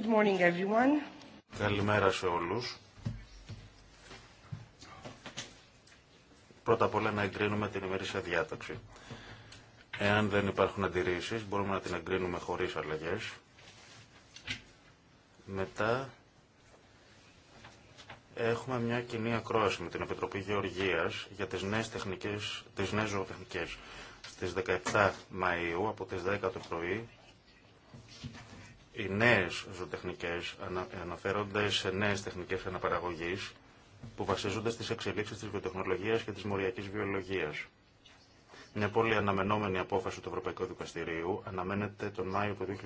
Good morning everyone. Καλημέρα σε όλους. Πρώτα απ' όλα να εγκρίνουμε την ημερήσια διάταξη. Εάν δεν υπάρχουν αντιρρήσεις, μπορούμε να την εγκρίνουμε χωρίς αλλαγές. Μετά έχουμε μια κοινή ακρόαση με την Επιτροπή Γεωργίας για τις νέες, τεχνικές, τις νέες ζωοτεχνικές. Στις 17 Μαΐου από τις 10 το πρωί οι νέες ζωοτεχνικές αναφέρονται σε νέες τεχνικές αναπαραγωγής που βασίζονται στις εξελίξεις της βιοτεχνολογίας και της μοριακής βιολογίας. Μια πολύ αναμενόμενη απόφαση του Ευρωπαϊκού Δικαστηρίου αναμένεται τον Μάιο του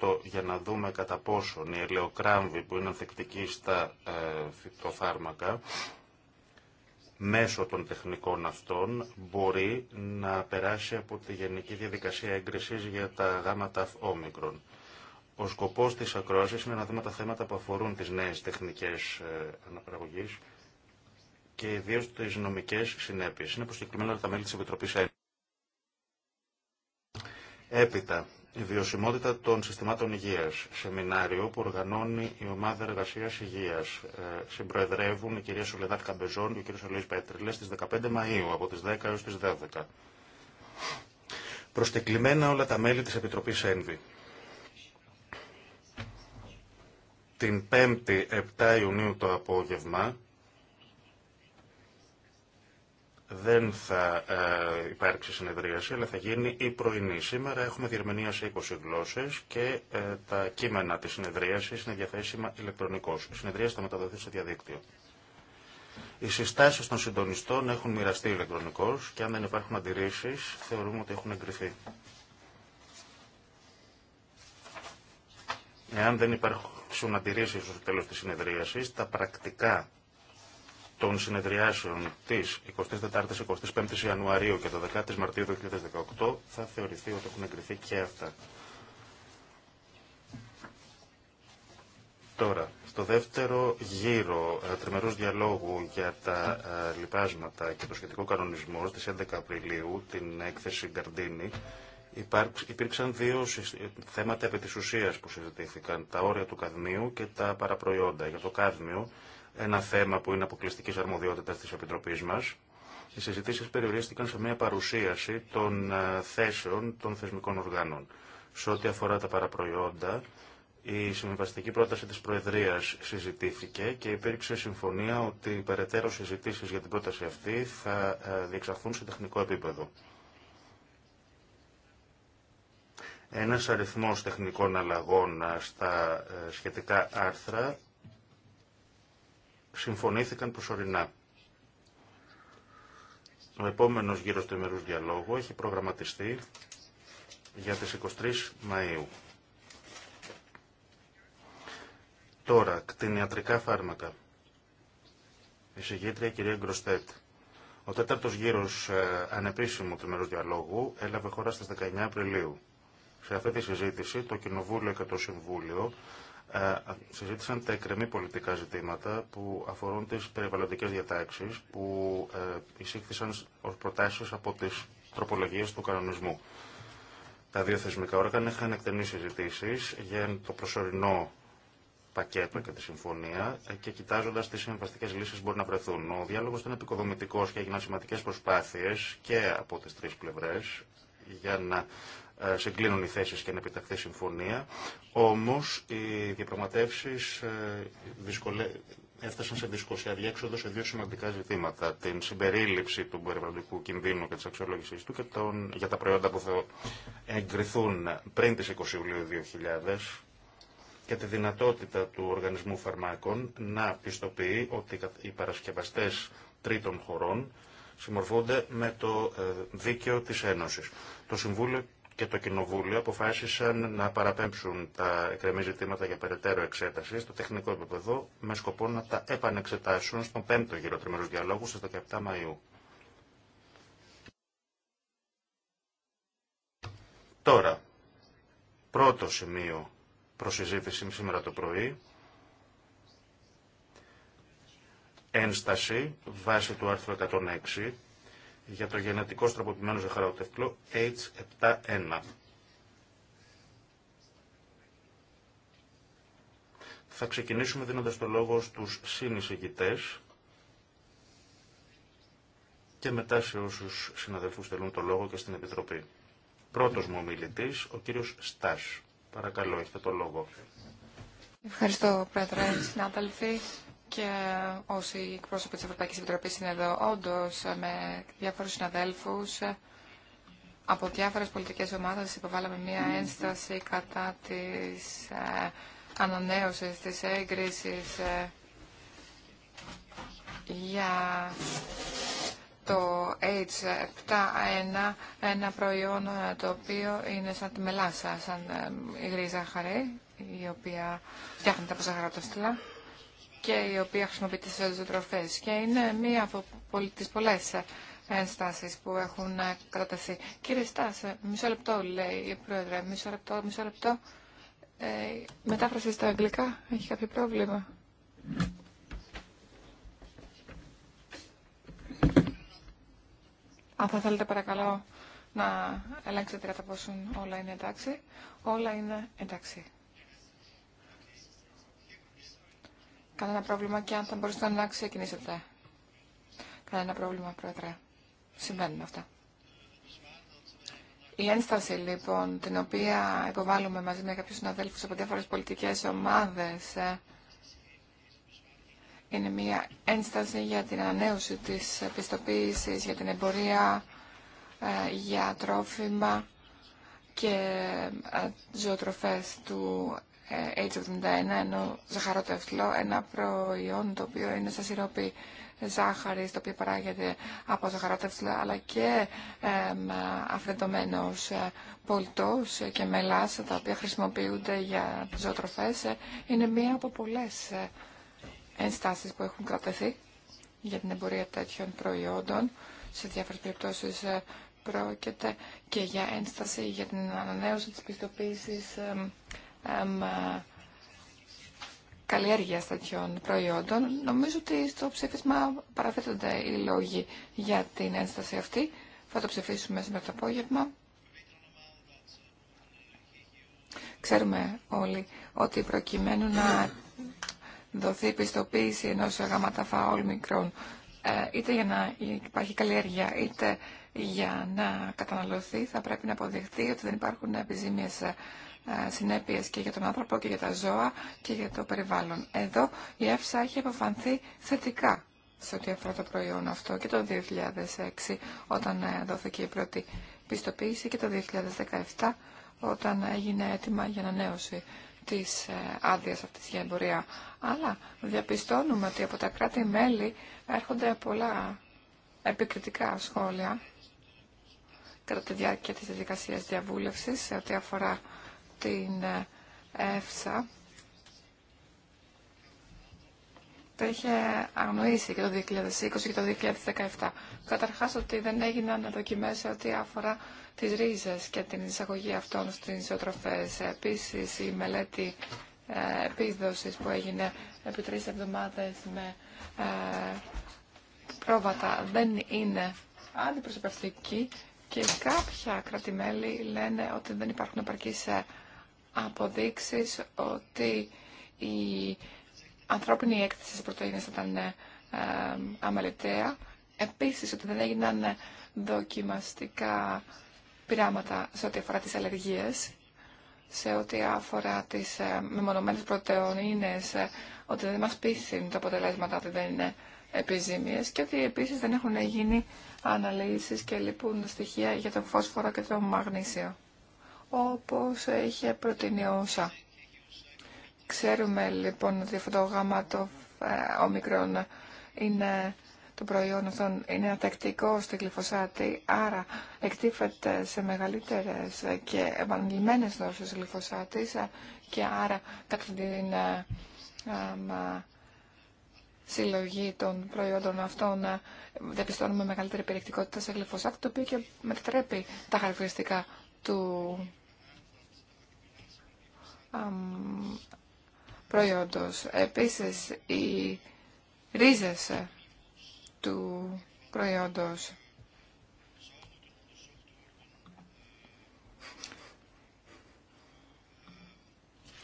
2018 για να δούμε κατά πόσον οι ελαιοκράμβοι που είναι ανθεκτικοί στα ε, φυτοφάρμακα μέσω των τεχνικών αυτών μπορεί να περάσει από τη γενική διαδικασία έγκρισης για τα γάματα όμικρον. Ο σκοπός της ακρόασης είναι να δούμε τα θέματα που αφορούν τις νέες τεχνικές ε, αναπαραγωγής και ιδίω τι νομικέ συνέπειε Είναι προσκεκλημένα τα μέλη τη Επιτροπή ΕΕ. Έπειτα, η βιωσιμότητα των συστημάτων υγεία. Σεμινάριο που οργανώνει η Ομάδα εργασία Υγεία. Ε, συμπροεδρεύουν η κυρία Σολεδάτ Καμπεζόν και ο κύριο Ολέης Πέτριλε στι 15 Μαου από τι 10 έω τι 12. Προσκεκλημένα όλα τα μέλη της Επιτροπής ΕΝΒΗ. την 5η 7 Ιουνίου το απόγευμα δεν θα ε, υπάρξει συνεδρίαση, αλλά θα γίνει η πρωινή. Σήμερα έχουμε διερμηνία σε 20 γλώσσες και ε, τα κείμενα της συνεδρίασης είναι διαθέσιμα ηλεκτρονικώς. Η συνεδρίαση θα μεταδοθεί στο διαδίκτυο. Οι συστάσεις των συντονιστών έχουν μοιραστεί ηλεκτρονικώς και αν δεν υπάρχουν αντιρρήσεις θεωρούμε ότι έχουν εγκριθεί. Εάν δεν υπάρχουν να τηρήσει στο τέλο της συνεδρίασης, τα πρακτικά των συνεδριάσεων τη 24 η 25 η ιανουαριου και το 10 η Μαρτίου 2018 θα θεωρηθεί ότι έχουν εγκριθεί και αυτά. Τώρα, στο δεύτερο γύρο ε, τριμερούς διαλόγου για τα ε, λοιπάσματα και το σχετικό κανονισμό στι 11 Απριλίου, την έκθεση Γκαρντίνη, υπήρξαν δύο θέματα επί της ουσίας που συζητήθηκαν, τα όρια του καδμίου και τα παραπροϊόντα. Για το καδμίο, ένα θέμα που είναι αποκλειστική αρμοδιότητα της Επιτροπής μας, οι συζητήσεις περιορίστηκαν σε μια παρουσίαση των ε, θέσεων των θεσμικών οργάνων. Σε ό,τι αφορά τα παραπροϊόντα, η συμβαστική πρόταση της Προεδρίας συζητήθηκε και υπήρξε συμφωνία ότι οι περαιτέρω συζητήσεις για την πρόταση αυτή θα ε, διεξαχθούν σε τεχνικό επίπεδο. ένας αριθμός τεχνικών αλλαγών στα ε, σχετικά άρθρα συμφωνήθηκαν προσωρινά. Ο επόμενος γύρος του ημερούς διαλόγου έχει προγραμματιστεί για τις 23 Μαΐου. Τώρα, κτηνιατρικά φάρμακα. Η κυρία Γκροστέτ. Ο τέταρτος γύρος ε, ανεπίσημου του ημερούς διαλόγου έλαβε χώρα στις 19 Απριλίου. Σε αυτή τη συζήτηση το Κοινοβούλιο και το Συμβούλιο ε, συζήτησαν τα εκκρεμή πολιτικά ζητήματα που αφορούν τις περιβαλλοντικές διατάξεις που ε, εισήχθησαν ως προτάσεις από τις τροπολογίες του κανονισμού. Τα δύο θεσμικά όργανα είχαν εκτενείς συζητήσει για το προσωρινό πακέτο και τη συμφωνία και κοιτάζοντα τι συμβαστικέ λύσει μπορεί να βρεθούν. Ο διάλογο ήταν επικοδομητικό και έγιναν σημαντικέ προσπάθειε και από τι τρει πλευρέ για να ε, συγκλίνουν οι θέσεις και να επιταχθεί συμφωνία. Όμως οι διαπραγματεύσεις ε, δυσκολε... έφτασαν σε δυσκολία διέξοδο σε δύο σημαντικά ζητήματα. Την συμπερίληψη του περιβαλλοντικού κινδύνου και της αξιολόγησής του και τον... για τα προϊόντα που θα εγκριθούν πριν τις 20 Ιουλίου 2000 και τη δυνατότητα του Οργανισμού Φαρμάκων να πιστοποιεί ότι οι παρασκευαστές τρίτων χωρών συμμορφούνται με το ε, δίκαιο της Ένωσης. Το Συμβούλιο και το Κοινοβούλιο αποφάσισαν να παραπέμψουν τα εκκρεμή ζητήματα για περαιτέρω εξέταση στο τεχνικό επίπεδο με σκοπό να τα επανεξετάσουν στον πέμπτο γύρο τριμερού διαλόγου στις 17 Μαΐου. Τώρα, πρώτο σημείο προσυζήτηση σήμερα το πρωί, ένσταση βάσει του άρθρου 106 για το γενετικο στραποποιημενο ζεχαροτευκλο ζαχαρότευλο H7N. Θα ξεκινήσουμε δίνοντας το λόγο στους συνεισηγητές και μετά σε όσους συναδελφούς θέλουν το λόγο και στην Επιτροπή. Πρώτος μου ομιλητής, ο κύριος Στάς. Παρακαλώ, έχετε το λόγο. Ευχαριστώ, Πρόεδρε, συνάδελφοι και όσοι εκπρόσωποι της Ευρωπαϊκής Επιτροπής είναι εδώ, όντως με διάφορους συναδέλφους από διάφορες πολιτικές ομάδες υποβάλαμε μία ένσταση κατά της ε, ανανέωσης, της έγκρισης ε, για το H7A1, 1 προϊόν ε, το οποίο είναι σαν τη μελάσα, σαν ε, η γρή ζάχαρη, η οποία φτιάχνεται από ζαχαρά το και η οποία χρησιμοποιείται σε ζωτροφές και είναι μία από τις πολλές ενστάσεις που έχουν κατατεθεί. Κύριε Στάσε, μισό λεπτό λέει η Πρόεδρε, μισό λεπτό, μισό λεπτό. Ε, μετάφραση στα αγγλικά, έχει κάποιο πρόβλημα. Αν θα θέλετε παρακαλώ να ελέγξετε κατά πόσο όλα είναι εντάξει. Όλα είναι εντάξει. Κανένα πρόβλημα και αν θα μπορούσατε να ξεκινήσετε. Κανένα πρόβλημα, Πρόεδρε. Συμβαίνουν αυτά. Η ένσταση λοιπόν την οποία υποβάλλουμε μαζί με κάποιους συναδέλφους από διάφορες πολιτικές ομάδες ε, είναι μια ένσταση για την ανανέωση της πιστοποίησης, για την εμπορία, ε, για τρόφιμα και ε, ζωοτροφές του H71, ενώ ζαχαρότευτλο, ένα προϊόν το οποίο είναι σε σιρόπι ζάχαρης, το οποίο παράγεται από ζαχαρότευτλο, αλλά και ε, πολιτό πολτός και μελάς, τα οποία χρησιμοποιούνται για ζωοτροφές, ε, είναι μία από πολλές ε, ενστάσεις που έχουν κρατεθεί για την εμπορία τέτοιων προϊόντων. Σε διάφορες περιπτώσεις ε, πρόκειται και για ένσταση για την ανανέωση της πιστοποίησης ε, καλλιέργεια τέτοιων προϊόντων. Νομίζω ότι στο ψήφισμα παραθέτονται οι λόγοι για την ένσταση αυτή. Θα το ψηφίσουμε σήμερα το απόγευμα. Ξέρουμε όλοι ότι προκειμένου να δοθεί πιστοποίηση ενός γαμάτα φαόλ μικρών, ε, είτε για να υπάρχει καλλιέργεια, είτε για να καταναλωθεί, θα πρέπει να αποδειχθεί ότι δεν υπάρχουν επιζήμιες ε, συνέπειες και για τον άνθρωπο και για τα ζώα και για το περιβάλλον. Εδώ η ΕΦΣΑ έχει αποφανθεί θετικά σε ό,τι αφορά το προϊόν αυτό και το 2006 όταν ε, δόθηκε η πρώτη πιστοποίηση και το 2017 όταν έγινε έτοιμα για ανανέωση της ε, άδειας αυτής για εμπορία. Αλλά διαπιστώνουμε ότι από τα κράτη-μέλη έρχονται πολλά επικριτικά σχόλια κατά τη διάρκεια της διαδικασίας διαβούλευσης σε ό,τι αφορά την ε, ΕΦΣΑ το είχε αγνοήσει και το 2020 και το 2017. Καταρχάς ότι δεν έγιναν δοκιμές σε ό,τι αφορά τις ρίζες και την εισαγωγή αυτών στις ζωοτροφές. Επίσης η μελέτη ε, επίδοση που έγινε επί τρεις εβδομάδες με ε, πρόβατα δεν είναι αντιπροσωπευτική και κάποια κρατημέλη λένε ότι δεν υπάρχουν επαρκείς αποδείξεις ότι η ανθρώπινη έκθεση της πρωτεΐνης ήταν ε, ε, αμεληταία. Επίσης ότι δεν έγιναν δοκιμαστικά πειράματα σε ό,τι αφορά τις αλλεργίες, σε ό,τι αφορά τις ε, μεμονωμένες ε, ότι δεν μας πείθουν τα αποτελέσματα ότι δεν είναι επιζήμιες και ότι επίσης δεν έχουν γίνει αναλύσεις και λείπουν στοιχεία για το φόσφορο και το μαγνήσιο όπως είχε προτείνει όσα. Ξέρουμε λοιπόν ότι αυτό το γάμα το ομικρόν ε, είναι το προϊόν αυτών είναι ατακτικό στη γλυφοσάτη, άρα εκτίθεται σε μεγαλύτερες και επανειλημμένες δόσεις γλυφοσάτης ε, και άρα κατά την ε, συλλογή των προϊόντων αυτών διαπιστώνουμε μεγαλύτερη περιεκτικότητα σε γλυφοσάτη, το οποίο και μετατρέπει τα χαρακτηριστικά του προϊόντος. Επίσης, οι ρίζες του προϊόντος.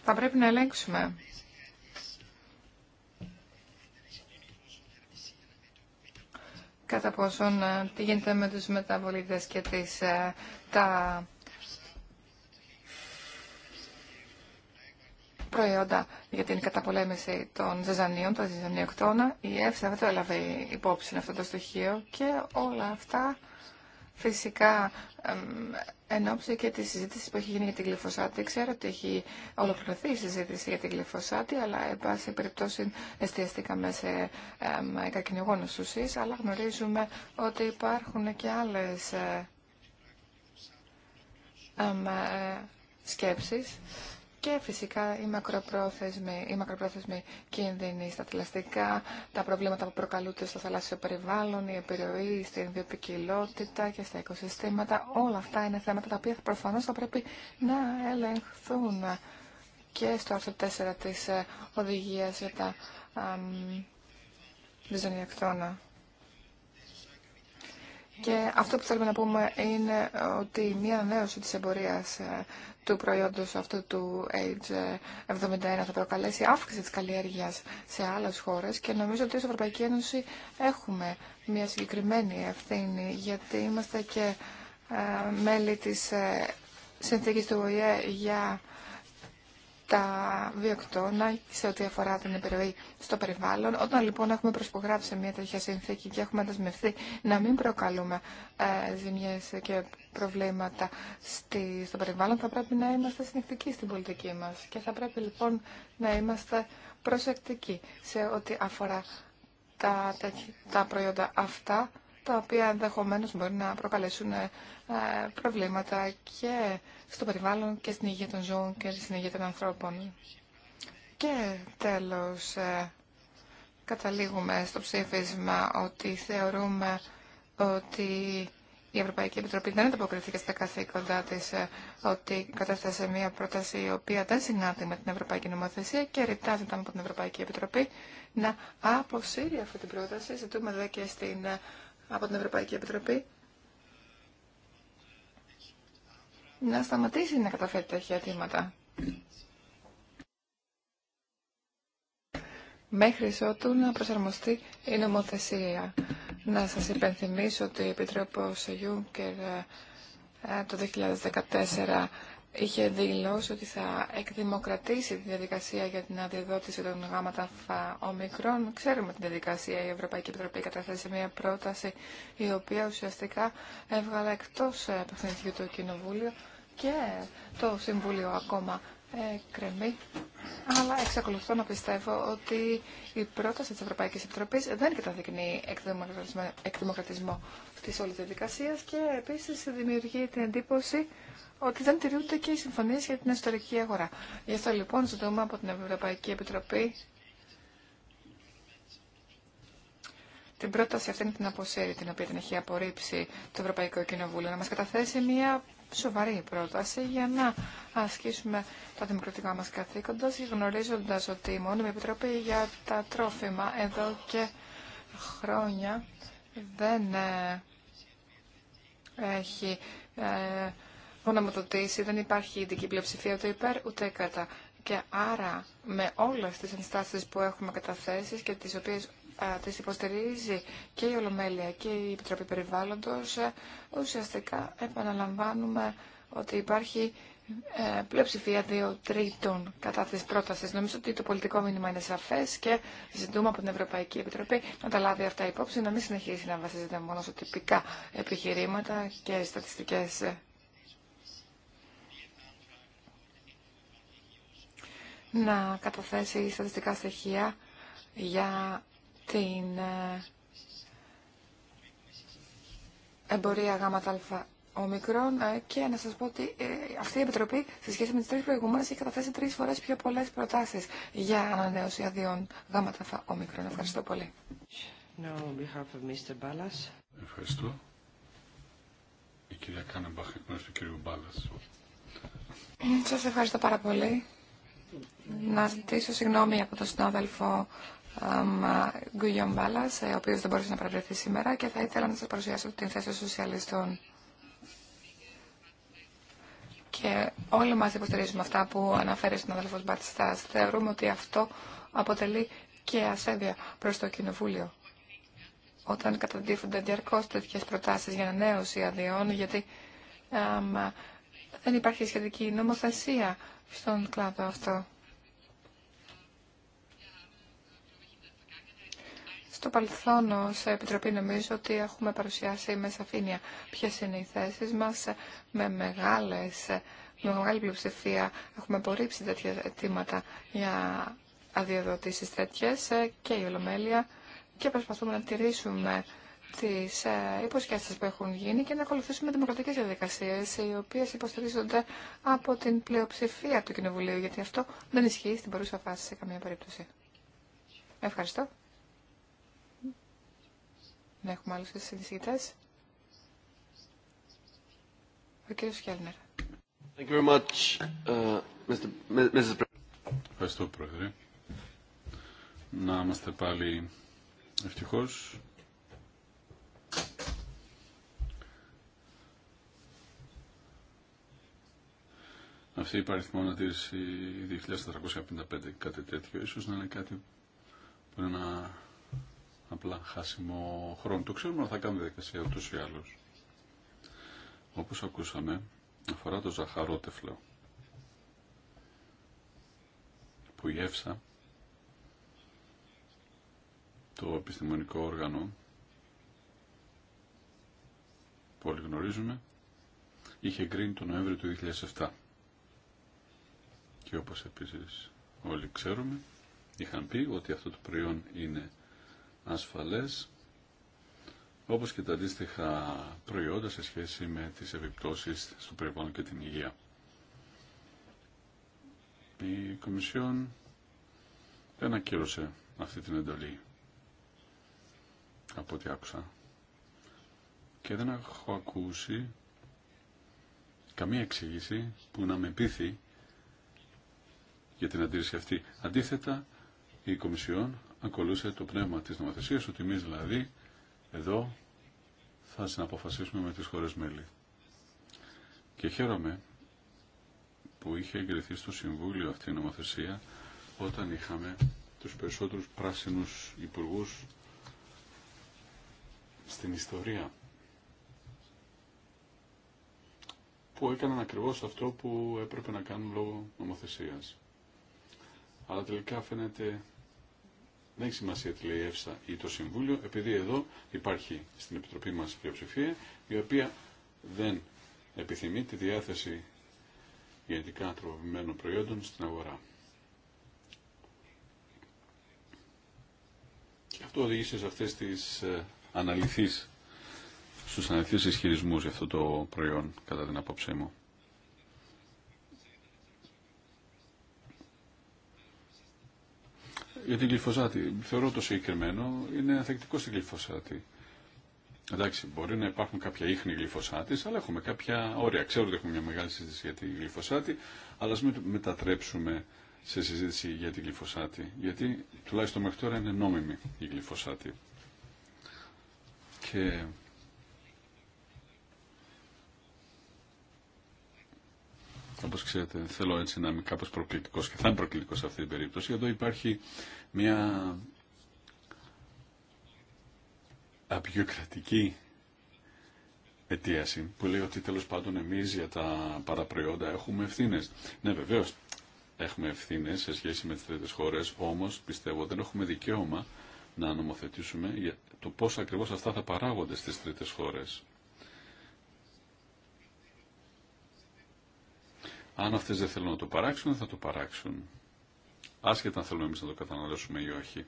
Θα πρέπει να ελέγξουμε κατά πόσον ε, τι γίνεται με τους μεταβολίτες και τις, ε, τα προϊόντα για την καταπολέμηση των ζεζανίων, των ζεζανιοκτώνα. Η ΕΦΣΑ δεν το έλαβε υπόψη αυτό το στοιχείο και όλα αυτά φυσικά εν και τη συζήτηση που έχει γίνει για την γλυφοσάτη. Ξέρω ότι έχει ολοκληρωθεί η συζήτηση για την γλυφοσάτη, αλλά εν πάση περιπτώσει εστιαστήκαμε σε κακινογόνους ουσίες, αλλά γνωρίζουμε ότι υπάρχουν και άλλες ε, ε, σκέψεις και φυσικά οι μακροπρόθεσμοι, οι κίνδυνοι στα θηλαστικά, τα προβλήματα που προκαλούνται στο θαλάσσιο περιβάλλον, η επιρροή στην βιοπικιλότητα και στα οικοσυστήματα. Όλα αυτά είναι θέματα τα οποία προφανώς θα πρέπει να ελεγχθούν και στο άρθρο 4 της ε, οδηγίας για τα βιζονιακτώνα. Και αυτό που θέλουμε να πούμε είναι ότι μια ανανέωση της εμπορίας ε, του προϊόντος αυτού του Age 71 θα προκαλέσει αύξηση της καλλιέργειας σε άλλες χώρες και νομίζω ότι ως Ευρωπαϊκή Ένωση έχουμε μια συγκεκριμένη ευθύνη γιατί είμαστε και ε, μέλη της ε, συνθήκης του ΟΗΕ για τα βιοκτώνα σε ό,τι αφορά την επιρροή στο περιβάλλον. Όταν λοιπόν έχουμε προσπογράψει μια τέτοια συνθήκη και έχουμε δεσμευθεί να μην προκαλούμε ε, ζημιές και προβλήματα στο περιβάλλον, θα πρέπει να είμαστε συνεκτικοί στην πολιτική μας και θα πρέπει λοιπόν να είμαστε προσεκτικοί σε ό,τι αφορά τα, τα προϊόντα αυτά τα οποία ενδεχομένω μπορεί να προκαλέσουν ε, προβλήματα και στο περιβάλλον και στην υγεία των ζώων και στην υγεία των ανθρώπων. Και τέλος, ε, καταλήγουμε στο ψήφισμα ότι θεωρούμε ότι η Ευρωπαϊκή Επιτροπή δεν ανταποκριθήκε στα καθήκοντά τη ε, ότι κατέθεσε μια πρόταση η οποία δεν συνάδει με την Ευρωπαϊκή Νομοθεσία και ρητάζεται από την Ευρωπαϊκή Επιτροπή να αποσύρει αυτή την πρόταση. Ζητούμε εδώ και στην από την Ευρωπαϊκή Επιτροπή να σταματήσει να καταφέρει τα αιτήματα. Μέχρι ότου να προσαρμοστεί η νομοθεσία. Να σας υπενθυμίσω ότι η σε Γιούγκερ το 2014 είχε δηλώσει ότι θα εκδημοκρατήσει τη διαδικασία για την αντιδότηση των γάμματα ομικρών. Ξέρουμε την διαδικασία. Η Ευρωπαϊκή Επιτροπή καταθέσει μια πρόταση η οποία ουσιαστικά έβγαλε εκτός ε, παιχνιδιού το Κοινοβούλιο και το Συμβούλιο ακόμα ε, κρεμεί. Αλλά εξακολουθώ να πιστεύω ότι η πρόταση της Ευρωπαϊκής Επιτροπής δεν καταδεικνύει εκδημοκρατισμό, εκδημοκρατισμό της όλης διαδικασίας και επίσης δημιουργεί την εντύπωση ότι δεν τηρούνται και οι συμφωνίε για την ιστορική αγορά. Γι' αυτό λοιπόν ζητούμε από την Ευρωπαϊκή Επιτροπή την πρόταση αυτή την αποσύρει, την οποία την έχει απορρίψει το Ευρωπαϊκό Κοινοβούλιο, να μα καταθέσει μια σοβαρή πρόταση για να ασκήσουμε τα δημοκρατικά μας καθήκοντα, γνωρίζοντας ότι η μόνιμη επιτροπή για τα τρόφιμα εδώ και χρόνια δεν ε, έχει ε, γνωμοδοτήσει, δεν υπάρχει ειδική πλειοψηφία ούτε υπέρ ούτε κατά. Και άρα με όλες τις ενστάσεις που έχουμε καταθέσει και τις οποίες τι τις υποστηρίζει και η Ολομέλεια και η Επιτροπή Περιβάλλοντος, ε, ουσιαστικά επαναλαμβάνουμε ότι υπάρχει ε, πλειοψηφία δύο τρίτων κατά τη πρόταση. Νομίζω ότι το πολιτικό μήνυμα είναι σαφέ και ζητούμε από την Ευρωπαϊκή Επιτροπή να τα λάβει αυτά υπόψη, να μην συνεχίσει να βασίζεται μόνο σε τυπικά επιχειρήματα και στατιστικέ ε, να καταθέσει στατιστικά στοιχεία για την ε, εμπορία γάμματα ομικρών ε, και να σας πω ότι ε, αυτή η Επιτροπή σε σχέση με τις τρεις προηγούμενες έχει καταθέσει τρεις φορές πιο πολλές προτάσεις για ανανέωση αδειών γάμματα ομικρών. Ευχαριστώ πολύ. Ευχαριστώ. Η κυρία Κάνεμπαχ εκ μέρους του κυρίου Μπάλλας. Σας ευχαριστώ πάρα πολύ να ζητήσω συγγνώμη από τον συνάδελφο Γκουγιον Μπάλλα, ο οποίο δεν μπορούσε να παρευρεθεί σήμερα και θα ήθελα να σα παρουσιάσω την θέση των σοσιαλιστών. Και όλοι μα υποστηρίζουμε αυτά που αναφέρει ο συνάδελφο Μπατιστά. Θεωρούμε ότι αυτό αποτελεί και ασέβεια προ το Κοινοβούλιο. Όταν καταντήφονται διαρκώ τέτοιε προτάσει για ανανέωση αδειών, γιατί δεν υπάρχει σχετική νομοθεσία στον κλάδο αυτό. Στο παρελθόν σε Επιτροπή νομίζω ότι έχουμε παρουσιάσει με σαφήνεια ποιε είναι οι θέσει μας με μεγάλες με μεγάλη πλειοψηφία έχουμε απορρίψει τέτοια αιτήματα για αδειοδοτήσει τέτοιε και η Ολομέλεια και προσπαθούμε να τηρήσουμε τις ε, υποσχέσει που έχουν γίνει και να ακολουθήσουμε δημοκρατικές διαδικασίε, οι οποίες υποστηρίζονται από την πλειοψηφία του Κοινοβουλίου γιατί αυτό δεν ισχύει στην παρούσα φάση σε καμία περίπτωση. Ευχαριστώ. Να έχουμε άλλου συζητητέ. Ο κύριο Χέλνερ. Uh, Ευχαριστώ, Πρόεδρε. Να είμαστε πάλι ευτυχώς Αυτή η παριθμόνα 2455 κάτι τέτοιο ίσως να είναι κάτι που είναι ένα απλά χάσιμο χρόνο. Το ξέρουμε να θα κάνουμε διαδικασία ούτως ή άλλως. Όπως ακούσαμε, αφορά το ζαχαρότεφλο που η το επιστημονικό όργανο που όλοι γνωρίζουμε, είχε εγκρίνει τον Νοέμβριο του 2007 και όπως επίσης όλοι ξέρουμε είχαν πει ότι αυτό το προϊόν είναι ασφαλές όπως και τα αντίστοιχα προϊόντα σε σχέση με τις επιπτώσεις στο περιβάλλον και την υγεία. Η Κομισιόν δεν ακύρωσε αυτή την εντολή από ό,τι άκουσα και δεν έχω ακούσει καμία εξήγηση που να με πείθει για την αντίρρηση αυτή. Αντίθετα, η Κομισιόν ακολούσε το πνεύμα της νομοθεσίας, ότι εμεί δηλαδή εδώ θα συναποφασίσουμε με τις χώρες μέλη. Και χαίρομαι που είχε εγκριθεί στο Συμβούλιο αυτή η νομοθεσία όταν είχαμε τους περισσότερους πράσινους υπουργούς στην ιστορία που έκαναν ακριβώς αυτό που έπρεπε να κάνουν λόγω νομοθεσίας αλλά τελικά φαίνεται δεν έχει σημασία τι λέει η ΕΦΣΑ ή το Συμβούλιο, επειδή εδώ υπάρχει στην Επιτροπή μας πλειοψηφία, η οποία δεν επιθυμεί τη διάθεση γενετικά τροποποιημένων προϊόντων στην αγορά. Και αυτό οδήγησε σε αυτές τις ε, αναλυθείς, στους αναλυθείς ισχυρισμούς για αυτό το συμβουλιο επειδη εδω υπαρχει στην επιτροπη μας πλειοψηφια η οποια δεν επιθυμει τη διαθεση γενικά ανθρωποποιημενων προιοντων κατά την απόψή μου. για την γλυφοζάτη. Θεωρώ το συγκεκριμένο είναι ανθεκτικό στην γλυφοζάτη. Εντάξει, μπορεί να υπάρχουν κάποια ίχνη γλυφοσάτη, αλλά έχουμε κάποια όρια. Ξέρω ότι έχουμε μια μεγάλη συζήτηση για τη γλυφοσάτη, αλλά α μην μετατρέψουμε σε συζήτηση για τη γλυφοσάτη. Γιατί τουλάχιστον μέχρι τώρα είναι νόμιμη η γλυφοσάτη. Και Όπω ξέρετε, θέλω έτσι να είμαι κάπω προκλητικό και θα είμαι προκλητικό σε αυτή την περίπτωση. Εδώ υπάρχει μια απεικιοκρατική αιτίαση που λέει ότι τέλος πάντων εμείς για τα παραπροϊόντα έχουμε ευθύνες. Ναι βεβαίως έχουμε ευθύνες σε σχέση με τις τρίτες χώρες, όμως πιστεύω δεν έχουμε δικαίωμα να νομοθετήσουμε για το πώς ακριβώς αυτά θα παράγονται στις τρίτες χώρες. Αν αυτές δεν θέλουν να το παράξουν, θα το παράξουν άσχετα αν θέλουμε εμείς να το καταναλώσουμε ή όχι.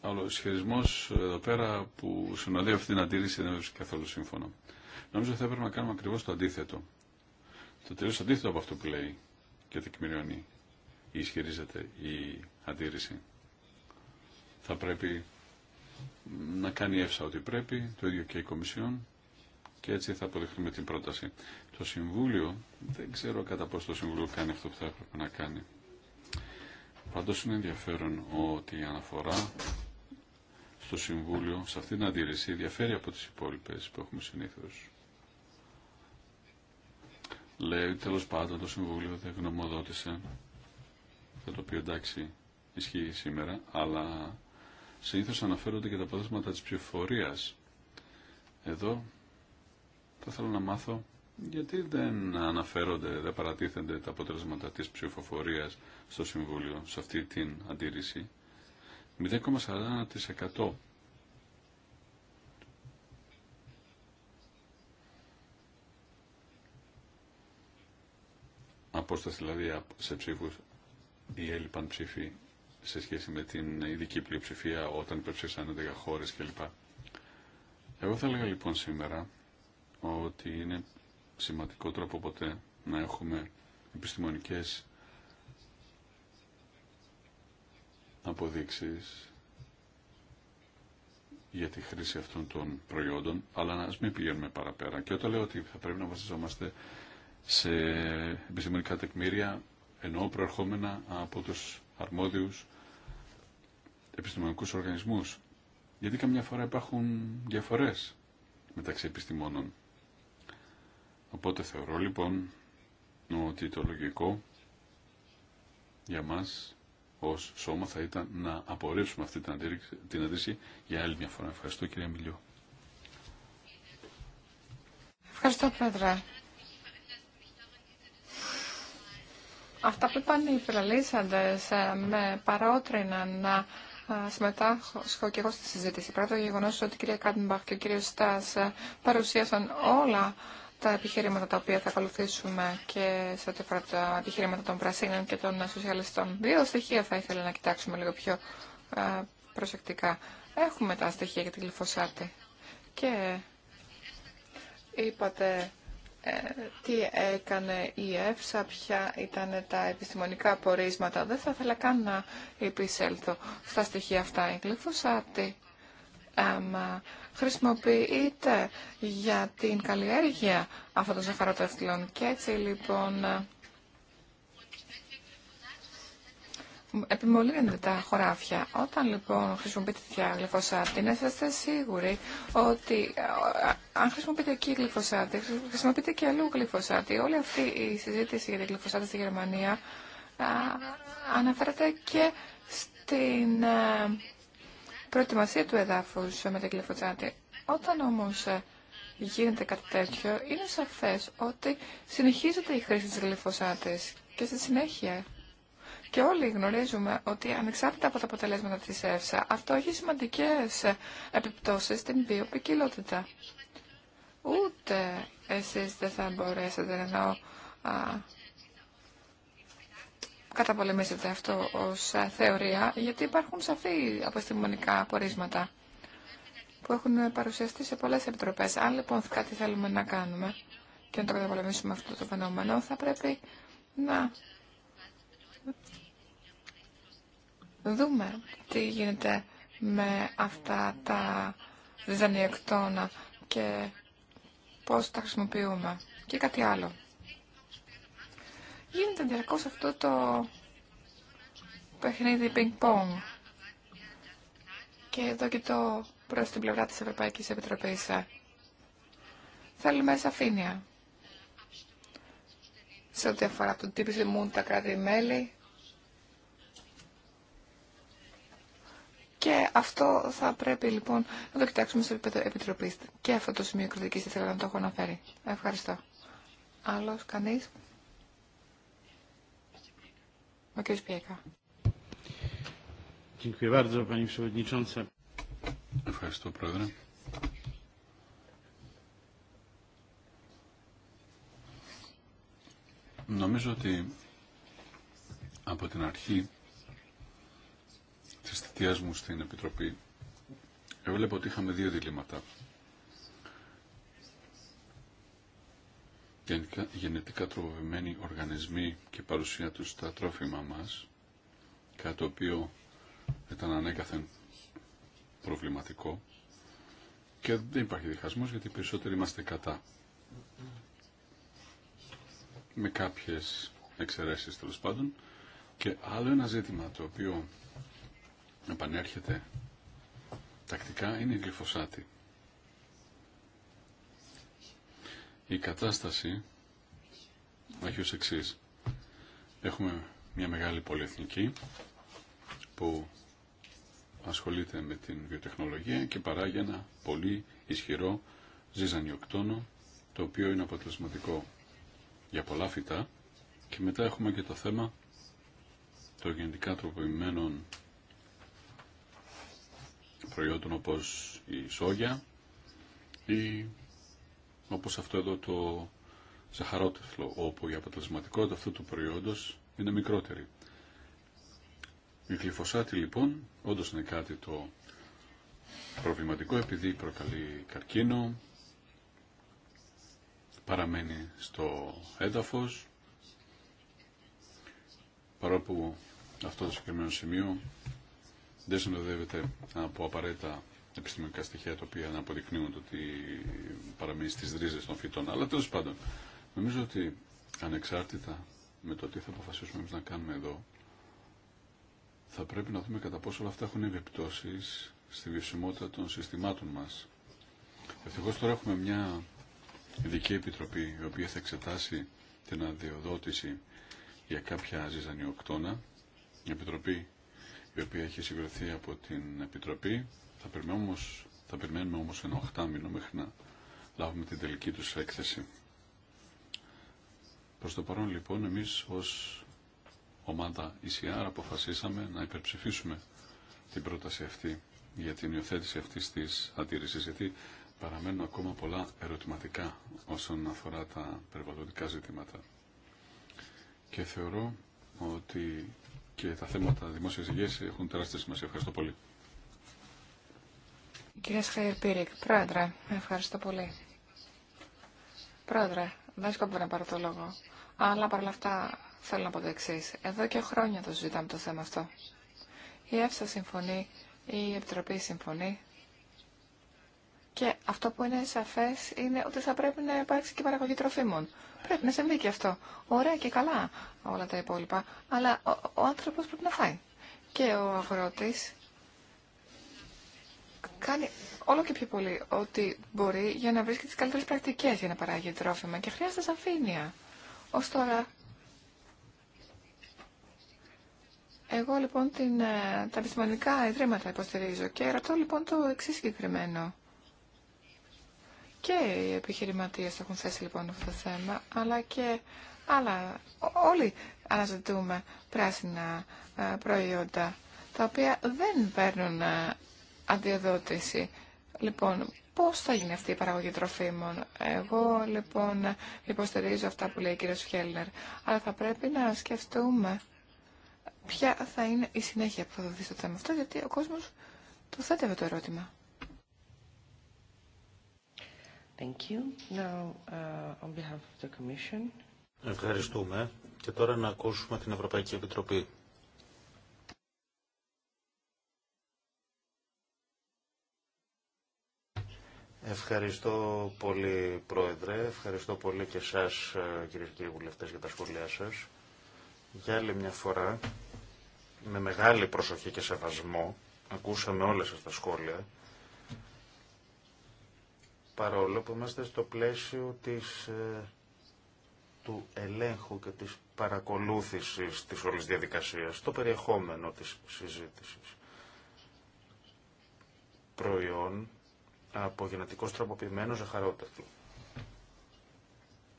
Αλλά ο ισχυρισμό εδώ πέρα που συνοδεύει αυτή την αντίρρηση δεν βρίσκει καθόλου σύμφωνο. Νομίζω ότι θα έπρεπε να κάνουμε ακριβώ το αντίθετο. Το τελείω αντίθετο από αυτό που λέει και τεκμηριώνει ή ισχυρίζεται η αντίρρηση. Θα πρέπει να κάνει εύσα ό,τι πρέπει, το ίδιο και η Κομισιόν και έτσι θα αποδεχτούμε την πρόταση. Το Συμβούλιο, δεν ξέρω κατά πώ το Συμβούλιο κάνει αυτό που θα έπρεπε να κάνει. Πάντω είναι ενδιαφέρον ότι η αναφορά στο Συμβούλιο, σε αυτή την αντίρρηση, διαφέρει από τις υπόλοιπε που έχουμε συνήθω. Λέει τέλο πάντων το Συμβούλιο δεν γνωμοδότησε, το οποίο εντάξει ισχύει σήμερα, αλλά συνήθω αναφέρονται και τα αποτέλεσματα τη ψηφοφορία. Εδώ θα θέλω να μάθω γιατί δεν αναφέρονται, δεν παρατίθενται τα αποτελέσματα της ψηφοφορίας στο Συμβούλιο, σε αυτή την αντίρρηση. 0,41% απόσταση δηλαδή σε ψήφους ή έλειπαν ψήφοι σε σχέση με την ειδική πλειοψηφία όταν υπερψήφισαν για χώρες κλπ. Εγώ θα έλεγα λοιπόν σήμερα ότι είναι σημαντικό τρόπο ποτέ να έχουμε επιστημονικές αποδείξεις για τη χρήση αυτών των προϊόντων, αλλά να μην πηγαίνουμε παραπέρα. Και όταν λέω ότι θα πρέπει να βασιζόμαστε σε επιστημονικά τεκμήρια, εννοώ προερχόμενα από τους αρμόδιους επιστημονικούς οργανισμούς. Γιατί καμιά φορά υπάρχουν διαφορές μεταξύ επιστημόνων Οπότε θεωρώ λοιπόν ότι το λογικό για μας ως σώμα θα ήταν να απορρίψουμε αυτή την αντίρρηση για άλλη μια φορά. Ευχαριστώ κύριε Μιλιό. Ευχαριστώ πρόεδρε. Αυτά που είπαν οι προλύσαντες ε, με παρότριναν να ε, συμμετάσχω και εγώ στη συζήτηση. Πρώτα το γεγονός ότι η κυρία Κάντιμπαχ και ο κύριος Στάς ε, παρουσίασαν όλα τα επιχειρήματα τα οποία θα ακολουθήσουμε και σε ό,τι αφορά τα επιχειρήματα των πρασίνων και των σοσιαλιστών. Δύο στοιχεία θα ήθελα να κοιτάξουμε λίγο πιο προσεκτικά. Έχουμε τα στοιχεία για την γλυφοσάτη και είπατε ε, τι έκανε η ΕΦΣΑ, ποια ήταν τα επιστημονικά πορίσματα. Δεν θα ήθελα καν να επισέλθω στα στοιχεία αυτά. Η γλυφοσάτη χρησιμοποιείται για την καλλιέργεια αυτών των ζαχαροτευτλών. Και έτσι λοιπόν επιμολύνεται τα χωράφια. Όταν λοιπόν χρησιμοποιείτε τέτοια γλυφοσάτη, να είστε σίγουροι ότι ε, αν χρησιμοποιείτε εκεί γλυφοσάτη, χρησιμοποιείτε και αλλού γλυφοσάτη. Όλη αυτή η συζήτηση για τη γλυφοσάτη στη Γερμανία αναφέρεται και στην ε, προετοιμασία του εδάφους με τα Όταν όμως ε, γίνεται κάτι τέτοιο, είναι σαφές ότι συνεχίζεται η χρήση της γλυφοσάτης και στη συνέχεια. Και όλοι γνωρίζουμε ότι ανεξάρτητα από τα αποτελέσματα της ΕΦΣΑ, αυτό έχει σημαντικές ε, επιπτώσεις στην βιοπικιλότητα. Ούτε εσείς δεν θα μπορέσετε να καταπολεμήσετε αυτό ως θεωρία, γιατί υπάρχουν σαφή αποστημονικά απορίσματα που έχουν παρουσιαστεί σε πολλές επιτροπές. Αν λοιπόν κάτι θέλουμε να κάνουμε και να το καταπολεμήσουμε αυτό το φαινόμενο, θα πρέπει να δούμε τι γίνεται με αυτά τα διδανειοκτώνα και πώς τα χρησιμοποιούμε. Και κάτι άλλο. Γίνεται διαρκώς αυτό το παιχνίδι πινκ-πονγκ. Και εδώ κοιτώ προς την πλευρά της Ευρωπαϊκής Επιτροπής. Ε, θέλουμε σαφήνεια. Σε ό,τι αφορά τον τύπη ζημούν τα κράτη-μέλη. Και αυτό θα πρέπει λοιπόν να το κοιτάξουμε σε επίπεδο επιτροπή. Και αυτό το σημείο κριτική θα ήθελα να το έχω αναφέρει. Ευχαριστώ. Άλλο κανεί. Ευχαριστώ, Πρόεδρε. Νομίζω ότι από την αρχή της θητείας μου στην Επιτροπή έβλεπα ότι είχαμε δύο διλήμματα. γενετικά τροποποιημένοι οργανισμοί και παρουσία τους στα τρόφιμα μας, κάτι το οποίο ήταν ανέκαθεν προβληματικό και δεν υπάρχει διχασμός γιατί περισσότεροι είμαστε κατά. Με κάποιες εξαιρέσεις τέλο πάντων. Και άλλο ένα ζήτημα το οποίο επανέρχεται τακτικά είναι η γλυφοσάτη. Η κατάσταση έχει ως εξής. Έχουμε μια μεγάλη πολυεθνική που ασχολείται με την βιοτεχνολογία και παράγει ένα πολύ ισχυρό ζυζανιοκτόνο το οποίο είναι αποτελεσματικό για πολλά φυτά και μετά έχουμε και το θέμα των γενικά τροποποιημένων προϊόντων όπως η σόγια ή όπως αυτό εδώ το ζαχαρότεφλο, όπου η αποτελεσματικότητα αυτού του προϊόντος είναι μικρότερη. Η γλυφοσάτη λοιπόν όντω είναι κάτι το προβληματικό επειδή προκαλεί καρκίνο, παραμένει στο έδαφος, παρόλο που αυτό το συγκεκριμένο σημείο δεν συνοδεύεται από απαραίτητα επιστημονικά στοιχεία τα οποία να αποδεικνύουν ότι παραμείνει στις ρίζες των φυτών. Αλλά τέλο πάντων, νομίζω ότι ανεξάρτητα με το τι θα αποφασίσουμε εμείς να κάνουμε εδώ, θα πρέπει να δούμε κατά πόσο όλα αυτά έχουν επιπτώσεις στη βιωσιμότητα των συστημάτων μας. Ευτυχώ τώρα έχουμε μια ειδική επιτροπή η οποία θα εξετάσει την αδειοδότηση για κάποια ζυζανιοκτώνα. Η επιτροπή η οποία έχει συγκροθεί από την Επιτροπή θα περιμένουμε όμως, θα περιμένουμε όμως ένα οχτάμινο μέχρι να λάβουμε την τελική τους έκθεση. Προς το παρόν λοιπόν εμείς ως ομάδα ECR αποφασίσαμε να υπερψηφίσουμε την πρόταση αυτή για την υιοθέτηση αυτή τη αντίρρησης γιατί παραμένουν ακόμα πολλά ερωτηματικά όσον αφορά τα περιβαλλοντικά ζητήματα. Και θεωρώ ότι και τα θέματα δημόσιας υγείας έχουν τεράστια σημασία. Ευχαριστώ πολύ. Κυρία Πίρικ, πρόεδρε, ευχαριστώ πολύ. Πρόεδρε, δεν σκοπεύω να πάρω το λόγο. Αλλά παρ' όλα αυτά θέλω να πω το εξή. Εδώ και χρόνια το συζητάμε το θέμα αυτό. Η ΕΦΣΑ συμφωνεί, η Επιτροπή συμφωνεί. Και αυτό που είναι σαφέ είναι ότι θα πρέπει να υπάρξει και παραγωγή τροφίμων. Πρέπει να συμβεί και αυτό. Ωραία και καλά όλα τα υπόλοιπα. Αλλά ο, ο άνθρωπο πρέπει να φάει. Και ο αγρότη κάνει όλο και πιο πολύ ότι μπορεί για να βρίσκει τις καλύτερες πρακτικές για να παράγει τρόφιμα και χρειάζεται σαφήνεια. Ως τώρα, εγώ λοιπόν την, ε, τα επιστημονικά ιδρύματα υποστηρίζω και ρωτώ λοιπόν το εξή συγκεκριμένο. Και οι επιχειρηματίες έχουν θέσει λοιπόν αυτό το θέμα, αλλά και άλλα. Όλοι αναζητούμε πράσινα ε, προϊόντα τα οποία δεν παίρνουν ε, αντιοδότηση. Λοιπόν, πώς θα γίνει αυτή η παραγωγή τροφίμων. Εγώ λοιπόν υποστηρίζω αυτά που λέει ο κύριος Φιέλνερ, αλλά θα πρέπει να σκεφτούμε ποια θα είναι η συνέχεια που θα δοθεί στο θέμα αυτό, γιατί ο κόσμος το θέτευε το ερώτημα. Uh, Ευχαριστούμε. Και τώρα να ακούσουμε την Ευρωπαϊκή Επιτροπή. Ευχαριστώ πολύ, Πρόεδρε. Ευχαριστώ πολύ και εσάς, κύριε και κύριοι βουλευτές, για τα σχόλιά σας. Για άλλη μια φορά, με μεγάλη προσοχή και σεβασμό, ακούσαμε όλες αυτά τα σχόλια, παρόλο που είμαστε στο πλαίσιο της, ε, του ελέγχου και της παρακολούθησης της όλης διαδικασίας, το περιεχόμενο της συζήτησης. Προϊόν από γενετικώς τροποποιημένο ζαχαρότατο.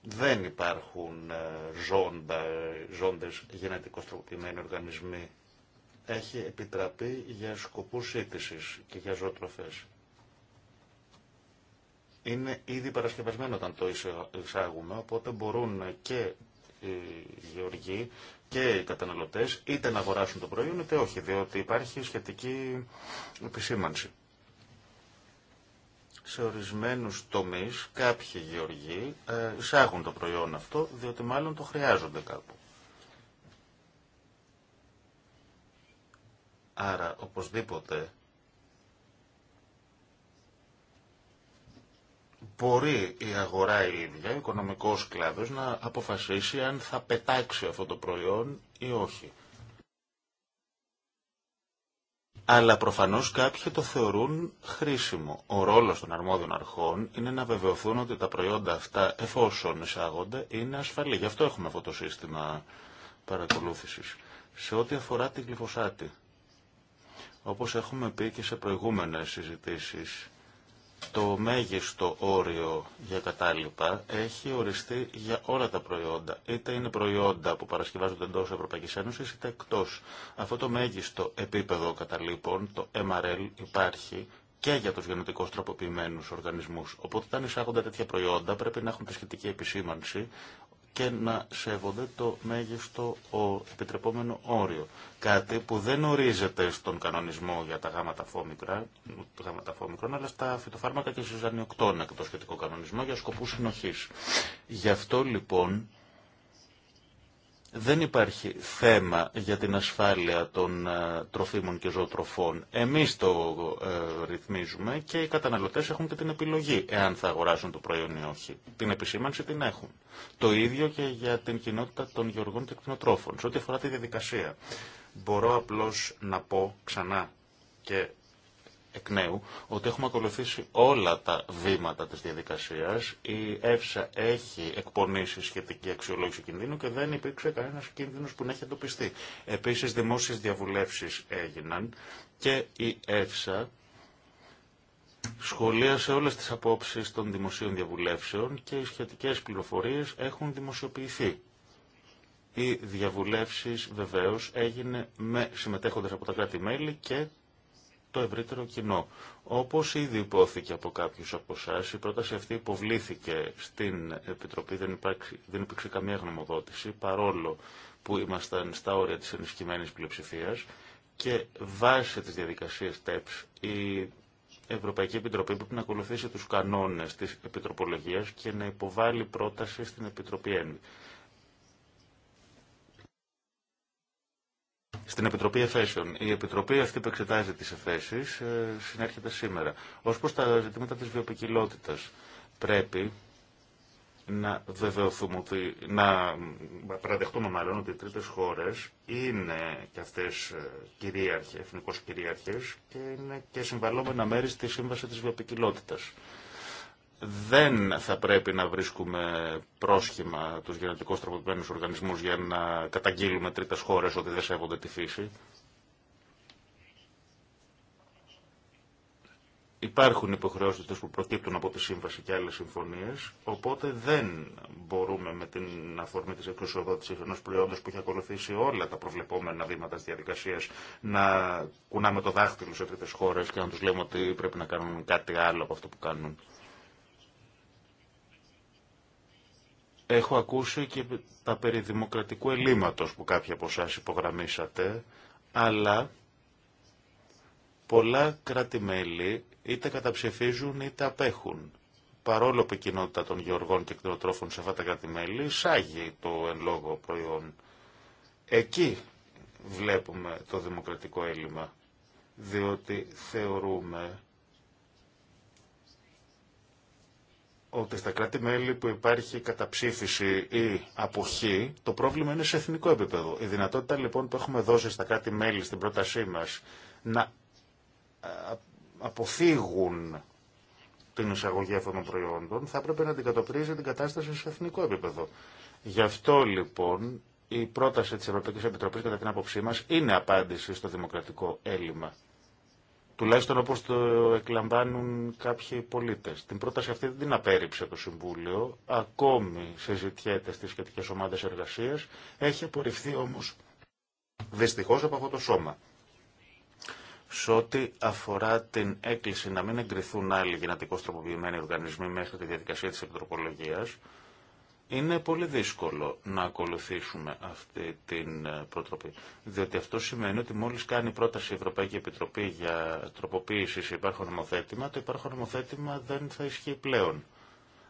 Δεν υπάρχουν ε, ζώντα, ζώντες γενετικώς τροποποιημένοι οργανισμοί. Έχει επιτραπεί για σκοπούς σύντησης και για ζωοτροφές. Είναι ήδη παρασκευασμένο όταν το εισάγουμε, οπότε μπορούν και οι γεωργοί και οι καταναλωτές είτε να αγοράσουν το προϊόν είτε όχι, διότι υπάρχει σχετική επισήμανση σε ορισμένους τομείς κάποιοι γεωργοί ε, εισάγουν το προϊόν αυτό διότι μάλλον το χρειάζονται κάπου. Άρα οπωσδήποτε μπορεί η αγορά η ίδια, ο οικονομικός κλάδος, να αποφασίσει αν θα πετάξει αυτό το προϊόν ή όχι αλλά προφανώς κάποιοι το θεωρούν χρήσιμο. Ο ρόλος των αρμόδιων αρχών είναι να βεβαιωθούν ότι τα προϊόντα αυτά, εφόσον εισάγονται, είναι ασφαλή. Γι' αυτό έχουμε αυτό το σύστημα παρακολούθησης. Σε ό,τι αφορά την γλυφοσάτη, όπως έχουμε πει και σε προηγούμενες συζητήσεις, το μέγιστο όριο για κατάλοιπα έχει οριστεί για όλα τα προϊόντα. Είτε είναι προϊόντα που παρασκευάζονται εντό Ευρωπαϊκή Ένωση είτε εκτό. Αυτό το μέγιστο επίπεδο καταλήπων, το MRL, υπάρχει και για του γενετικώ τροποποιημένου οργανισμού. Οπότε, όταν εισάγονται τέτοια προϊόντα, πρέπει να έχουν τη σχετική επισήμανση, και να σέβονται το μέγιστο ο επιτρεπόμενο όριο. Κάτι που δεν ορίζεται στον κανονισμό για τα γάματα φόμικρα, γάματα φόμικρα αλλά στα φυτοφάρμακα και στους ζανιοκτώνα και το σχετικό κανονισμό για σκοπούς συνοχής. Γι' αυτό λοιπόν δεν υπάρχει θέμα για την ασφάλεια των ε, τροφίμων και ζωοτροφών. Εμείς το ε, ρυθμίζουμε και οι καταναλωτές έχουν και την επιλογή εάν θα αγοράσουν το προϊόν ή όχι. Την επισήμανση την έχουν. Το ίδιο και για την κοινότητα των γεωργών και κτηνοτρόφων. Σε ό,τι αφορά τη διαδικασία, μπορώ απλώς να πω ξανά και εκ νέου ότι έχουμε ακολουθήσει όλα τα βήματα της διαδικασίας. Η ΕΦΣΑ έχει εκπονήσει σχετική αξιολόγηση κινδύνου και δεν υπήρξε κανένας κίνδυνος που να έχει εντοπιστεί. Επίσης δημόσιες διαβουλεύσεις έγιναν και η ΕΦΣΑ σχολίασε όλες τις απόψεις των δημοσίων διαβουλεύσεων και οι σχετικές πληροφορίες έχουν δημοσιοποιηθεί. Οι διαβουλεύσεις βεβαίως έγινε με συμμετέχοντες από τα κράτη-μέλη και το ευρύτερο κοινό. Όπως ήδη υπόθηκε από κάποιους από εσά, η πρόταση αυτή υποβλήθηκε στην Επιτροπή, δεν, υπάρξει, υπήρξε καμία γνωμοδότηση, παρόλο που ήμασταν στα όρια της ενισχυμένη πλειοψηφία. και βάσει της διαδικασίας TEPS η Ευρωπαϊκή Επιτροπή πρέπει να ακολουθήσει τους κανόνες της επιτροπολογία και να υποβάλει πρόταση στην Επιτροπή Ένη. στην Επιτροπή Εφέσεων. Η Επιτροπή αυτή που εξετάζει τις εφέσεις ε, συνέρχεται σήμερα. Ως προς τα ζητήματα της βιοποικιλότητας πρέπει να βεβαιωθούμε ότι, να παραδεχτούμε μάλλον ότι οι τρίτες χώρες είναι και αυτές ε, κυρίαρχες, εθνικώς κυρίαρχες και είναι και συμβαλόμενα μέρη στη σύμβαση της βιοποικιλότητας δεν θα πρέπει να βρίσκουμε πρόσχημα τους γενετικώς τροποποιημένους οργανισμούς για να καταγγείλουμε τρίτες χώρες ότι δεν σέβονται τη φύση. Υπάρχουν υποχρεώσεις που προκύπτουν από τη σύμβαση και άλλες συμφωνίες, οπότε δεν μπορούμε με την αφορμή της εξουσιοδότησης ενός προϊόντος που έχει ακολουθήσει όλα τα προβλεπόμενα βήματα της διαδικασίας να κουνάμε το δάχτυλο σε τρίτες χώρες και να τους λέμε ότι πρέπει να κάνουν κάτι άλλο από αυτό που κάνουν. Έχω ακούσει και τα περί δημοκρατικού ελλείμματος που κάποιοι από εσάς υπογραμμίσατε, αλλά πολλά κράτη-μέλη είτε καταψηφίζουν είτε απέχουν. Παρόλο που η κοινότητα των γεωργών και κτηνοτρόφων σε αυτά τα κράτη-μέλη εισάγει το εν λόγω προϊόν. Εκεί βλέπουμε το δημοκρατικό έλλειμμα, διότι θεωρούμε ότι στα κράτη-μέλη που υπάρχει καταψήφιση ή αποχή, το πρόβλημα είναι σε εθνικό επίπεδο. Η δυνατότητα λοιπόν που έχουμε δώσει στα κράτη-μέλη στην πρότασή μας να ε, αποφύγουν την εισαγωγή αυτών των προϊόντων θα έπρεπε να αντικατοπτρίζει την κατάσταση σε εθνικό επίπεδο. Γι' αυτό λοιπόν η πρόταση της Ευρωπαϊκής Επιτροπής κατά την άποψή μας είναι απάντηση στο δημοκρατικό έλλειμμα τουλάχιστον όπως το εκλαμβάνουν κάποιοι πολίτες. Την πρόταση αυτή δεν την απέρριψε το Συμβούλιο, ακόμη συζητιέται στις σχετικές ομάδες εργασίας, έχει απορριφθεί όμως δυστυχώς από αυτό το σώμα. Σε ό,τι αφορά την έκκληση να μην εγκριθούν άλλοι γενετικώς τροποποιημένοι οργανισμοί μέχρι τη διαδικασία της επιτροπολογίας, είναι πολύ δύσκολο να ακολουθήσουμε αυτή την ε, προτροπή. Διότι αυτό σημαίνει ότι μόλις κάνει πρόταση η Ευρωπαϊκή Επιτροπή για τροποποίηση σε υπάρχον νομοθέτημα, το υπάρχον νομοθέτημα δεν θα ισχύει πλέον.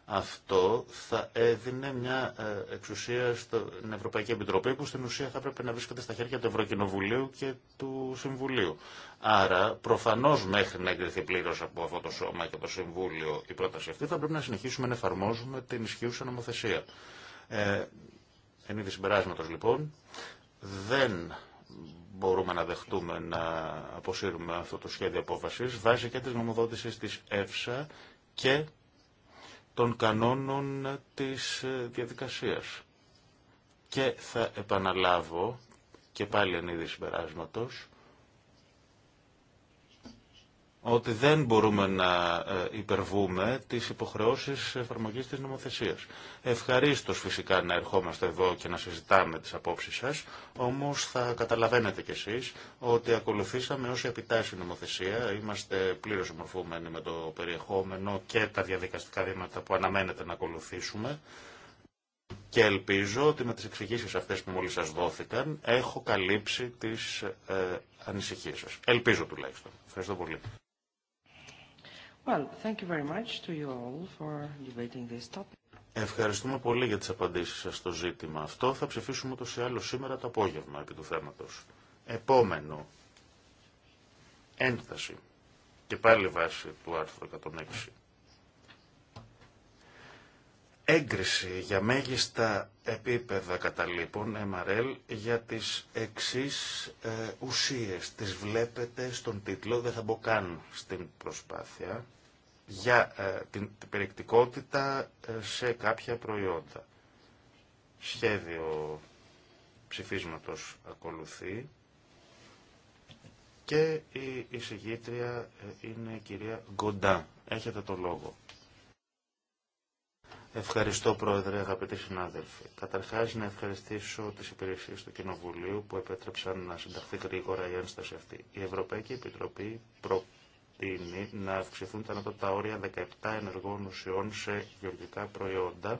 Αυτό θα έδινε μια ε, εξουσία στην Ευρωπαϊκή Επιτροπή που στην ουσία θα έπρεπε να βρίσκεται στα χέρια του Ευρωκοινοβουλίου και του Συμβουλίου. Άρα, προφανώ μέχρι να εγκριθεί πλήρω από αυτό το Σώμα και το Συμβούλιο η πρόταση αυτή, θα πρέπει να συνεχίσουμε να εφαρμόζουμε την ισχύουσα νομοθεσία. Ε, εν είδη συμπεράσματο, λοιπόν, δεν μπορούμε να δεχτούμε να αποσύρουμε αυτό το σχέδιο απόφαση βάσει και τη νομοδότηση τη ΕΦΣΑ και των κανόνων της ε, διαδικασίας. Και θα επαναλάβω και πάλι εν είδη συμπεράσματος ότι δεν μπορούμε να ε, υπερβούμε τις υποχρεώσεις εφαρμογής της νομοθεσίας. Ευχαρίστως φυσικά να ερχόμαστε εδώ και να συζητάμε τις απόψεις σας, όμως θα καταλαβαίνετε κι εσείς ότι ακολουθήσαμε όση επιτάσσει η νομοθεσία, είμαστε πλήρως ομορφούμενοι με το περιεχόμενο και τα διαδικαστικά βήματα που αναμένεται να ακολουθήσουμε. Και ελπίζω ότι με τις εξηγήσεις αυτές που μόλις σας δόθηκαν έχω καλύψει τις ε, ανησυχίες σας. Ελπίζω τουλάχιστον. Ευχαριστώ πολύ. Ευχαριστούμε πολύ για τις απαντήσεις σας στο ζήτημα αυτό. Θα ψηφίσουμε το ή άλλο σήμερα το απόγευμα επί του θέματος. Επόμενο. Ένταση. Και πάλι βάση του άρθρου 106. Έγκριση για μέγιστα επίπεδα καταλήπων MRL για τις εξής ε, ουσίες. Τις βλέπετε στον τίτλο, δεν θα μπω καν στην προσπάθεια για ε, την περιεκτικότητα ε, σε κάποια προϊόντα. Σχέδιο ψηφίσματος ακολουθεί και η εισηγήτρια ε, είναι η κυρία Γκοντά. Έχετε το λόγο. Ευχαριστώ Πρόεδρε, αγαπητοί συνάδελφοι. Καταρχάς να ευχαριστήσω τις υπηρεσίες του Κοινοβουλίου που επέτρεψαν να συνταχθεί γρήγορα η ένσταση αυτή. Η Ευρωπαϊκή Επιτροπή προ προτείνει να αυξηθούν τα ανώτατα όρια 17 ενεργών ουσιών σε γεωργικά προϊόντα,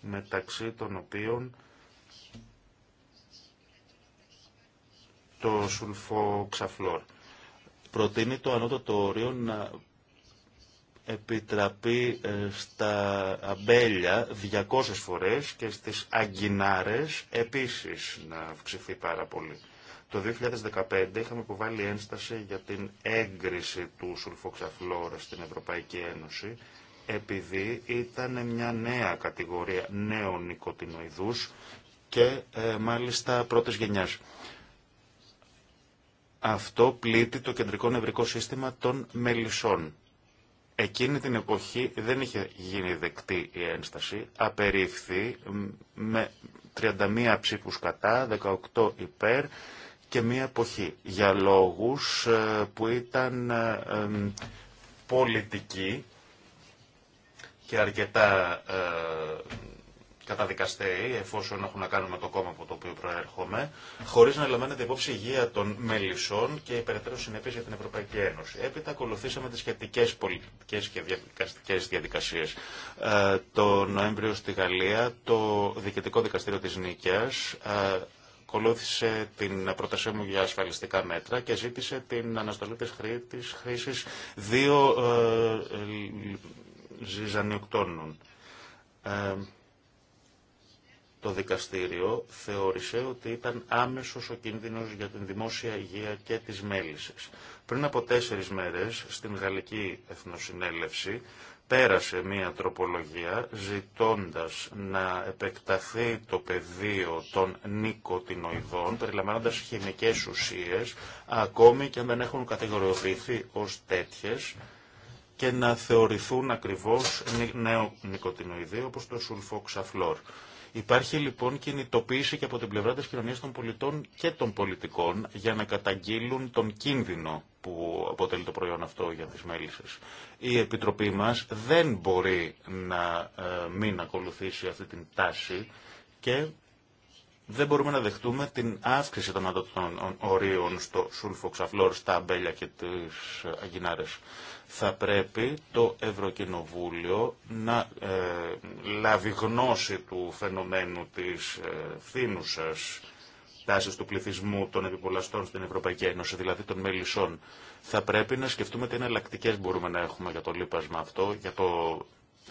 μεταξύ των οποίων το σουλφοξαφλόρ. Προτείνει το ανώτατο όριο να επιτραπεί ε, στα αμπέλια 200 φορές και στις αγκινάρες επίσης να αυξηθεί πάρα πολύ. Το 2015 είχαμε υποβάλει ένσταση για την έγκριση του σουλφοξαφλόρα στην Ευρωπαϊκή Ένωση επειδή ήταν μια νέα κατηγορία νέων νοικοτινοειδούς και ε, μάλιστα πρώτης γενιάς. Αυτό πλήττει το κεντρικό νευρικό σύστημα των μελισσών. Εκείνη την εποχή δεν είχε γίνει δεκτή η ένσταση, απερίφθη με 31 ψήφους κατά, 18 υπέρ, και μία εποχή για λόγους ε, που ήταν ε, πολιτικοί και αρκετά ε, καταδικαστέοι, εφόσον έχουν να κάνουν με το κόμμα από το οποίο προέρχομαι, χωρίς να λαμβάνεται υπόψη υγεία των μέλισσών και υπεραιτέρω περαιτέρω για την Ευρωπαϊκή Ένωση. Έπειτα ακολουθήσαμε τις σχετικέ πολιτικές και διαδικαστικές διαδικασίε. το Νοέμβριο στη Γαλλία, το Διοικητικό Δικαστήριο τη Νίκαια ακολούθησε την πρότασή μου για ασφαλιστικά μέτρα και ζήτησε την αναστολή της χρήσης δύο ε, ε, ζυζανιοκτώνων. Ε, το δικαστήριο θεώρησε ότι ήταν άμεσος ο κίνδυνος για την δημόσια υγεία και τις μέλησες. Πριν από τέσσερις μέρες, στην Γαλλική Εθνοσυνέλευση, πέρασε μία τροπολογία ζητώντας να επεκταθεί το πεδίο των νοικοτινοειδών, περιλαμβάνοντας χημικές ουσίες, ακόμη και αν δεν έχουν κατηγοριοποιηθεί ως τέτοιες, και να θεωρηθούν ακριβώς νέο νοικοτινοειδή όπως το σουλφοξαφλόρ. Υπάρχει λοιπόν κινητοποίηση και από την πλευρά της κοινωνίας των πολιτών και των πολιτικών για να καταγγείλουν τον κίνδυνο που αποτελεί το προϊόν αυτό για τις μέλισσες. Η Επιτροπή μας δεν μπορεί να ε, μην ακολουθήσει αυτή την τάση και δεν μπορούμε να δεχτούμε την αύξηση των αντατών ορίων στο Ξαφλόρ, στα αμπέλια και τις αγκινάρες θα πρέπει το Ευρωκοινοβούλιο να ε, λάβει γνώση του φαινομένου της ε, φθήνουσας τάσης του πληθυσμού των επιπολαστών στην Ευρωπαϊκή Ένωση, δηλαδή των μελισσών. Θα πρέπει να σκεφτούμε τι εναλλακτικέ μπορούμε να έχουμε για το λίπασμα αυτό, για το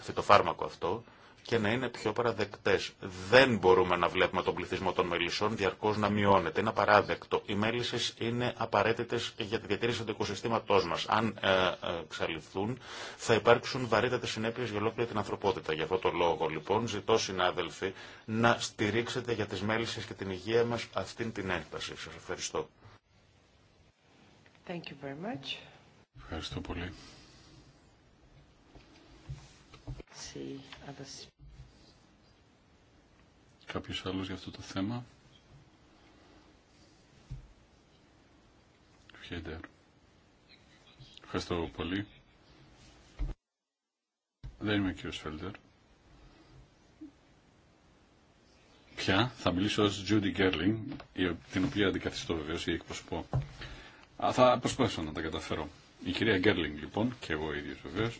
φυτοφάρμακο αυτό, και να είναι πιο παραδεκτέ. Δεν μπορούμε να βλέπουμε τον πληθυσμό των μελισσών διαρκώ να μειώνεται. Είναι απαράδεκτο. Οι μέλισσε είναι απαραίτητες για τη διατήρηση του οικοσυστήματό μα. Αν ε, ε ξαλειφθούν θα υπάρξουν βαρύτατε συνέπειε για ολόκληρη την ανθρωπότητα. Γι' αυτό το λόγο λοιπόν ζητώ συνάδελφοι να στηρίξετε για τις μέλισσε και την υγεία μα αυτήν την έκταση. Σα ευχαριστώ. Thank you very much. Ευχαριστώ πολύ. See κάποιος άλλος για αυτό το θέμα. Ευχαριστώ πολύ. Δεν είμαι ο κύριος Φέλτερ. Πια θα μιλήσω ως Judy Gerling την οποία αντικαθιστώ βεβαίω ή εκπροσωπώ. θα προσπαθήσω να τα καταφέρω. Η κυρία Gerling λοιπόν, και εγώ ίδιος βεβαίω,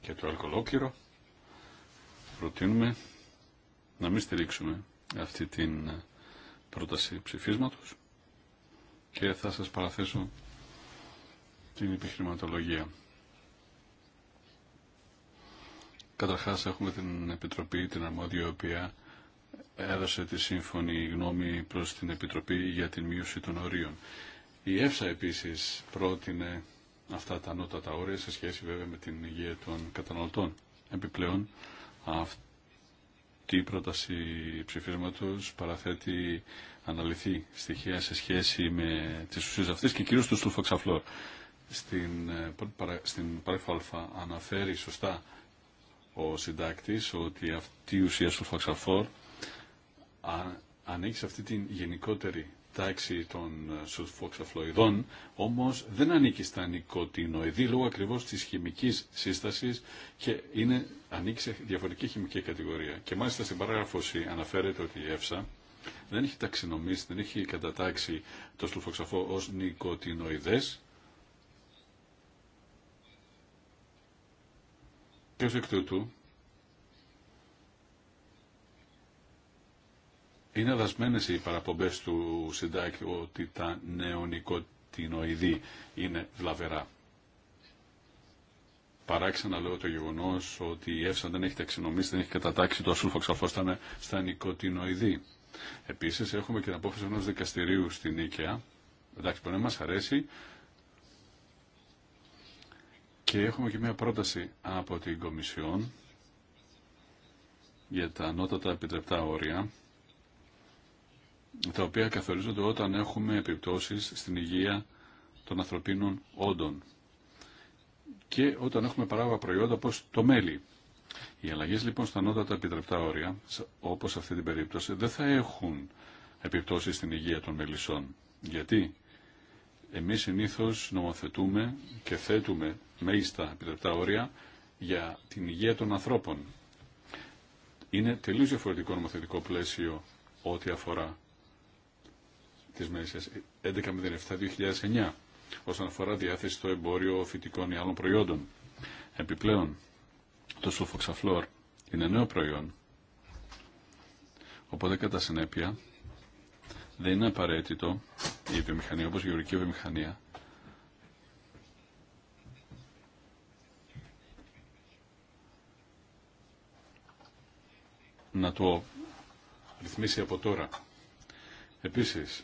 και το αλκοολόκληρο, προτείνουμε να μην στηρίξουμε αυτή την ε, πρόταση ψηφίσματος και θα σας παραθέσω την επιχειρηματολογία. Καταρχάς έχουμε την Επιτροπή, την αρμόδια, η οποία έδωσε τη σύμφωνη γνώμη προς την Επιτροπή για την μείωση των ορίων. Η ΕΦΣΑ επίσης πρότεινε αυτά τα ανώτατα όρια σε σχέση βέβαια με την υγεία των καταναλωτών. Επιπλέον, αυτό η πρόταση ψηφίσματος παραθέτει αναλυθεί στοιχεία σε σχέση με τις ουσίες αυτές και κυρίως του σουλφοξαφλόρ. Στην, ε, στην παράγραφο αναφέρει σωστά ο συντάκτης ότι αυτή η ουσία σουλφοξαφλόρ ανήκει σε αυτή την γενικότερη τάξη των ε, σουλφοξαφλοειδών, όμως δεν ανήκει στα νοικοτινοειδή λόγω ακριβώς τη χημικής σύστασης και είναι, ανήκει σε διαφορετική χημική κατηγορία. Και μάλιστα στην C αναφέρεται ότι η ΕΦΣΑ δεν έχει ταξινομήσει, δεν έχει κατατάξει το σουλφοξαφό ως νοικοτινοειδέ. και ως εκ Είναι δασμένες οι παραπομπές του Σιντάκη ότι τα νεονικοτινοειδή είναι βλαβερά. Παράξενα λέω το γεγονός ότι η ΕΦΣΑ δεν έχει ταξινομήσει, δεν έχει κατατάξει το ασούλφοξαλφόστανε στα νοικοτινοειδή. Επίσης έχουμε και την απόφαση ενός δικαστηρίου στην Ίκαια. Εντάξει, μπορεί να μας αρέσει. Και έχουμε και μια πρόταση από την Κομισιόν για τα ανώτατα επιτρεπτά όρια τα οποία καθορίζονται όταν έχουμε επιπτώσεις στην υγεία των ανθρωπίνων όντων και όταν έχουμε παράγωγα προϊόντα όπως το μέλι. Οι αλλαγέ λοιπόν στα ανώτατα επιτρεπτά όρια, όπως αυτή την περίπτωση, δεν θα έχουν επιπτώσεις στην υγεία των μελισσών. Γιατί εμείς συνήθω νομοθετούμε και θέτουμε μέγιστα επιτρεπτά όρια για την υγεία των ανθρώπων. Είναι τελείως διαφορετικό νομοθετικό πλαίσιο ό,τι αφορά της μεση 1107 1107-2009 όσον αφορά διάθεση στο εμπόριο φυτικών ή άλλων προϊόντων. Επιπλέον, το σουλφοξαφλόρ είναι νέο προϊόν, οπότε κατά συνέπεια δεν είναι απαραίτητο η αλλων προιοντων επιπλεον το σουφοξαφλορ ειναι νεο όπως η γεωργική βιομηχανία, να το ρυθμίσει από τώρα. Επίσης,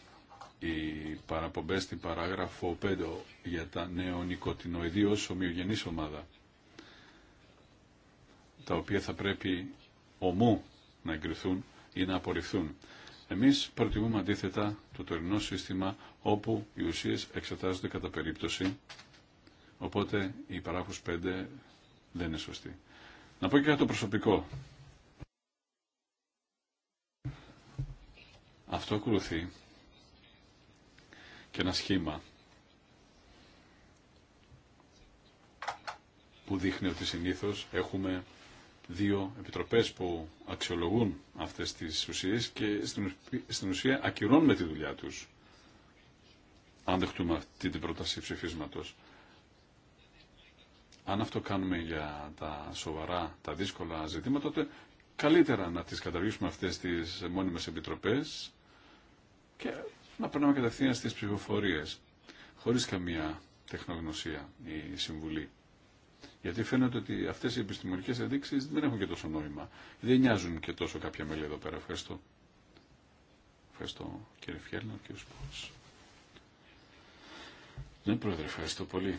οι παραπομπές στην παράγραφο 5 για τα νεονικοτινοειδή ω ομοιογενής ομάδα, τα οποία θα πρέπει ομού να εγκριθούν ή να απορριφθούν. Εμείς προτιμούμε αντίθετα το τωρινό σύστημα όπου οι ουσίες εξετάζονται κατά περίπτωση, οπότε η παράγραφος 5 δεν είναι σωστή. Να πω και για το προσωπικό. Αυτό ακολουθεί και ένα σχήμα που δείχνει ότι συνήθως έχουμε δύο επιτροπές που αξιολογούν αυτές τις ουσίες και στην ουσία ακυρώνουμε τη δουλειά τους αν δεχτούμε αυτή την πρόταση ψηφίσματος. Αν αυτό κάνουμε για τα σοβαρά, τα δύσκολα ζητήματα, τότε καλύτερα να τις καταργήσουμε αυτές τις μόνιμες επιτροπές και να περνάμε κατευθείαν στις ψηφοφορίες, χωρίς καμία τεχνογνωσία ή συμβουλή. Γιατί φαίνεται ότι αυτές οι επιστημονικές ενδείξει δεν έχουν και τόσο νόημα. Δεν νοιάζουν και τόσο κάποια μέλη εδώ πέρα. Ευχαριστώ. Ευχαριστώ κύριε και ο Σπόρος. Ναι, πρόεδρε, ευχαριστώ πολύ.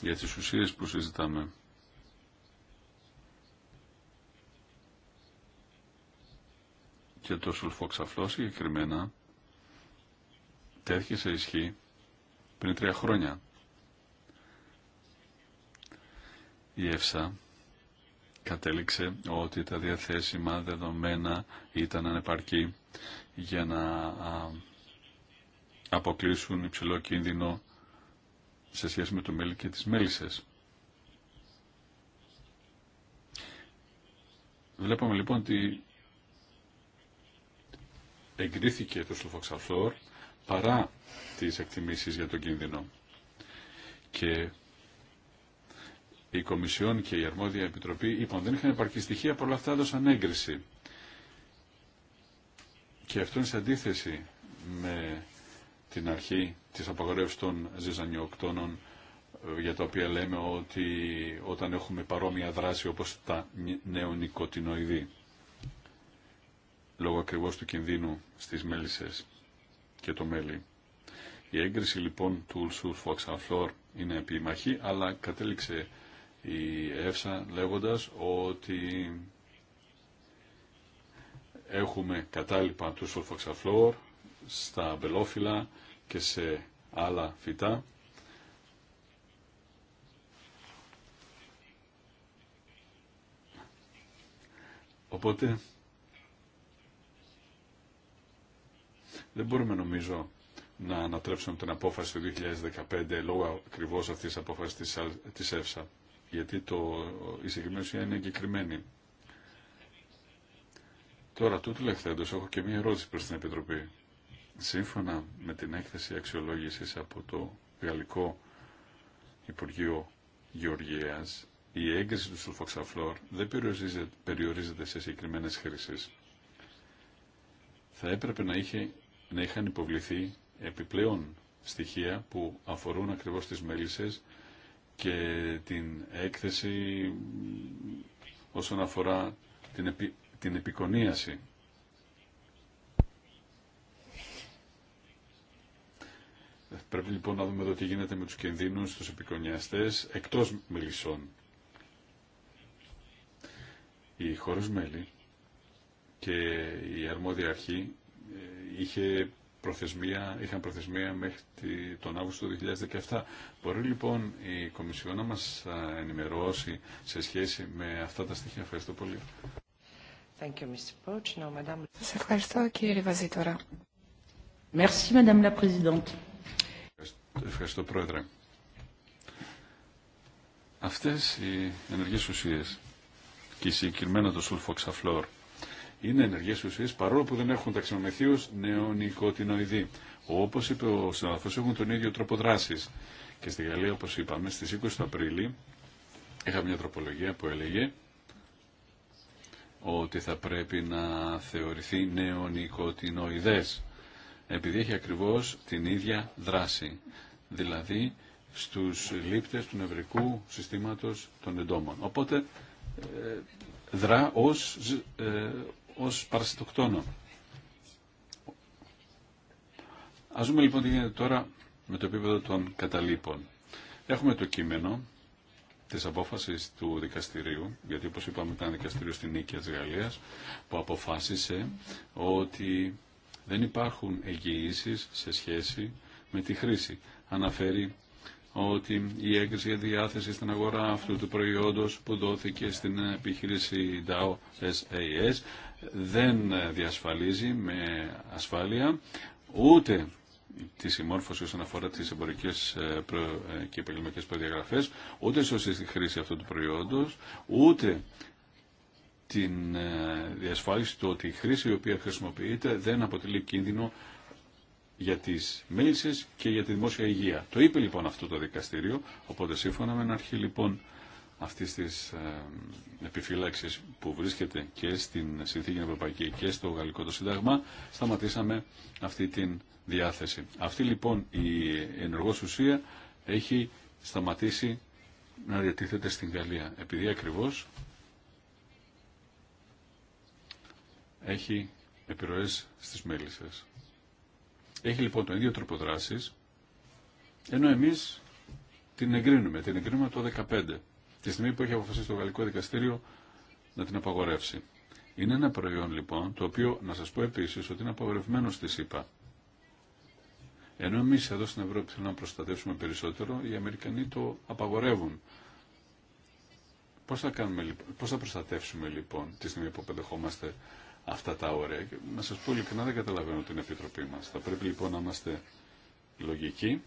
Για τις ουσίες που συζητάμε. και το σουλφοξαφλό συγκεκριμένα τέθηκε σε ισχύ πριν τρία χρόνια. Η ΕΦΣΑ κατέληξε ότι τα διαθέσιμα δεδομένα ήταν ανεπαρκή για να αποκλείσουν υψηλό κίνδυνο σε σχέση με το μέλι και τις μέλισσες. Βλέπαμε λοιπόν ότι εγκρίθηκε το σλοφοξαφλόρ παρά τις εκτιμήσεις για τον κίνδυνο. Και η Κομισιόν και η Αρμόδια Επιτροπή είπαν δεν είχαν επαρκή στοιχεία, όλα αυτά έδωσαν έγκριση. Και αυτό είναι σε αντίθεση με την αρχή της απαγορεύσης των ζυζανιοκτώνων ε, για τα οποία λέμε ότι όταν έχουμε παρόμοια δράση όπως τα νεονικοτινοειδή λόγω ακριβώς του κινδύνου στις μέλισσες και το μέλι. Η έγκριση λοιπόν του Ουλσού Foxanflor είναι επίμαχη, αλλά κατέληξε η ΕΦΣΑ λέγοντας ότι έχουμε κατάλοιπα του σουλφοξαφλόρ στα Μπελόφυλλα και σε άλλα φυτά. Οπότε Δεν μπορούμε νομίζω να ανατρέψουμε την απόφαση του 2015 λόγω ακριβώ αυτή τη απόφαση τη ΕΦΣΑ. Γιατί το, η συγκεκριμένη ουσία είναι εγκεκριμένη. Τώρα, τούτου λεχθέντο, έχω και μία ερώτηση προ την Επιτροπή. Σύμφωνα με την έκθεση αξιολόγηση από το Γαλλικό Υπουργείο Γεωργίας, η έγκριση του σουλφοξαφλόρ δεν περιορίζεται, περιορίζεται σε συγκεκριμένε χρήσει. Θα έπρεπε να είχε να είχαν υποβληθεί επιπλέον στοιχεία που αφορούν ακριβώς τις μέλισσες και την έκθεση όσον αφορά την, επικονίαση. Πρέπει λοιπόν να δούμε εδώ τι γίνεται με τους κινδύνους, τους επικονιαστές, εκτός μελισσών. Οι χώρες μέλη και η αρμόδια αρχή ε, είχε προθεσμία, είχαν προθεσμία μέχρι τον Αύγουστο του 2017. Μπορεί λοιπόν η Κομισιόν να μας ενημερώσει σε σχέση με αυτά τα στοιχεία. Ευχαριστώ πολύ. ευχαριστώ κύριε Ριβαζή τώρα. Merci, Madame la Ευχαριστώ πρόεδρε. Αυτές οι ενεργές ουσίες και συγκεκριμένα το σουλφοξαφλόρ είναι ενεργέ ουσίες παρόλο που δεν έχουν ταξινομηθεί ως νεονικοτινοειδή. Όπως είπε ο συναδελφό, έχουν τον ίδιο τρόπο δράση. Και στη Γαλλία όπως είπαμε στις 20 Απρίλη είχα μια τροπολογία που έλεγε ότι θα πρέπει να θεωρηθεί νεονικοτινοειδέ. επειδή έχει ακριβώς την ίδια δράση. Δηλαδή στου λήπτε του νευρικού συστήματο των εντόμων. Οπότε ε, δρά ως ε, ως παρασιτοκτόνο. Ας δούμε λοιπόν τι γίνεται τώρα με το επίπεδο των καταλήπων. Έχουμε το κείμενο της απόφασης του δικαστηρίου, γιατί όπως είπαμε ήταν δικαστηρίο στην Νίκη της Γαλλίας, που αποφάσισε ότι δεν υπάρχουν εγγυήσεις σε σχέση με τη χρήση. Αναφέρει ότι η έγκριση για διάθεση στην αγορά αυτού του προϊόντος που δόθηκε στην επιχείρηση DAO SAS δεν διασφαλίζει με ασφάλεια ούτε τη συμμόρφωση όσον αφορά τις εμπορικές ε, ε, και επαγγελματικέ προδιαγραφές, ούτε σωστή χρήση αυτού του προϊόντος, ούτε την ε, διασφάλιση του ότι η χρήση η οποία χρησιμοποιείται δεν αποτελεί κίνδυνο για τις μέλησες και για τη δημόσια υγεία. Το είπε λοιπόν αυτό το δικαστήριο, οπότε σύμφωνα με ένα αρχή λοιπόν αυτή της ε, επιφύλαξης που βρίσκεται και στην Συνθήκη Ευρωπαϊκή και στο Γαλλικό το Σύνταγμα, σταματήσαμε αυτή την διάθεση. Αυτή λοιπόν η ενεργό ουσία έχει σταματήσει να διατίθεται στην Γαλλία, επειδή ακριβώ έχει επιρροές στι μέλισσε. Έχει λοιπόν τον ίδιο τρόπο δράσης, ενώ εμείς την εγκρίνουμε, την εγκρίνουμε το 2015 τη στιγμή που έχει αποφασίσει το Γαλλικό Δικαστήριο να την απαγορεύσει. Είναι ένα προϊόν λοιπόν το οποίο να σα πω επίση ότι είναι απαγορευμένο στη ΣΥΠΑ. Ενώ εμεί εδώ στην Ευρώπη θέλουμε να προστατεύσουμε περισσότερο, οι Αμερικανοί το απαγορεύουν. Πώ θα, κάνουμε, λοιπόν, θα προστατεύσουμε λοιπόν τη στιγμή που απεδεχόμαστε αυτά τα όρια. να σα πω ειλικρινά δεν καταλαβαίνω την Επιτροπή μα. Θα πρέπει λοιπόν να είμαστε λογικοί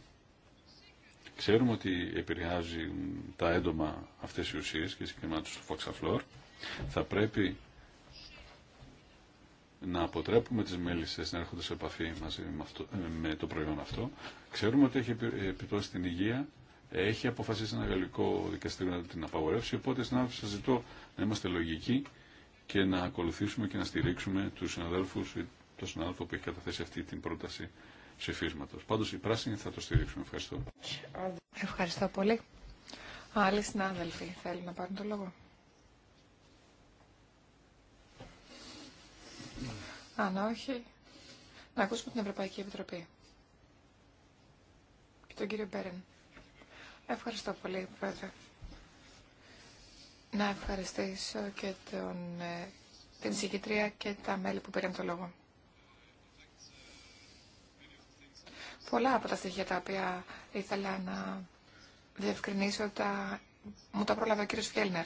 Ξέρουμε ότι επηρεάζει τα έντομα αυτές οι ουσίες και συγκεκριμένα του φοξαφλόρ. Θα πρέπει να αποτρέπουμε τις μέλισσες να έρχονται σε επαφή μαζί με, αυτό, ε, με το προϊόν αυτό. Ξέρουμε ότι έχει επιπτώσει την υγεία, έχει αποφασίσει ένα γαλλικό δικαστήριο να την απαγορεύσει, οπότε συνάδελφοι σας ζητώ να είμαστε λογικοί και να ακολουθήσουμε και να στηρίξουμε τους συναδέλφους, τον συνάδελφο που έχει καταθέσει αυτή την πρόταση ψηφίσματο. Πάντως οι πράσινοι θα το στηρίξουν. Ευχαριστώ. Ευχαριστώ πολύ. Άλλοι συνάδελφοι θέλουν να πάρουν το λόγο. Αν όχι, να ακούσουμε την Ευρωπαϊκή Επιτροπή και τον κύριο Μπέρεν. Ευχαριστώ πολύ, Πρόεδρε. Να ευχαριστήσω και τον, ε, την συγκητρία και τα μέλη που πήραν το λόγο. Πολλά από τα στοιχεία τα οποία ήθελα να διευκρινίσω τα... μου τα πρόλαβε ο κύριος Φιέλνερ.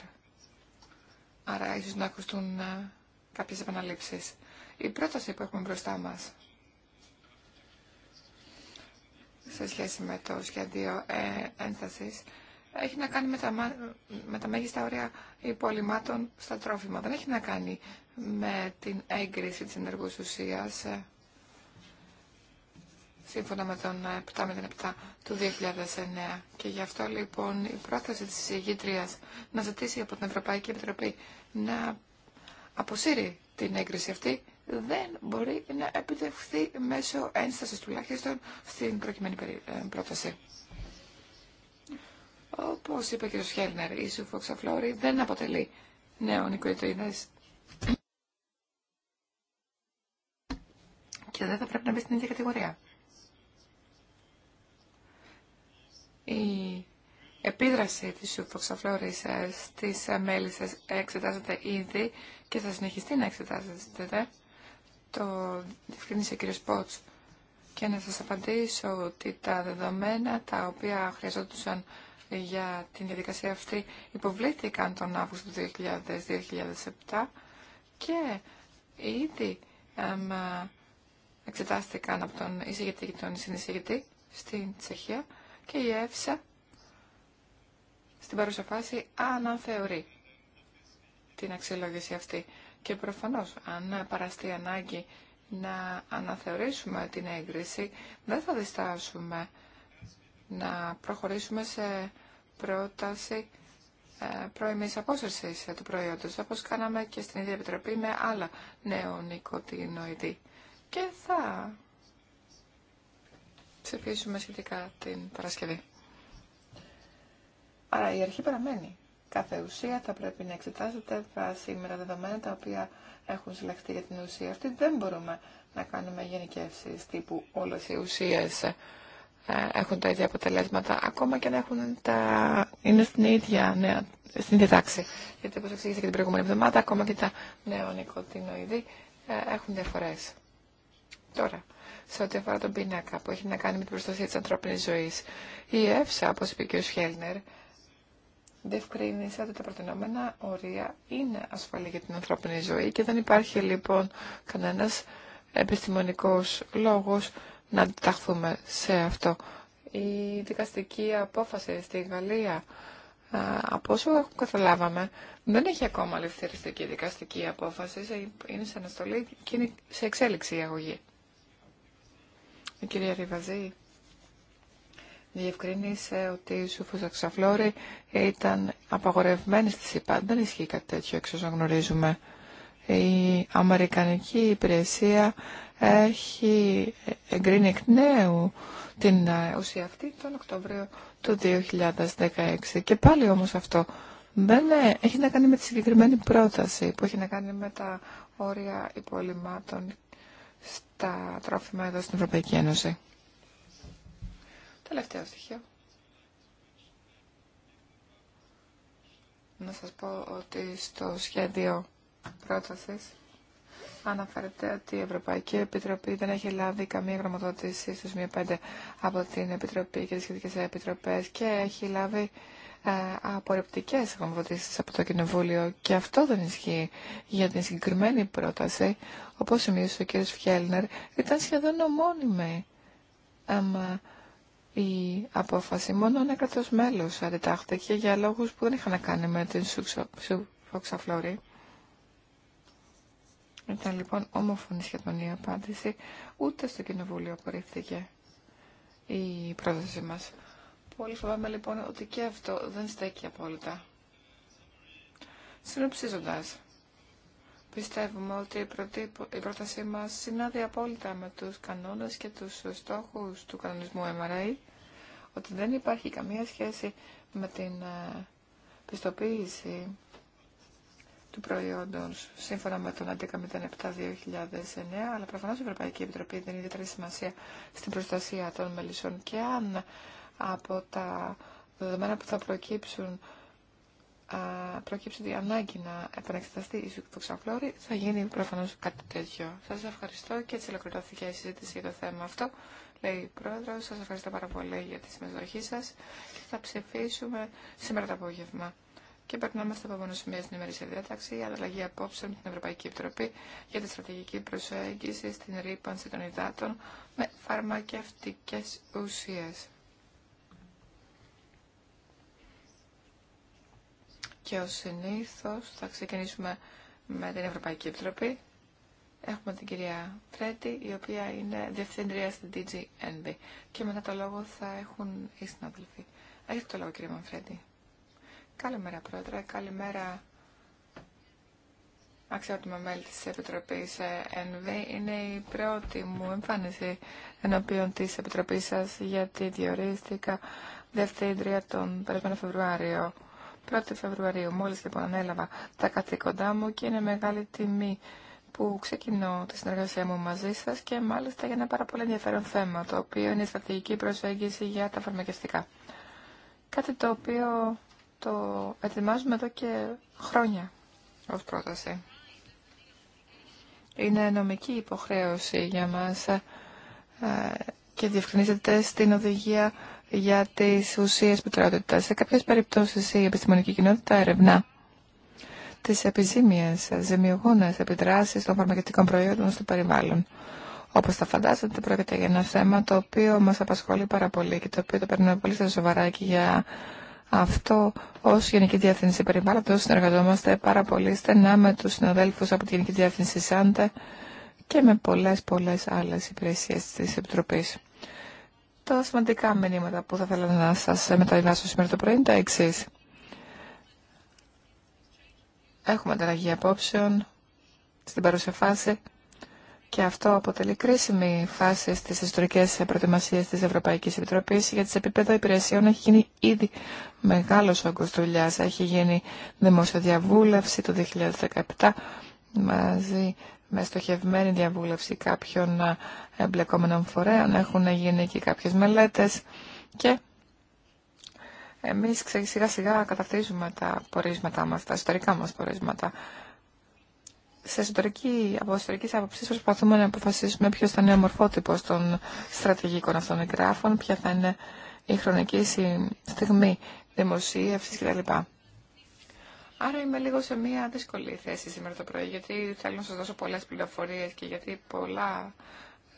Άρα ίσως να ακουστούν ε, κάποιες επαναλήψεις. Η πρόταση που έχουμε μπροστά μας σε σχέση με το σχέδιο ε, έχει να κάνει με τα, τα μέγιστα όρια υπολοιμάτων στα τρόφιμα. Δεν έχει να κάνει με την έγκριση της ενεργούς ουσίας. Ε, σύμφωνα με τον 707 ε, του 2009. Και γι' αυτό λοιπόν η πρόθεση της εισηγήτριας να ζητήσει από την Ευρωπαϊκή Επιτροπή να αποσύρει την έγκριση αυτή δεν μπορεί να επιτευχθεί μέσω ένστασης τουλάχιστον στην προκειμένη ε, πρόταση. Όπω είπε ο Σχέλνερ; η σουφοξαφλόρη δεν αποτελεί νέο νοικοϊτοειδές και δεν θα πρέπει να μπει στην ίδια κατηγορία. Η επίδραση της υποξαφλώρης στις μέλισσες εξετάζεται ήδη και θα συνεχιστεί να εξετάζεται. Το διευκρίνησε ο κ. Πότς. Και να σας απαντήσω ότι τα δεδομένα τα οποία χρειαζόντουσαν για την διαδικασία αυτή υποβλήθηκαν τον Αύγουστο του 2007 και ήδη εξετάστηκαν από τον εισηγητή και τον συνεισηγητή στην Τσεχία και η ΕΦΣΑ στην παρούσα φάση αναθεωρεί την αξιολόγηση αυτή. Και προφανώς, αν παραστεί ανάγκη να αναθεωρήσουμε την έγκριση, δεν θα διστάσουμε να προχωρήσουμε σε πρόταση ε, πρώιμης απόσυρσης του προϊόντος, όπω κάναμε και στην ίδια επιτροπή με άλλα νεονικοτινοειδή. Και θα ψηφίσουμε σχετικά την Παρασκευή. Άρα η αρχή παραμένει. Κάθε ουσία θα πρέπει να εξετάζεται τα σήμερα δεδομένα τα οποία έχουν συλλεχθεί για την ουσία αυτή. Δεν μπορούμε να κάνουμε γενικεύσει τύπου όλε οι ουσίε ε, έχουν τα ίδια αποτελέσματα, ακόμα και να έχουν τα... είναι στην ίδια, στην ίδια τάξη. Γιατί όπω εξήγησα και την προηγούμενη εβδομάδα, ακόμα και τα νεονικοτινοειδή ε, έχουν διαφορέ. Τώρα, σε ό,τι αφορά τον πίνακα που έχει να κάνει με την προστασία της ανθρώπινης ζωής. Η ΕΦΣΑ, όπως είπε και ο Σχέλνερ, διευκρίνησε ότι τα προτινόμενα όρια είναι ασφαλή για την ανθρώπινη ζωή και δεν υπάρχει λοιπόν κανένας επιστημονικός λόγος να αντιταχθούμε σε αυτό. Η δικαστική απόφαση στη Γαλλία, από όσο καταλάβαμε, δεν έχει ακόμα αλευθεριστική δικαστική απόφαση, είναι σε αναστολή και είναι σε εξέλιξη η αγωγή. Η κυρία Ριβαζή διευκρίνησε ότι η Σουφουζαξαφλόρη ήταν απαγορευμένη στη ΣΥΠΑ. Δεν ισχύει κάτι τέτοιο, έξω, όσων γνωρίζουμε. Η Αμερικανική υπηρεσία έχει εγκρίνει εκ νέου την ουσία αυτή τον Οκτώβριο του 2016. Και πάλι όμως αυτό δεν έχει να κάνει με τη συγκεκριμένη πρόταση που έχει να κάνει με τα όρια υπολοιμάτων στα τρόφιμα εδώ στην Ευρωπαϊκή Ένωση. Τελευταίο στοιχείο. Να σας πω ότι στο σχέδιο πρότασης αναφέρεται ότι η Ευρωπαϊκή Επιτροπή δεν έχει λάβει καμία γραμματοδότηση στο σημείο 5 από την Επιτροπή και τις σχετικές επιτροπές και έχει λάβει ε, απορριπτικές γνωμοδοτήσεις από το Κοινοβούλιο και αυτό δεν ισχύει για την συγκεκριμένη πρόταση. Όπως σημείωσε ο κ. Φιέλνερ, ήταν σχεδόν ομώνυμη Αμα η απόφαση. Μόνο ένα κρατός μέλος αντιτάχθηκε για λόγους που δεν είχαν να κάνει με την Σουξαφλόρη. Ήταν λοιπόν ομοφωνή σχεδόν η απάντηση, ούτε στο Κοινοβούλιο απορρίφθηκε η πρόταση μας. Πολύ φοβάμαι λοιπόν ότι και αυτό δεν στέκει απόλυτα. Συνοψίζοντας, πιστεύουμε ότι η, πρώτη η πρότασή μας συνάδει απόλυτα με τους κανόνες και τους στόχους του κανονισμού MRA, ότι δεν υπάρχει καμία σχέση με την ε, πιστοποίηση του προϊόντος σύμφωνα με τον 11.07.2009, 2009 αλλά προφανώς η Ευρωπαϊκή Επιτροπή δεν είναι ιδιαίτερη σημασία στην προστασία των μελισσών και αν από τα δεδομένα που θα προκύψουν προκύψει η ανάγκη να επανεξεταστεί η σουκτοξαφλόρη, θα γίνει προφανώς κάτι τέτοιο. Σας ευχαριστώ και έτσι ολοκληρώθηκε η συζήτηση για το θέμα αυτό. Λέει η Πρόεδρος, σας ευχαριστώ πάρα πολύ για τη συμμετοχή σας και θα ψηφίσουμε σήμερα το απόγευμα. Και περνάμε στο επόμενο σημείο στην ημερήσια διάταξη, η ανταλλαγή απόψεων με την Ευρωπαϊκή Επιτροπή για τη στρατηγική προσέγγιση στην ρήπανση των υδάτων με φαρμακευτικές ουσίες. Και ως συνήθως θα ξεκινήσουμε με την Ευρωπαϊκή Επιτροπή. Έχουμε την κυρία Φρέτη, η οποία είναι διευθύντρια στην DG Και μετά το λόγο θα έχουν οι συνάδελφοι. Έχετε το λόγο κύριε Μανφρέτη. Καλημέρα πρόεδρε, καλημέρα αξιότιμα μέλη της Επιτροπής ΕΝΒ. Είναι η πρώτη μου εμφάνιση ενώπιον της Επιτροπής σας γιατί διορίστηκα διευθύντρια τον περασμένο Φεβρουάριο 1η Φεβρουαρίου. Μόλις λοιπόν ανέλαβα τα καθήκοντά μου και είναι μεγάλη τιμή που ξεκινώ τη συνεργασία μου μαζί σας και μάλιστα για ένα πάρα πολύ ενδιαφέρον θέμα, το οποίο είναι η στρατηγική προσέγγιση για τα φαρμακευτικά. Κάτι το οποίο το ετοιμάζουμε εδώ και χρόνια ως πρόταση. Είναι νομική υποχρέωση για μας ε, και διευκρινίζεται στην οδηγία για τις ουσίες πετρεότητα. Σε κάποιε περιπτώσει η επιστημονική κοινότητα ερευνά τι επιζήμιε, ζημιογόνε επιδράσει των φαρμακευτικών προϊόντων στο περιβάλλον. όπω θα φαντάζετε πρόκειται για ένα θέμα το οποίο μα απασχολεί πάρα πολύ και το οποίο το παίρνουμε πολύ στα σοβαρά και για αυτό ω Γενική Διεύθυνση περιβάλλοντό. συνεργαζόμαστε πάρα πολύ στενά με του συναδέλφου από τη Γενική Διεύθυνση ΣΑΝΤΕ και με πολλές πολλές άλλες υπηρεσίε τη Επιτροπής. Τα σημαντικά μηνύματα που θα ήθελα να σα μεταβιβάσω σήμερα το πρωί είναι τα εξή. Έχουμε ανταλλαγή απόψεων στην παρούσα φάση και αυτό αποτελεί κρίσιμη φάση στι ιστορικέ προετοιμασίε τη Ευρωπαϊκή Επιτροπή γιατί σε επίπεδο υπηρεσιών έχει γίνει ήδη μεγάλο όγκο δουλειά. Έχει γίνει δημόσια διαβούλευση το 2017 μαζί με στοχευμένη διαβούλευση κάποιων ε, εμπλεκόμενων φορέων, έχουν γίνει και κάποιες μελέτες και εμείς σιγά σιγά καταρτίζουμε τα πορίσματά μας, τα ιστορικά μας πορίσματα. Σε εσωτερική, από εσωτερική άποψη προσπαθούμε να αποφασίσουμε ποιος θα είναι ο μορφότυπος των στρατηγικών αυτών εγγράφων, ποια θα είναι η χρονική στιγμή δημοσίευσης κτλ. Άρα είμαι λίγο σε μια δύσκολη θέση σήμερα το πρωί, γιατί θέλω να σας δώσω πολλές πληροφορίες και γιατί πολλά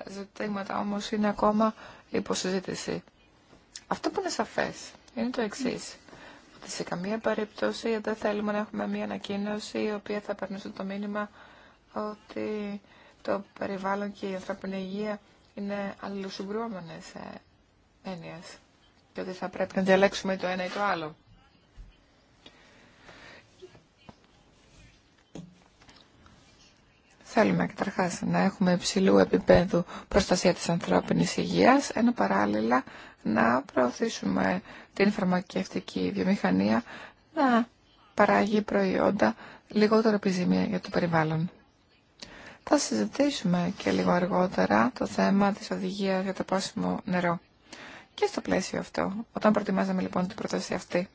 ζητήματα όμως είναι ακόμα υποσυζήτηση. Αυτό που είναι σαφές είναι το εξή. Ότι σε καμία περίπτωση δεν θέλουμε να έχουμε μια ανακοίνωση η οποία θα περνούσε το μήνυμα ότι το περιβάλλον και η ανθρώπινη υγεία είναι αλληλοσυγκρούμενες ε, έννοιες και ότι θα πρέπει να διαλέξουμε το ένα ή το άλλο. Θέλουμε καταρχά να έχουμε υψηλού επίπεδου προστασία της ανθρώπινης υγείας, ενώ παράλληλα να προωθήσουμε την φαρμακευτική βιομηχανία να παράγει προϊόντα λιγότερο επιζημία για το περιβάλλον. Θα συζητήσουμε και λίγο αργότερα το θέμα της οδηγίας για το πόσιμο νερό. Και στο πλαίσιο αυτό, όταν προετοιμάζαμε λοιπόν την πρόταση αυτή,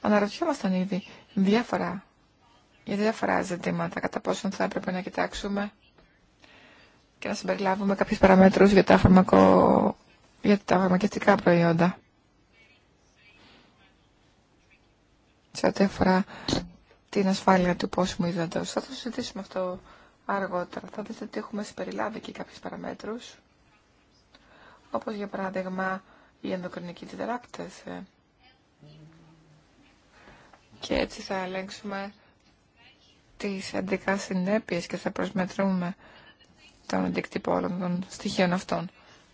αναρωτιόμασταν ήδη διάφορα για διάφορα ζητήματα, κατά πόσον θα έπρεπε να κοιτάξουμε και να συμπεριλάβουμε κάποιες παραμέτρους για τα, φαρμακο... για τα φαρμακευτικά προϊόντα. Σε ό,τι αφορά την ασφάλεια του πόσιμου υδατός. Θα το συζητήσουμε αυτό αργότερα. Θα δείτε ότι έχουμε συμπεριλάβει και κάποιες παραμέτρους, όπως για παράδειγμα οι ενδοκρινικοί διδράκτες. Και έτσι θα ελέγξουμε τις αντικά συνέπειε και θα προσμετρούμε τον αντικτύπο όλων των στοιχείων αυτών.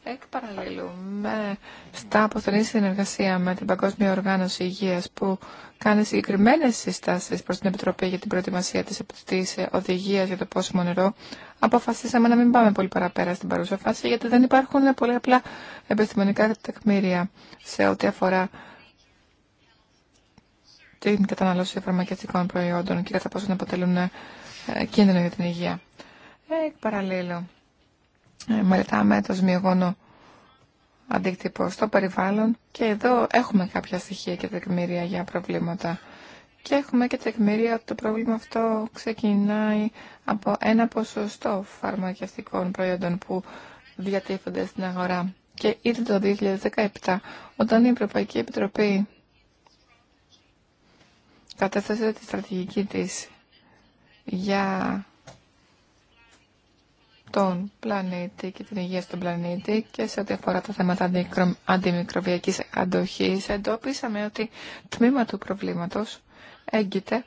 Εκ παραλληλού, με, στα αποστολή συνεργασία με την Παγκόσμια Οργάνωση Υγείας που κάνει συγκεκριμένε συστασει προ την Επιτροπή για την προετοιμασία της, οδηγία οδηγίας για το πόσιμο νερό, αποφασίσαμε να μην πάμε πολύ παραπέρα στην παρούσα φάση γιατί δεν υπάρχουν πολύ απλά επιστημονικά τεκμήρια σε ό,τι αφορά την καταναλώση φαρμακευτικών προϊόντων και κατά πόσο αποτελούν ε, κίνδυνο για την υγεία. Ε, εκ παραλλήλου, ε, μελετάμε το ζημιογόνο αντίκτυπο στο περιβάλλον και εδώ έχουμε κάποια στοιχεία και τεκμήρια για προβλήματα. Και έχουμε και τεκμήρια ότι το πρόβλημα αυτό ξεκινάει από ένα ποσοστό φαρμακευτικών προϊόντων που διατίθενται στην αγορά. Και ήδη το 2017, όταν η Ευρωπαϊκή Επιτροπή κατέθεσε τη στρατηγική της για τον πλανήτη και την υγεία στον πλανήτη και σε ό,τι αφορά τα θέματα αντιμικροβιακής αντοχής εντόπισαμε ότι τμήμα του προβλήματος έγκυται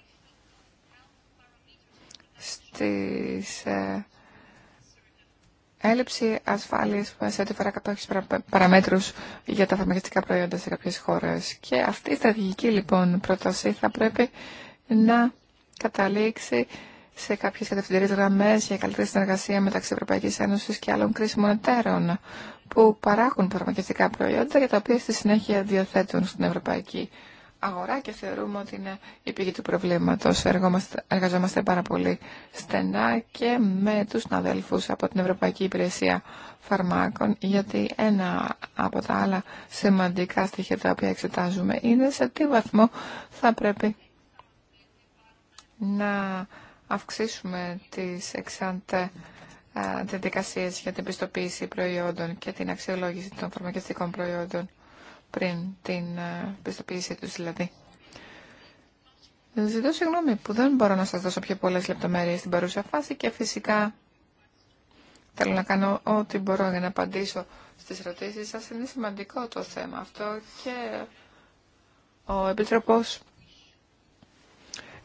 στις ε, έλλειψη ασφάλειας σε ό,τι φορά κάποιους παραμέτρους για τα φαρμακευτικά προϊόντα σε κάποιες χώρες. Και αυτή η στρατηγική λοιπόν πρόταση θα πρέπει να καταλήξει σε κάποιες κατευθυντήριες γραμμέ για καλύτερη συνεργασία μεταξύ Ευρωπαϊκής Ένωσης και άλλων κρίσιμων εταίρων που παράγουν φαρμακευτικά προϊόντα για τα οποία στη συνέχεια διαθέτουν στην Ευρωπαϊκή Ένωση αγορά και θεωρούμε ότι είναι η πηγή του προβλήματος. Εργαζόμαστε πάρα πολύ στενά και με τους αδέλφους από την Ευρωπαϊκή Υπηρεσία Φαρμάκων, γιατί ένα από τα άλλα σημαντικά στοιχεία τα οποία εξετάζουμε είναι σε τι βαθμό θα πρέπει να αυξήσουμε τις εξάντε ε, διαδικασίε για την πιστοποίηση προϊόντων και την αξιολόγηση των φαρμακευτικών προϊόντων πριν την ε, πιστοποίησή τους δηλαδή. Ζητώ συγγνώμη που δεν μπορώ να σας δώσω πιο πολλές λεπτομέρειες στην παρούσα φάση και φυσικά θέλω να κάνω ό,τι μπορώ για να απαντήσω στις ερωτήσεις σας. Είναι σημαντικό το θέμα αυτό και ο Επιτροπός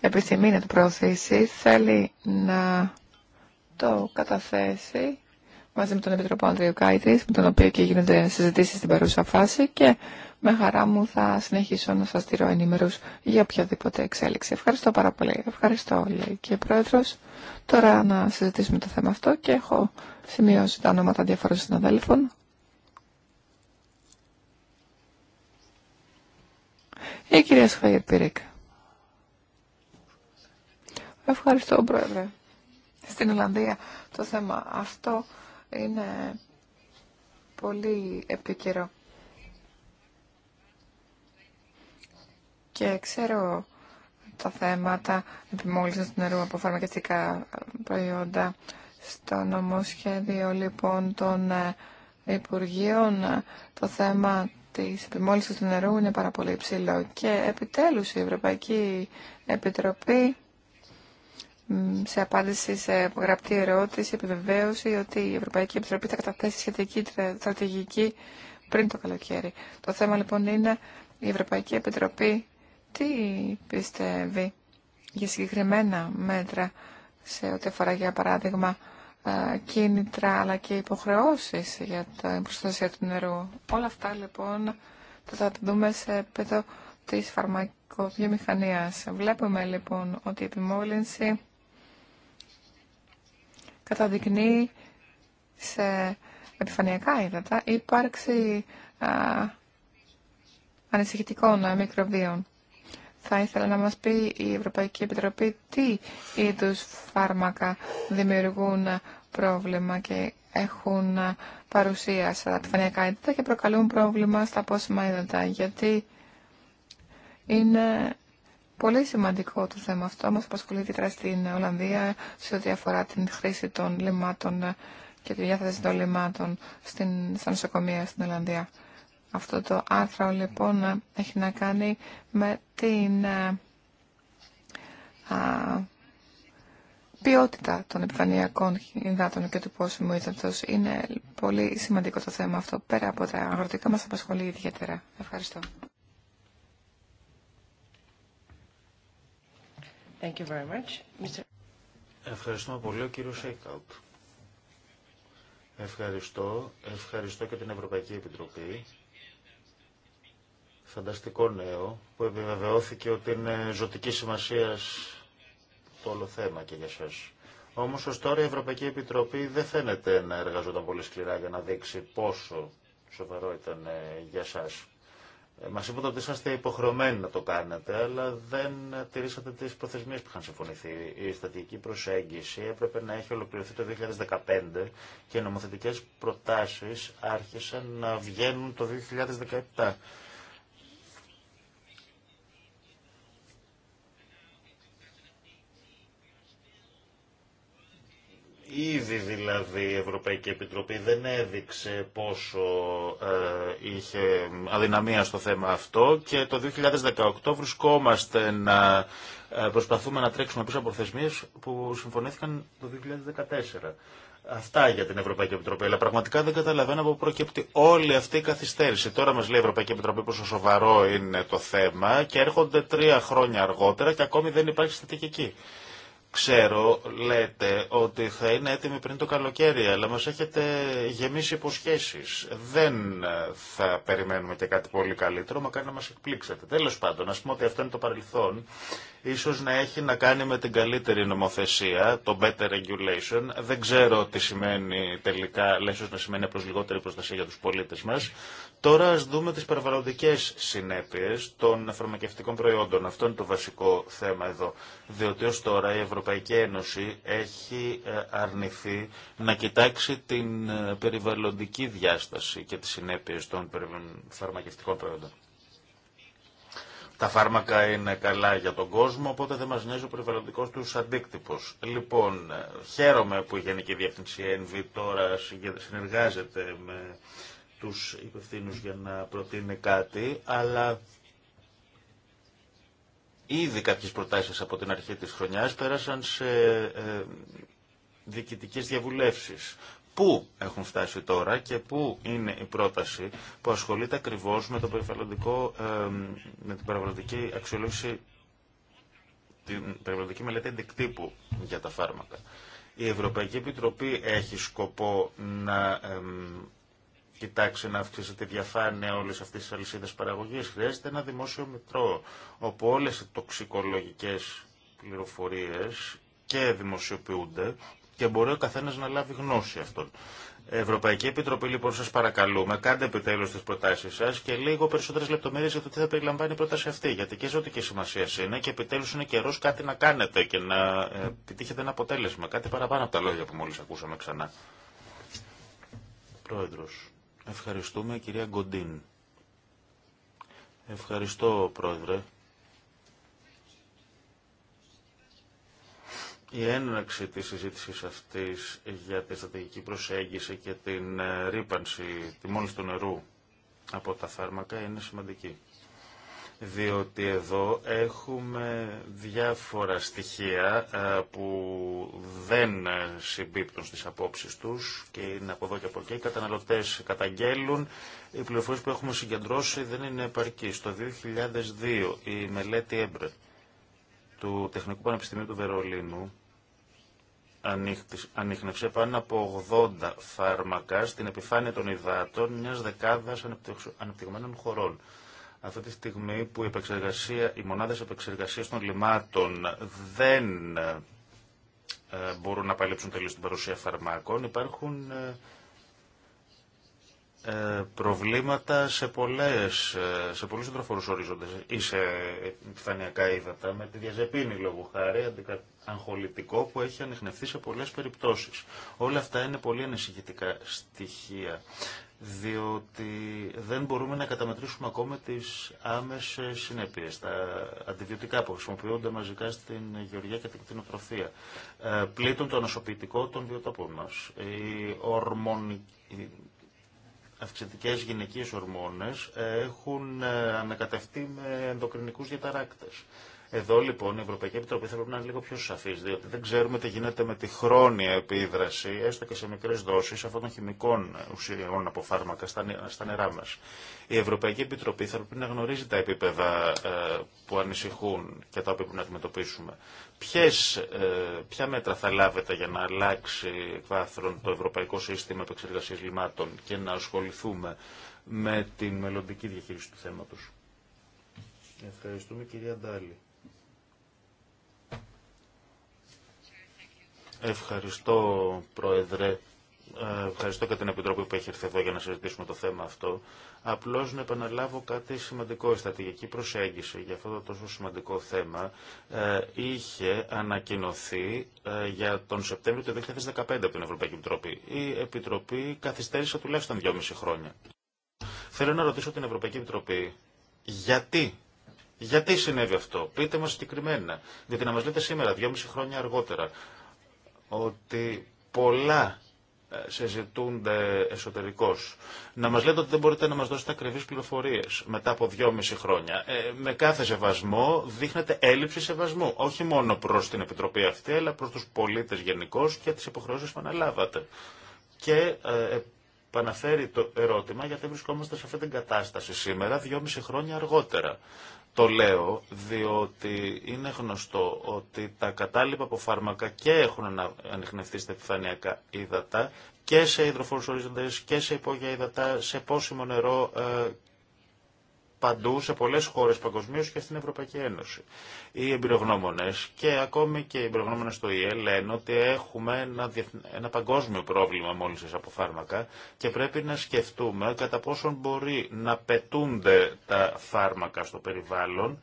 επιθυμεί να το προωθήσει, θέλει να το καταθέσει μαζί με τον Επιτροπό Ανδρέου Κάιτη, με τον οποίο και γίνονται συζητήσει στην παρούσα φάση και με χαρά μου θα συνεχίσω να σα τηρώ ενήμερου για οποιαδήποτε εξέλιξη. Ευχαριστώ πάρα πολύ. Ευχαριστώ λέει και πρόεδρο. Τώρα να συζητήσουμε το θέμα αυτό και έχω σημειώσει τα ονόματα διαφορών συναδέλφων. Η κυρία Σφαγερ Πυρίκ. Ευχαριστώ Πρόεδρε. Στην Ολλανδία το θέμα αυτό είναι πολύ επίκαιρο. Και ξέρω τα θέματα επιμόλυνση του νερού από φαρμακευτικά προϊόντα στο νομοσχέδιο λοιπόν των ε, Υπουργείων το θέμα της επιμόλυνσης του νερού είναι πάρα πολύ υψηλό και επιτέλους η Ευρωπαϊκή Επιτροπή σε απάντηση σε γραπτή ερώτηση επιβεβαίωση ότι η Ευρωπαϊκή Επιτροπή θα καταθέσει σχετική στρατηγική πριν το καλοκαίρι. Το θέμα λοιπόν είναι η Ευρωπαϊκή Επιτροπή τι πιστεύει για συγκεκριμένα μέτρα σε ό,τι αφορά για παράδειγμα ε, κίνητρα αλλά και υποχρεώσεις για την προστασία του νερού. Όλα αυτά λοιπόν θα τα δούμε σε επίπεδο της φαρμακοβιομηχανίας. Βλέπουμε λοιπόν ότι η επιμόλυνση καταδεικνύει σε επιφανειακά ύδατα ύπαρξη α, ανησυχητικών μικροβίων. Θα ήθελα να μας πει η Ευρωπαϊκή Επιτροπή τι είδους φάρμακα δημιουργούν πρόβλημα και έχουν παρουσία στα επιφανειακά ύδατα και προκαλούν πρόβλημα στα πόσιμα ύδατα, γιατί είναι Πολύ σημαντικό το θέμα αυτό, μας απασχολεί ιδιαίτερα στην Ολλανδία σε ό,τι αφορά την χρήση των λιμάτων και τη διάθεση των λιμάτων στην, στα νοσοκομεία στην Ολλανδία. Αυτό το άρθρο λοιπόν έχει να κάνει με την ε, α, ποιότητα των επιφανειακών υδάτων και του πόσιμου ύδατος. Είναι πολύ σημαντικό το θέμα αυτό. Πέρα από τα αγροτικά μας απασχολεί ιδιαίτερα. Ευχαριστώ. Thank you very much. Mr. Ευχαριστούμε πολύ, ο κύριος Σέικαουτ. Ευχαριστώ. Ευχαριστώ και την Ευρωπαϊκή Επιτροπή. Φανταστικό νέο που επιβεβαιώθηκε ότι είναι ζωτική σημασία το όλο θέμα και για σας. Όμως ως τώρα η Ευρωπαϊκή Επιτροπή δεν φαίνεται να εργαζόταν πολύ σκληρά για να δείξει πόσο σοβαρό ήταν ε, για σας. Ε, Μα είπατε ότι είσαστε υποχρεωμένοι να το κάνετε, αλλά δεν τηρήσατε τι προθεσμίε που είχαν συμφωνηθεί. Η στατική προσέγγιση έπρεπε να έχει ολοκληρωθεί το 2015 και οι νομοθετικέ προτάσει άρχισαν να βγαίνουν το 2017. Ήδη δηλαδή η Ευρωπαϊκή Επιτροπή δεν έδειξε πόσο ε, είχε αδυναμία στο θέμα αυτό και το 2018 βρισκόμαστε να ε, προσπαθούμε να τρέξουμε πίσω από θεσμίες που συμφωνήθηκαν το 2014. Αυτά για την Ευρωπαϊκή Επιτροπή. Αλλά πραγματικά δεν καταλαβαίνω από πού προκύπτει όλη αυτή η καθυστέρηση. Τώρα μα λέει η Ευρωπαϊκή Επιτροπή πόσο σοβαρό είναι το θέμα και έρχονται τρία χρόνια αργότερα και ακόμη δεν υπάρχει στρατηγική. Ξέρω, λέτε, ότι θα είναι έτοιμη πριν το καλοκαίρι, αλλά μας έχετε γεμίσει υποσχέσεις. Δεν ε, θα περιμένουμε και κάτι πολύ καλύτερο, μα να μας εκπλήξετε. Τέλος πάντων, ας πούμε ότι αυτό είναι το παρελθόν ίσως να έχει να κάνει με την καλύτερη νομοθεσία, το better regulation. Δεν ξέρω τι σημαίνει τελικά, αλλά ίσως να σημαίνει απλώς λιγότερη προστασία για τους πολίτες μας. Τώρα ας δούμε τις περιβαλλοντικές συνέπειες των φαρμακευτικών προϊόντων. Αυτό είναι το βασικό θέμα εδώ. Διότι ως τώρα η Ευρωπαϊκή Ένωση έχει ε, αρνηθεί να κοιτάξει την ε, περιβαλλοντική διάσταση και τις συνέπειες των φαρμακευτικών προϊόντων τα φάρμακα είναι καλά για τον κόσμο, οπότε δεν μας νοιάζει ο περιβαλλοντικός τους αντίκτυπος. Λοιπόν, χαίρομαι που η Γενική Διεύθυνση ΕΝΒ τώρα συνεργάζεται με τους υπευθύνου για να προτείνει κάτι, αλλά ήδη κάποιες προτάσεις από την αρχή της χρονιάς πέρασαν σε ε, διοικητικές διαβουλεύσεις πού έχουν φτάσει τώρα και πού είναι η πρόταση που ασχολείται ακριβώς με, το με την περιβαλλοντική αξιολόγηση, την περιβαλλοντική μελέτη εντεκτύπου για τα φάρμακα. Η Ευρωπαϊκή Επιτροπή έχει σκοπό να κοιτάξει να αυξήσει τη διαφάνεια όλε αυτέ τι αλυσίδε παραγωγή. Χρειάζεται ένα δημόσιο μητρό, όπου όλε οι τοξικολογικέ πληροφορίε και δημοσιοποιούνται και μπορεί ο καθένα να λάβει γνώση αυτών. Ευρωπαϊκή Επιτροπή, λοιπόν, σα παρακαλούμε, κάντε επιτέλου τι προτάσει σα και λίγο περισσότερε λεπτομέρειε για το τι θα περιλαμβάνει η πρόταση αυτή. Γιατί και ζωτική σημασία είναι και επιτέλου είναι καιρό κάτι να κάνετε και να ε, επιτύχετε ένα αποτέλεσμα. Κάτι παραπάνω από τα λόγια που μόλι ακούσαμε ξανά. Πρόεδρο, ευχαριστούμε, κυρία Γκοντίν. Ευχαριστώ, Πρόεδρε. Η έναρξη της συζήτησης αυτής για τη στρατηγική προσέγγιση και την ε, ρήπανση μόλις του νερού από τα φάρμακα είναι σημαντική. Διότι εδώ έχουμε διάφορα στοιχεία ε, που δεν ε, συμπίπτουν στις απόψεις τους και είναι από εδώ και από εκεί. Οι καταναλωτές καταγγέλουν. Οι πληροφορίες που έχουμε συγκεντρώσει δεν είναι επαρκή. Στο 2002 η μελέτη έμπρε του Τεχνικού Πανεπιστημίου του Βερολίνου ανείχνευσε πάνω από 80 φάρμακα στην επιφάνεια των υδάτων μιας δεκάδας ανεπτυγμένων χωρών. Αυτή τη στιγμή που η επεξεργασία, οι μονάδες επεξεργασίας των λιμάτων δεν ε, μπορούν να παλέψουν τελείως την παρουσία φαρμάκων, υπάρχουν ε, ε, προβλήματα σε, πολλές, ε, σε πολλούς συντροφορούς ορίζοντες ή σε επιφανειακά ύδατα με τη διαζεπίνη λόγου χάρη αγχολητικό που έχει ανεχνευθεί σε πολλές περιπτώσεις. Όλα αυτά είναι πολύ ανησυχητικά στοιχεία διότι δεν μπορούμε να καταμετρήσουμε ακόμα τις άμεσες συνέπειες, τα αντιβιωτικά που χρησιμοποιούνται μαζικά στην γεωργία και την κτηνοτροφία. Ε, πλήττουν το ανασωπητικό των βιοτόπων μας. Η ορμονική αυξητικές γυναικείες ορμόνες ε, έχουν ε, ανακατευτεί με ενδοκρινικούς διαταράκτες. Εδώ λοιπόν η Ευρωπαϊκή Επιτροπή θα πρέπει να είναι λίγο πιο σαφή, διότι δεν ξέρουμε τι γίνεται με τη χρόνια επίδραση, έστω και σε μικρέ δόσει αυτών των χημικών ουσιών από φάρμακα στα νερά μα. Η Ευρωπαϊκή Επιτροπή θα πρέπει να γνωρίζει τα επίπεδα ε, που ανησυχούν και τα οποία πρέπει να αντιμετωπίσουμε. Ποιες, ε, ποια μέτρα θα λάβετε για να αλλάξει βάθρον το ευρωπαϊκό σύστημα επεξεργασία λιμάτων και να ασχοληθούμε με την μελλοντική διαχείριση του θέματος. Ευχαριστούμε κυρία Ντάλη. Ευχαριστώ, Πρόεδρε. Ε, ευχαριστώ και την Επιτροπή που έχει έρθει εδώ για να συζητήσουμε το θέμα αυτό. Απλώ να επαναλάβω κάτι σημαντικό. Η στρατηγική προσέγγιση για αυτό το τόσο σημαντικό θέμα ε, είχε ανακοινωθεί ε, για τον Σεπτέμβριο του 2015 από την Ευρωπαϊκή Επιτροπή. Η Επιτροπή καθυστέρησε τουλάχιστον δυόμιση χρόνια. Θέλω να ρωτήσω την Ευρωπαϊκή Επιτροπή γιατί. Γιατί συνέβη αυτό, πείτε μας συγκεκριμένα. Γιατί να μας λέτε σήμερα, δυόμιση χρόνια αργότερα, ότι πολλά ε, σε ζητούνται εσωτερικώ. Να μα λέτε ότι δεν μπορείτε να μα δώσετε ακριβεί πληροφορίε μετά από δυόμιση χρόνια. Ε, με κάθε σεβασμό δείχνεται έλλειψη σεβασμού. Όχι μόνο προ την Επιτροπή αυτή, αλλά προ του πολίτε γενικώ και τι υποχρεώσει που αναλάβατε. Και ε, επαναφέρει το ερώτημα γιατί βρισκόμαστε σε αυτή την κατάσταση σήμερα, δυόμιση χρόνια αργότερα. Το λέω διότι είναι γνωστό ότι τα κατάλοιπα από φάρμακα και έχουν ανοιχνευτεί στα επιφανειακά ύδατα και σε υδροφόρους ορίζοντες και σε υπόγεια ύδατα, σε πόσιμο νερό ε, παντού σε πολλές χώρες παγκοσμίω και στην Ευρωπαϊκή Ένωση. Οι εμπειρογνώμονες και ακόμη και οι εμπειρογνώμονες στο ΙΕ λένε ότι έχουμε ένα, ένα παγκόσμιο πρόβλημα μόλις από φάρμακα και πρέπει να σκεφτούμε κατά πόσον μπορεί να πετούνται τα φάρμακα στο περιβάλλον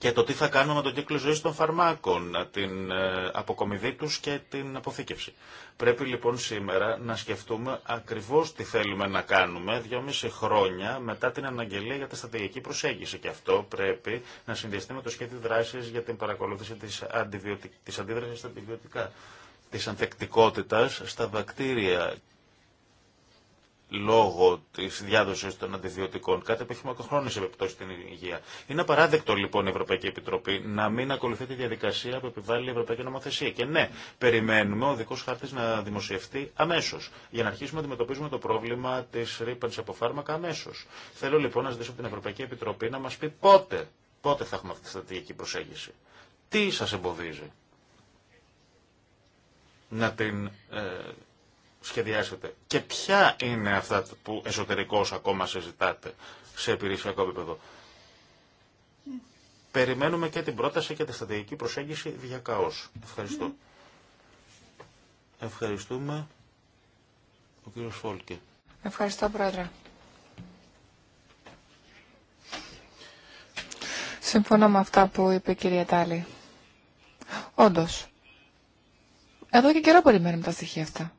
και το τι θα κάνουμε με τον κύκλο ζωή των φαρμάκων, την ε, αποκομιδή του και την αποθήκευση. Πρέπει λοιπόν σήμερα να σκεφτούμε ακριβώ τι θέλουμε να κάνουμε δυόμιση χρόνια μετά την αναγγελία για τη στρατηγική προσέγγιση. Και αυτό πρέπει να συνδυαστεί με το σχέδιο δράση για την παρακολούθηση τη αντιβιωτικ... αντίδραση στα αντιβιωτικά τη ανθεκτικότητα στα βακτήρια λόγω τη διάδοση των αντιβιωτικών, κάτι που έχει μακροχρόνιε επιπτώσει στην υγεία. Είναι απαράδεκτο λοιπόν η Ευρωπαϊκή Επιτροπή να μην ακολουθεί τη διαδικασία που επιβάλλει η Ευρωπαϊκή Νομοθεσία. Και ναι, περιμένουμε ο δικό χάρτη να δημοσιευτεί αμέσω, για να αρχίσουμε να αντιμετωπίζουμε το πρόβλημα τη ρήπανση από φάρμακα αμέσω. Θέλω λοιπόν να ζητήσω από την Ευρωπαϊκή Επιτροπή να μα πει πότε, πότε θα έχουμε αυτή τη στρατηγική προσέγγιση. Τι σα εμποδίζει να την ε, σχεδιάσετε και ποια είναι αυτά που εσωτερικώς ακόμα συζητάτε σε επιρρησιακό επίπεδο. Περιμένουμε και την πρόταση και τη στρατηγική προσέγγιση διακαώς. Ευχαριστώ. Ευχαριστούμε. Ο κύριος Φόλκε. Ευχαριστώ, Πρόεδρε. Συμφωνώ με αυτά που είπε η κυρία Τάλη. Όντως. Εδώ και καιρό περιμένουμε τα στοιχεία αυτά.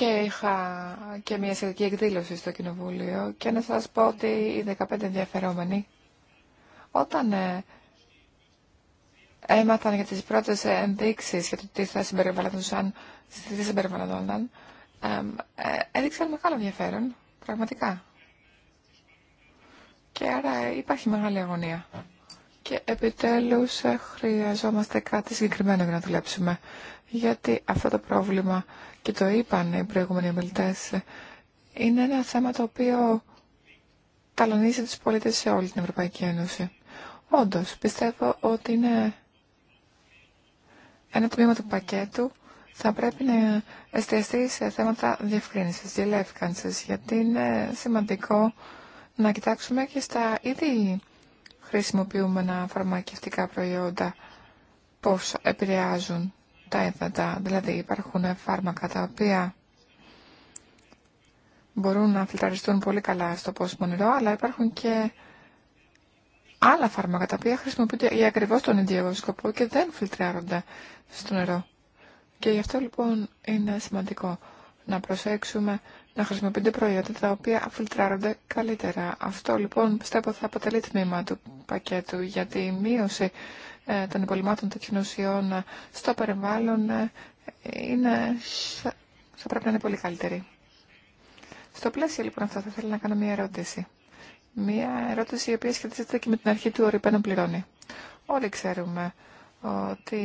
και είχα και μια σχετική εκδήλωση στο Κοινοβούλιο και να σας πω ότι οι 15 ενδιαφερόμενοι όταν ε, έμαθαν για τις πρώτες ε, ενδείξεις για το τι θα συμπεριβαλλοντούσαν, τι θα συμπεριβαλλοντούσαν, ε, έδειξαν μεγάλο ενδιαφέρον, πραγματικά. Και άρα υπάρχει μεγάλη αγωνία. Και επιτέλους χρειαζόμαστε κάτι συγκεκριμένο για να δουλέψουμε. Γιατί αυτό το πρόβλημα και το είπαν οι προηγούμενοι ομιλητέ, είναι ένα θέμα το οποίο ταλωνίζει τους πολίτες σε όλη την Ευρωπαϊκή Ένωση. Όντως, πιστεύω ότι είναι ένα τμήμα του πακέτου θα πρέπει να εστιαστεί σε θέματα διευκρίνησης, διελεύκανσης, γιατί είναι σημαντικό να κοιτάξουμε και στα ήδη χρησιμοποιούμενα φαρμακευτικά προϊόντα πώς επηρεάζουν τα έδατα. Δηλαδή υπάρχουν φάρμακα τα οποία μπορούν να φιλτραριστούν πολύ καλά στο πόσιμο νερό, αλλά υπάρχουν και άλλα φάρμακα τα οποία χρησιμοποιούνται για ακριβώς τον ίδιο σκοπό και δεν φιλτράρονται στο νερό. Και γι' αυτό λοιπόν είναι σημαντικό να προσέξουμε να χρησιμοποιούνται προϊόντα τα οποία φιλτράρονται καλύτερα. Αυτό λοιπόν πιστεύω θα αποτελεί τμήμα του πακέτου για τη μείωση ε, των υπολοιμμάτων τέτοιων ουσιών ε, στο περιβάλλον ε, είναι, θα πρέπει να είναι πολύ καλύτερη. Στο πλαίσιο λοιπόν αυτό θα ήθελα να κάνω μια ερώτηση. Μια ερώτηση η οποία σχετίζεται και με την αρχή του ορυπαίνων πληρώνει. Όλοι ξέρουμε ότι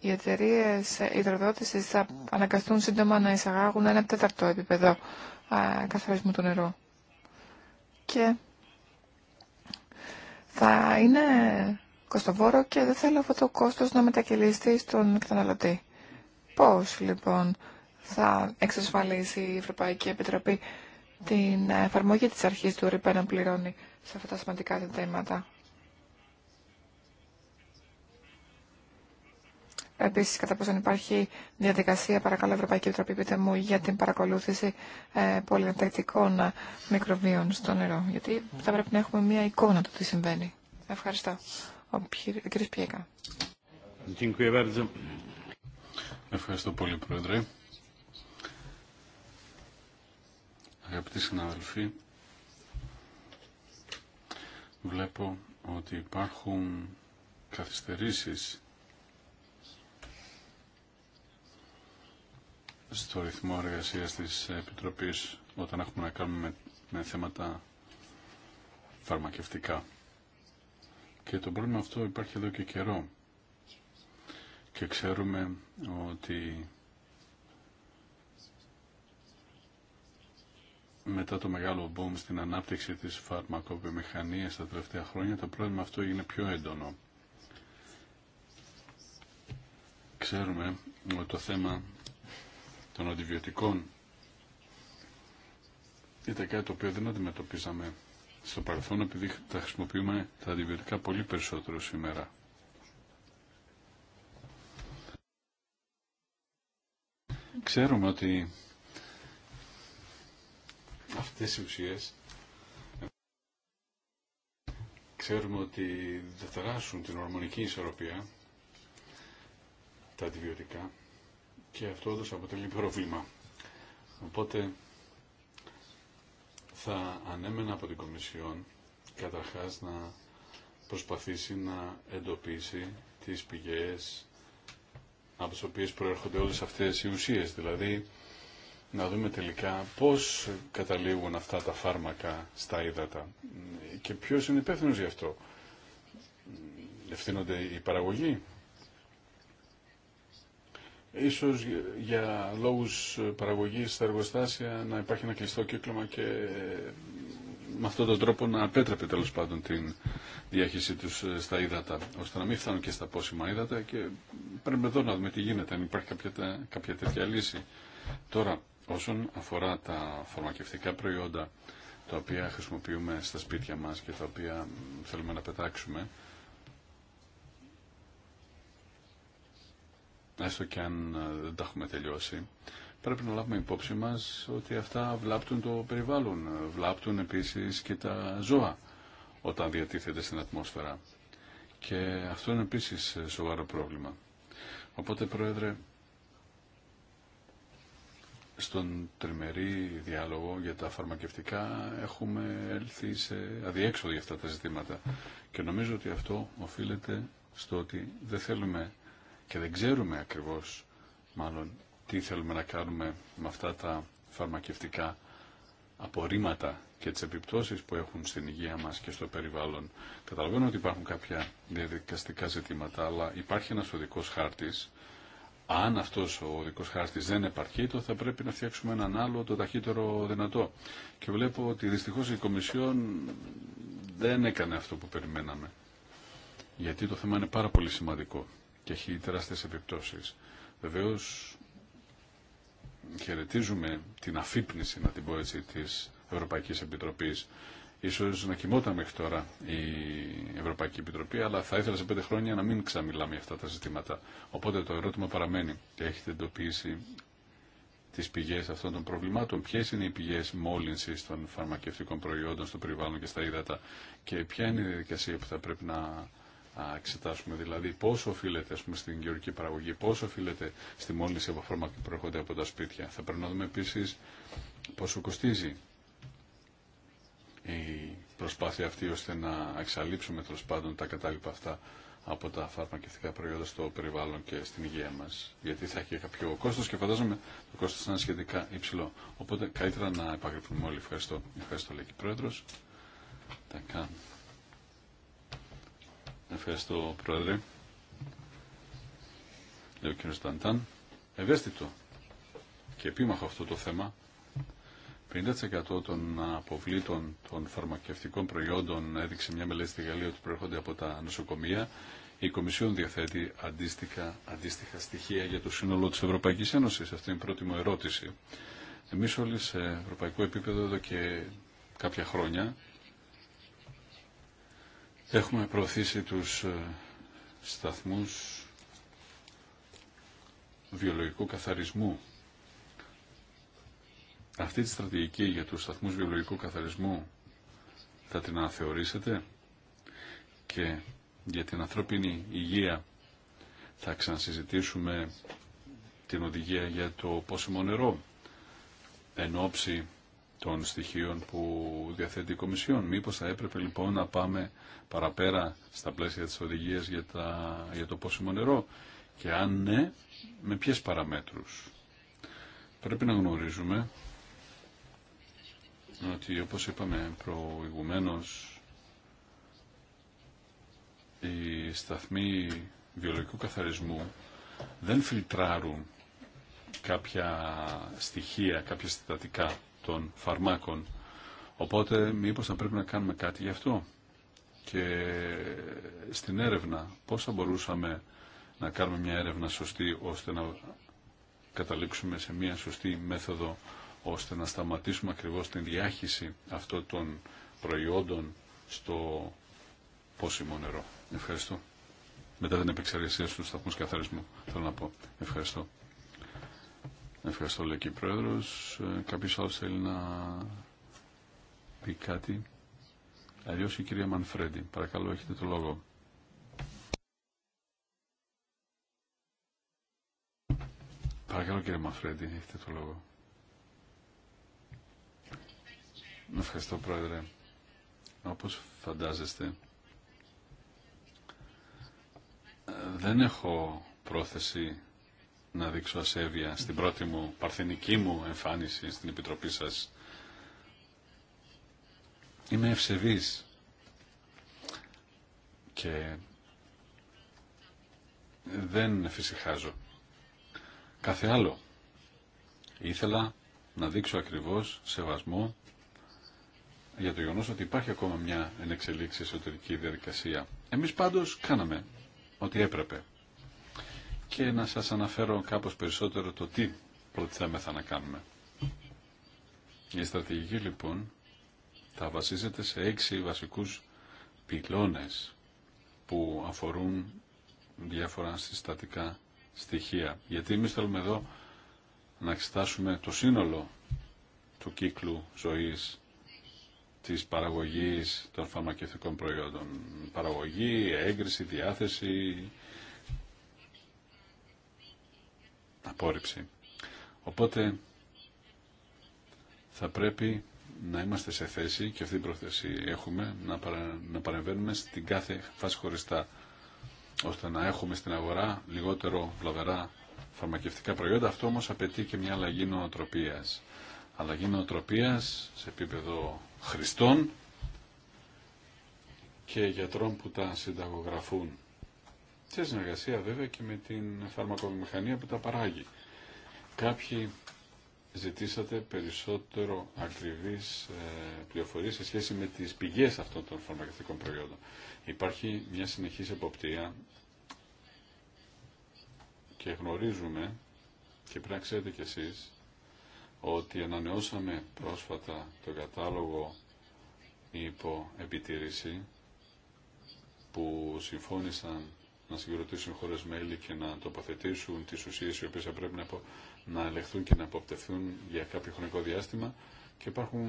οι εταιρείε υδροδότησης θα αναγκαστούν σύντομα να εισαγάγουν ένα τέταρτο επίπεδο καθαρισμού του νερού. Και θα είναι κοστοβόρο και δεν θέλω αυτό το κόστος να μετακυλιστεί στον καταναλωτή. Πώς λοιπόν θα εξασφαλίσει η Ευρωπαϊκή Επιτροπή την εφαρμογή της αρχής του ΡΥΠΕ πληρώνει σε αυτά τα σημαντικά θέματα. Επίσης, κατά πόσο υπάρχει διαδικασία, παρακαλώ Ευρωπαϊκή Επιτροπή, πείτε μου, για την παρακολούθηση ε, πολυεντακτικών ε, μικροβίων στο νερό. Γιατί θα πρέπει να έχουμε μια εικόνα του τι συμβαίνει. Ευχαριστώ ο Ευχαριστώ πολύ, Πρόεδρε. Αγαπητοί συναδελφοί, βλέπω ότι υπάρχουν καθυστερήσεις στο ρυθμό εργασίας της Επιτροπής όταν έχουμε να κάνουμε με θέματα φαρμακευτικά. Και το πρόβλημα αυτό υπάρχει εδώ και καιρό. Και ξέρουμε ότι μετά το μεγάλο boom στην ανάπτυξη της φαρμακοβιομηχανίας τα τελευταία χρόνια, το πρόβλημα αυτό είναι πιο έντονο. Ξέρουμε ότι το θέμα των αντιβιωτικών ήταν κάτι το οποίο δεν αντιμετωπίζαμε στο παρελθόν επειδή τα χρησιμοποιούμε τα αντιβιωτικά πολύ περισσότερο σήμερα. Ξέρουμε ότι αυτές οι ουσίες ξέρουμε ότι διαταράσσουν την ορμονική ισορροπία τα αντιβιωτικά και αυτό όντως αποτελεί πρόβλημα. Οπότε θα ανέμενα από την Κομισιόν καταρχάς να προσπαθήσει να εντοπίσει τις πηγές από τις οποίες προέρχονται όλες αυτές οι ουσίες. Δηλαδή, να δούμε τελικά πώς καταλήγουν αυτά τα φάρμακα στα ύδατα και ποιος είναι υπεύθυνο γι' αυτό. Ευθύνονται οι παραγωγοί Ίσως για λόγους παραγωγής στα εργοστάσια να υπάρχει ένα κλειστό κύκλωμα και με αυτόν τον τρόπο να απέτρεπε τέλο πάντων την διάχυσή του ε, στα ύδατα, ώστε να μην φτάνουν και στα πόσιμα ύδατα και πρέπει εδώ να δούμε τι γίνεται, αν υπάρχει κάποια, κάποια τέτοια λύση. Τώρα, όσον αφορά τα φαρμακευτικά προϊόντα τα οποία χρησιμοποιούμε στα σπίτια μας και τα οποία θέλουμε να πετάξουμε, έστω και αν ε, δεν τα έχουμε τελειώσει, πρέπει να λάβουμε υπόψη μας ότι αυτά βλάπτουν το περιβάλλον, βλάπτουν επίσης και τα ζώα όταν διατίθεται στην ατμόσφαιρα. Και αυτό είναι επίσης ε, σοβαρό πρόβλημα. Οπότε, Πρόεδρε, στον τριμερή διάλογο για τα φαρμακευτικά έχουμε έλθει σε αδιέξοδο για αυτά τα ζητήματα. Και νομίζω ότι αυτό οφείλεται στο ότι δεν θέλουμε και δεν ξέρουμε ακριβώς μάλλον τι θέλουμε να κάνουμε με αυτά τα φαρμακευτικά απορρίμματα και τις επιπτώσεις που έχουν στην υγεία μας και στο περιβάλλον. Καταλαβαίνω ότι υπάρχουν κάποια διαδικαστικά ζητήματα, αλλά υπάρχει ένας οδικός χάρτης. Αν αυτός ο οδικός χάρτης δεν επαρκεί, το θα πρέπει να φτιάξουμε έναν άλλο το ταχύτερο δυνατό. Και βλέπω ότι δυστυχώς η Κομισιόν δεν έκανε αυτό που περιμέναμε. Γιατί το θέμα είναι πάρα πολύ σημαντικό και έχει τεράστιες επιπτώσεις. Βεβαίως χαιρετίζουμε την αφύπνιση, να την πω έτσι, της Ευρωπαϊκής Επιτροπής. Ίσως να κοιμόταν μέχρι τώρα η Ευρωπαϊκή Επιτροπή, αλλά θα ήθελα σε πέντε χρόνια να μην ξαμιλάμε αυτά τα ζητήματα. Οπότε το ερώτημα παραμένει. Έχετε εντοπίσει τις πηγές αυτών των προβλημάτων. Ποιε είναι οι πηγές μόλυνσης των φαρμακευτικών προϊόντων στο περιβάλλον και στα ύδατα και ποια είναι η διαδικασία που θα πρέπει να να εξετάσουμε δηλαδή πόσο οφείλεται στην γεωργική παραγωγή, πόσο οφείλεται στη μόλυνση από φάρμακα που προέρχονται από τα σπίτια. Θα πρέπει να δούμε επίση πόσο κοστίζει η προσπάθεια αυτή ώστε να εξαλείψουμε τέλο πάντων τα κατάλοιπα αυτά από τα φαρμακευτικά προϊόντα στο περιβάλλον και στην υγεία μα. Γιατί θα έχει κάποιο κόστο και φαντάζομαι το κόστο θα είναι σχετικά υψηλό. Οπότε καλύτερα να επαγρυπνούμε όλοι. Ευχαριστώ. Ευχαριστώ, λέει και πρόεδρο. Ευχαριστώ, Πρόεδρε. Λέω ο Σταντάν. Ευαίσθητο και επίμαχο αυτό το θέμα. 50% των αποβλήτων των φαρμακευτικών προϊόντων έδειξε μια μελέτη στη Γαλλία ότι προέρχονται από τα νοσοκομεία. Η Κομισιόν διαθέτει αντίστοιχα, αντίστοιχα στοιχεία για το σύνολο της Ευρωπαϊκής Ένωσης. Αυτή είναι η πρώτη μου ερώτηση. Εμείς όλοι σε ευρωπαϊκό επίπεδο εδώ και κάποια χρόνια Έχουμε προωθήσει τους ε, σταθμούς βιολογικού καθαρισμού. Αυτή τη στρατηγική για τους σταθμούς βιολογικού καθαρισμού θα την αναθεωρήσετε και για την ανθρώπινη υγεία θα ξανασυζητήσουμε την οδηγία για το πόσιμο νερό εν ώψη των στοιχείων που διαθέτει η Κομισιόν. Μήπως θα έπρεπε λοιπόν να πάμε παραπέρα στα πλαίσια της οδηγίας για, τα, για το πόσιμο νερό και αν ναι, με ποιες παραμέτρους. Πρέπει να γνωρίζουμε ότι όπως είπαμε προηγουμένως οι σταθμοί βιολογικού καθαρισμού δεν φιλτράρουν κάποια στοιχεία, κάποια συστατικά των φαρμάκων. Οπότε μήπως θα πρέπει να κάνουμε κάτι γι' αυτό. Και στην έρευνα πώς θα μπορούσαμε να κάνουμε μια έρευνα σωστή ώστε να καταλήξουμε σε μια σωστή μέθοδο ώστε να σταματήσουμε ακριβώς την διάχυση αυτών των προϊόντων στο πόσιμο νερό. Ευχαριστώ. Μετά την επεξεργασία στους σταθμούς καθαρισμού, θέλω να πω. Ευχαριστώ. Ευχαριστώ, λέει και η πρόεδρο. Ε, κάποιος άλλος θέλει να πει κάτι. Αλλιώ η κυρία Μανφρέντι. Παρακαλώ, έχετε το λόγο. Παρακαλώ, κύριε Μανφρέντι, έχετε το λόγο. Ευχαριστώ, Πρόεδρε. Όπω φαντάζεστε, ε, δεν έχω πρόθεση να δείξω ασέβεια στην πρώτη μου παρθενική μου εμφάνιση στην Επιτροπή σας. Είμαι ευσεβής και δεν φυσικάζω. Κάθε άλλο. Ήθελα να δείξω ακριβώς σεβασμό για το γεγονό ότι υπάρχει ακόμα μια ενεξελίξη εσωτερική διαδικασία. Εμείς πάντως κάναμε ό,τι έπρεπε και να σας αναφέρω κάπως περισσότερο το τι προτιθέμεθα να κάνουμε. Η στρατηγική λοιπόν θα βασίζεται σε έξι βασικούς πυλώνες που αφορούν διάφορα συστατικά στοιχεία. Γιατί εμείς θέλουμε εδώ να εξετάσουμε το σύνολο του κύκλου ζωής της παραγωγής των φαρμακευτικών προϊόντων. Παραγωγή, έγκριση, διάθεση, απόρριψη. Οπότε θα πρέπει να είμαστε σε θέση, και αυτή την πρόθεση έχουμε, να, να παρεμβαίνουμε στην κάθε φάση χωριστά, ώστε να έχουμε στην αγορά λιγότερο βλαβερά φαρμακευτικά προϊόντα. Αυτό όμως απαιτεί και μια αλλαγή νοοτροπίας. Αλλαγή νοοτροπίας σε επίπεδο χρηστών και γιατρών που τα συνταγογραφούν σε συνεργασία βέβαια και με την φαρμακοβιομηχανία που τα παράγει. Κάποιοι ζητήσατε περισσότερο ακριβείς ε, πληροφορίες σε σχέση με τις πηγές αυτών των φαρμακευτικών προϊόντων. Υπάρχει μια συνεχής εποπτεία και γνωρίζουμε και πρέπει να ξέρετε κι εσείς ότι ανανεώσαμε πρόσφατα το κατάλογο υπό επιτήρηση που συμφώνησαν να συγκροτήσουν χώρε μέλη και να τοποθετήσουν τι ουσίε οι οποίε θα πρέπει να, να ελεγχθούν και να αποπτευθούν για κάποιο χρονικό διάστημα και υπάρχουν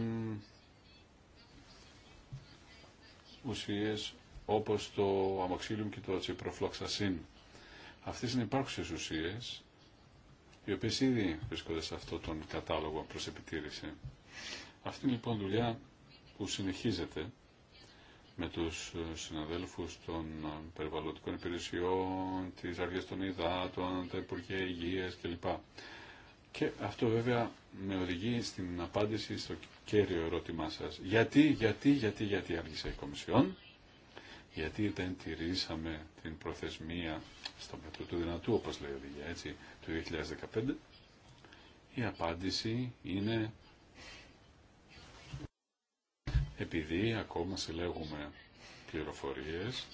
ουσίε όπω το αμοξίλιουμ και το τσιπροφλοξασίν. Αυτέ είναι υπάρχουσε ουσίε οι οποίε ήδη βρίσκονται σε αυτόν τον κατάλογο προ επιτήρηση. Αυτή λοιπόν δουλειά που συνεχίζεται με τους ε, συναδέλφους των ε, περιβαλλοντικών υπηρεσιών, τις αρχές των υδάτων, τα Υπουργεία Υγείας κλπ. Και αυτό βέβαια με οδηγεί στην απάντηση στο κέριο ερώτημά σας. Γιατί, γιατί, γιατί, γιατί άργησε η Κομισιόν, γιατί δεν τηρήσαμε την προθεσμία στο μέτρο του δυνατού, όπως λέει η οδηγία, έτσι, του 2015. Η απάντηση είναι επειδή ακόμα συλλέγουμε πληροφορίες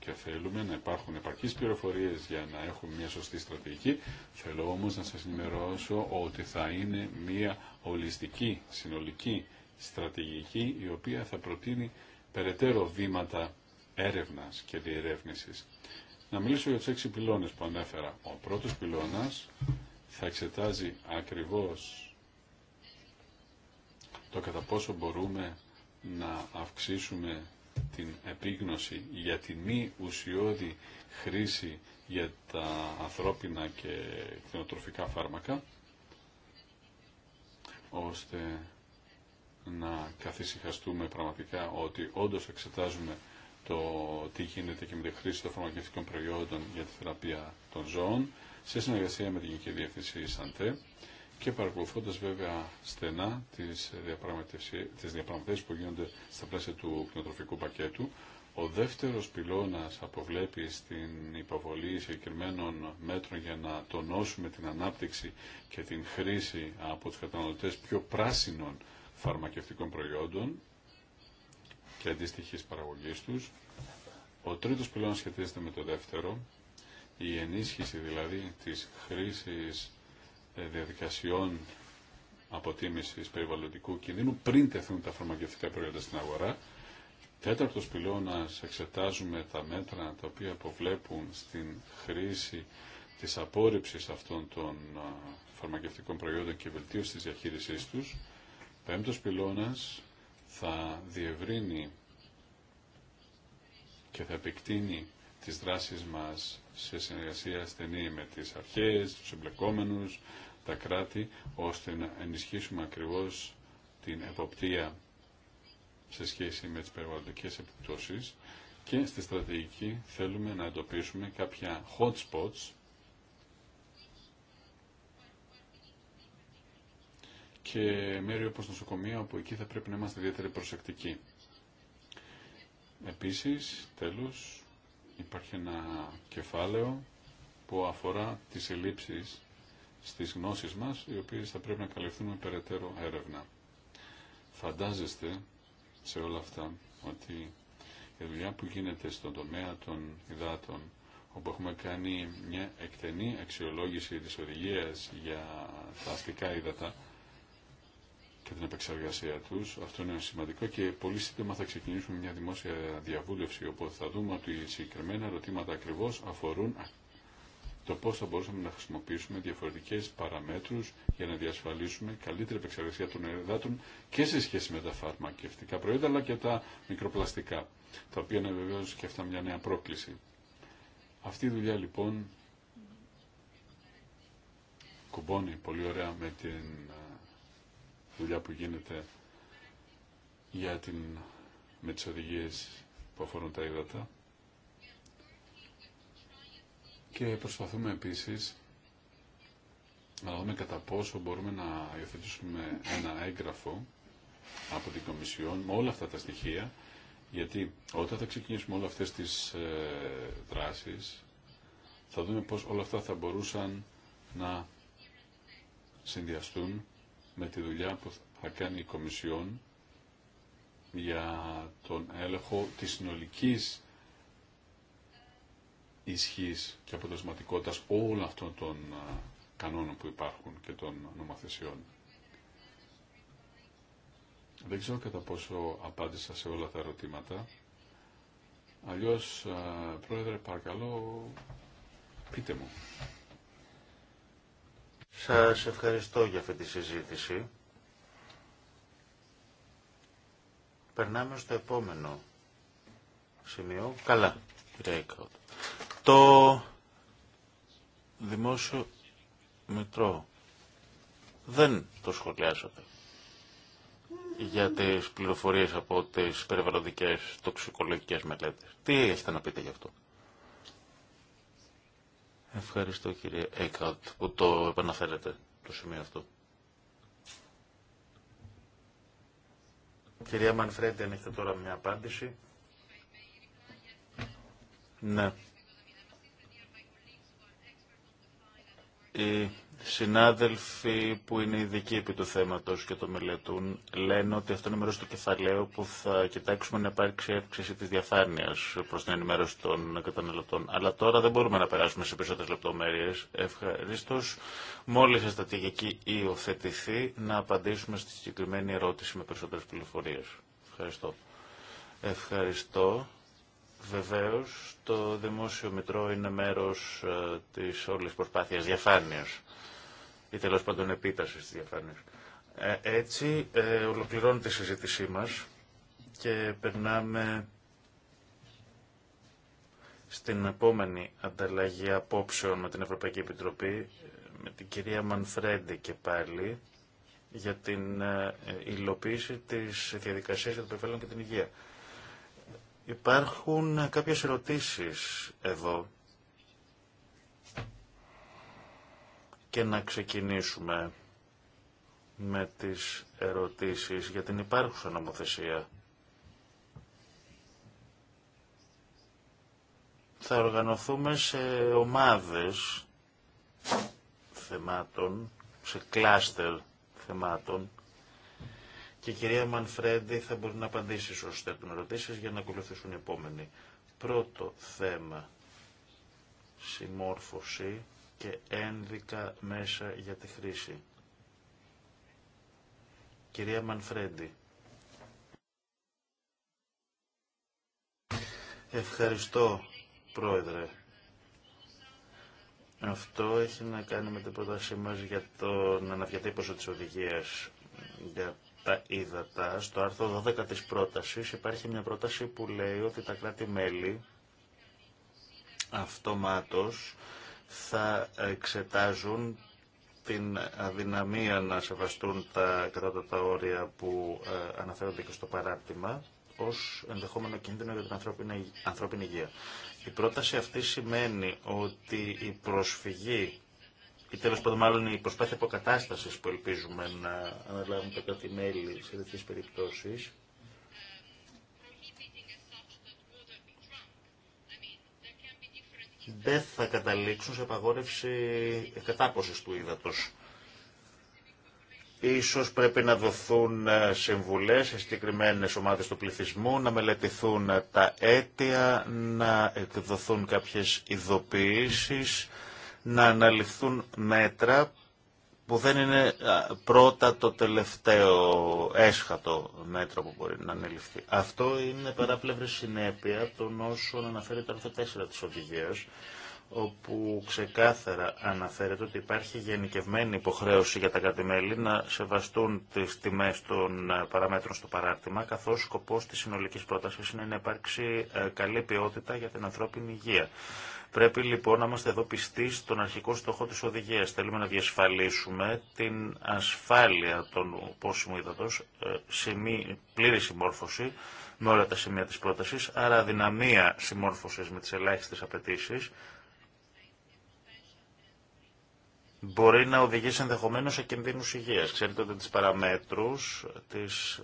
και θέλουμε να υπάρχουν επαρκείς πληροφορίες για να έχουμε μια σωστή στρατηγική. Θέλω όμως να σας ενημερώσω ότι θα είναι μια ολιστική, συνολική στρατηγική η οποία θα προτείνει περαιτέρω βήματα έρευνας και διερεύνησης. Να μιλήσω για τους έξι πυλώνες που ανέφερα. Ο πρώτος πυλώνας θα εξετάζει ακριβώς το κατά πόσο μπορούμε να αυξήσουμε την επίγνωση για τη μη ουσιώδη χρήση για τα ανθρώπινα και κτηνοτροφικά φάρμακα ώστε να καθησυχαστούμε πραγματικά ότι όντως εξετάζουμε το τι γίνεται και με τη χρήση των φαρμακευτικών προϊόντων για τη θεραπεία των ζώων σε συνεργασία με την Γενική Διεύθυνση ΣΑΝΤΕ και παρακολουθώντας βέβαια στενά τις, τις διαπραγματεύσεις που γίνονται στα πλαίσια του κοινοτροφικού πακέτου. Ο δεύτερος πυλώνας αποβλέπει στην υποβολή συγκεκριμένων μέτρων για να τονώσουμε την ανάπτυξη και την χρήση από τους καταναλωτές πιο πράσινων φαρμακευτικών προϊόντων και αντίστοιχη παραγωγής τους. Ο τρίτος πυλώνας σχετίζεται με το δεύτερο, η ενίσχυση δηλαδή της χρήσης ε, διαδικασιών αποτίμησης περιβαλλοντικού κινδύνου πριν τεθούν τα φαρμακευτικά προϊόντα στην αγορά. Τέταρτος πυλώνας εξετάζουμε τα μέτρα τα οποία αποβλέπουν στην χρήση της απόρριψης αυτών των φαρμακευτικών προϊόντων και βελτίωση της διαχείρισής τους. Πέμπτος πυλώνας θα διευρύνει και θα επεκτείνει τις δράσεις μας σε συνεργασία στενή με τις αρχές, τους εμπλεκόμενους, τα κράτη ώστε να ενισχύσουμε ακριβώς την εποπτεία σε σχέση με τις περιβαλλοντικές επιπτώσεις και στη στρατηγική θέλουμε να εντοπίσουμε κάποια hot spots και μέρη όπως νοσοκομεία όπου εκεί θα πρέπει να είμαστε ιδιαίτερα προσεκτικοί. Επίσης, τέλος, υπάρχει ένα κεφάλαιο που αφορά τις ελλείψεις στις γνώσεις μας, οι οποίες θα πρέπει να καλυφθούν με περαιτέρω έρευνα. Φαντάζεστε σε όλα αυτά ότι η δουλειά που γίνεται στον τομέα των υδάτων, όπου έχουμε κάνει μια εκτενή αξιολόγηση της οδηγίας για τα αστικά ύδατα και την επεξεργασία τους, αυτό είναι σημαντικό και πολύ σύντομα θα ξεκινήσουμε μια δημόσια διαβούλευση, όπου θα δούμε ότι οι συγκεκριμένα ερωτήματα ακριβώς αφορούν το πώς θα μπορούσαμε να χρησιμοποιήσουμε διαφορετικές παραμέτρους για να διασφαλίσουμε καλύτερη επεξεργασία των εδάτων και σε σχέση με τα φαρμακευτικά προϊόντα αλλά και τα μικροπλαστικά, τα οποία είναι βεβαίω και αυτά μια νέα πρόκληση. Αυτή η δουλειά λοιπόν κουμπώνει πολύ ωραία με την ε, δουλειά που γίνεται με τις οδηγίες που αφορούν τα ύδατα και προσπαθούμε επίσης να δούμε κατά πόσο μπορούμε να υιοθετήσουμε ένα έγγραφο από την Κομισιόν με όλα αυτά τα στοιχεία, γιατί όταν θα ξεκινήσουμε όλα αυτές τις ε, δράσεις, θα δούμε πώς όλα αυτά θα μπορούσαν να συνδυαστούν με τη δουλειά που θα κάνει η Κομισιόν για τον έλεγχο της συνολικής ισχύς και αποτελεσματικότητα όλων αυτών των κανόνων που υπάρχουν και των νομοθεσιών. Δεν ξέρω κατά πόσο απάντησα σε όλα τα ερωτήματα. Αλλιώς, Πρόεδρε, παρακαλώ, πείτε μου. Σας ευχαριστώ για αυτή τη συζήτηση. Περνάμε στο επόμενο σημείο. Καλά, το δημόσιο μητρό. Δεν το σχολιάσατε για τις πληροφορίες από τις περιβαλλοντικές τοξικολογικές μελέτες. Τι έχετε να πείτε γι' αυτό. Ευχαριστώ κύριε Έκατ που το επαναφέρετε το σημείο αυτό. Κυρία Μανφρέντε, αν έχετε τώρα μια απάντηση. Ναι. Οι συνάδελφοι που είναι ειδικοί επί του θέματος και το μελετούν λένε ότι αυτό είναι μέρος του κεφαλαίου που θα κοιτάξουμε να υπάρξει αύξηση της διαφάνειας προς την ενημέρωση των καταναλωτών. Αλλά τώρα δεν μπορούμε να περάσουμε σε περισσότερες λεπτομέρειες. Ευχαριστώ. Μόλις η στρατηγική υιοθετηθεί να απαντήσουμε στη συγκεκριμένη ερώτηση με περισσότερες πληροφορίες. Ευχαριστώ. Ευχαριστώ. Βεβαίως, το Δημόσιο Μητρό είναι μέρος ε, της όλης προσπάθειας διαφάνειας ή τέλο πάντων επίτασης της διαφάνειας. Ε, έτσι, ε, ολοκληρωνεται τη συζήτησή μας και περνάμε στην επόμενη ανταλλαγή απόψεων με την Ευρωπαϊκή Επιτροπή, με την κυρία Μανφρέντι και πάλι, για την υλοποίηση της διαδικασίας για το περιβάλλον και την υγεία. Υπάρχουν κάποιες ερωτήσεις εδώ. Και να ξεκινήσουμε με τις ερωτήσεις για την υπάρχουσα νομοθεσία. Θα οργανωθούμε σε ομάδες θεμάτων, σε κλάστερ θεμάτων και η κυρία Μανφρέντι θα μπορεί να απαντήσει στους θέτουν ερωτήσεις για να ακολουθήσουν οι επόμενοι. Πρώτο θέμα, συμμόρφωση και ένδικα μέσα για τη χρήση. Κυρία Μανφρέντι. Ευχαριστώ, Πρόεδρε. Αυτό έχει να κάνει με την πρότασή μας για τον αναδιατύπωση της οδηγίας για τα ύδατα, στο άρθρο 12 της πρότασης υπάρχει μια πρόταση που λέει ότι τα κράτη-μέλη αυτομάτως θα εξετάζουν την αδυναμία να σεβαστούν τα κατώτατα όρια που ε, αναφέρονται και στο παράρτημα ως ενδεχόμενο κίνδυνο για την ανθρώπινη υγεία. Η πρόταση αυτή σημαίνει ότι η προσφυγή ή τέλο πάντων μάλλον η προσπάθεια αποκατάσταση που ελπίζουμε να αναλάβουν τα κράτη-μέλη σε τέτοιε περιπτώσει. δεν θα καταλήξουν σε απαγόρευση κατάποσης του ύδατος. Ίσως πρέπει να δοθούν ε, συμβουλές σε συγκεκριμένε ομάδες του πληθυσμού, να μελετηθούν τα αίτια, να εκδοθούν κάποιες ειδοποιήσεις, να αναλυθούν μέτρα που δεν είναι πρώτα το τελευταίο έσχατο μέτρο που μπορεί να αναλυφθεί. Αυτό είναι παράπλευρη συνέπεια των όσων αναφέρει το άρθρο 4 της οδηγίας, όπου ξεκάθαρα αναφέρεται ότι υπάρχει γενικευμένη υποχρέωση για τα κατημέλη... να σεβαστούν τις τιμές των ε, παραμέτρων στο παράρτημα, καθώς σκοπός της συνολικής πρότασης είναι να υπάρξει ε, καλή ποιότητα για την ανθρώπινη υγεία. Πρέπει λοιπόν να είμαστε εδώ πιστοί στον αρχικό στόχο της οδηγίας. Θέλουμε να διασφαλίσουμε την ασφάλεια των πόσιμου ύδατος ε, σε μη πλήρη συμμόρφωση με όλα τα σημεία της πρότασης, άρα αδυναμία συμμόρφωσης με τις ελάχιστες απαιτήσει. μπορεί να οδηγήσει ενδεχομένως σε κινδύνους υγείας. Ξέρετε ότι τις παραμέτρους της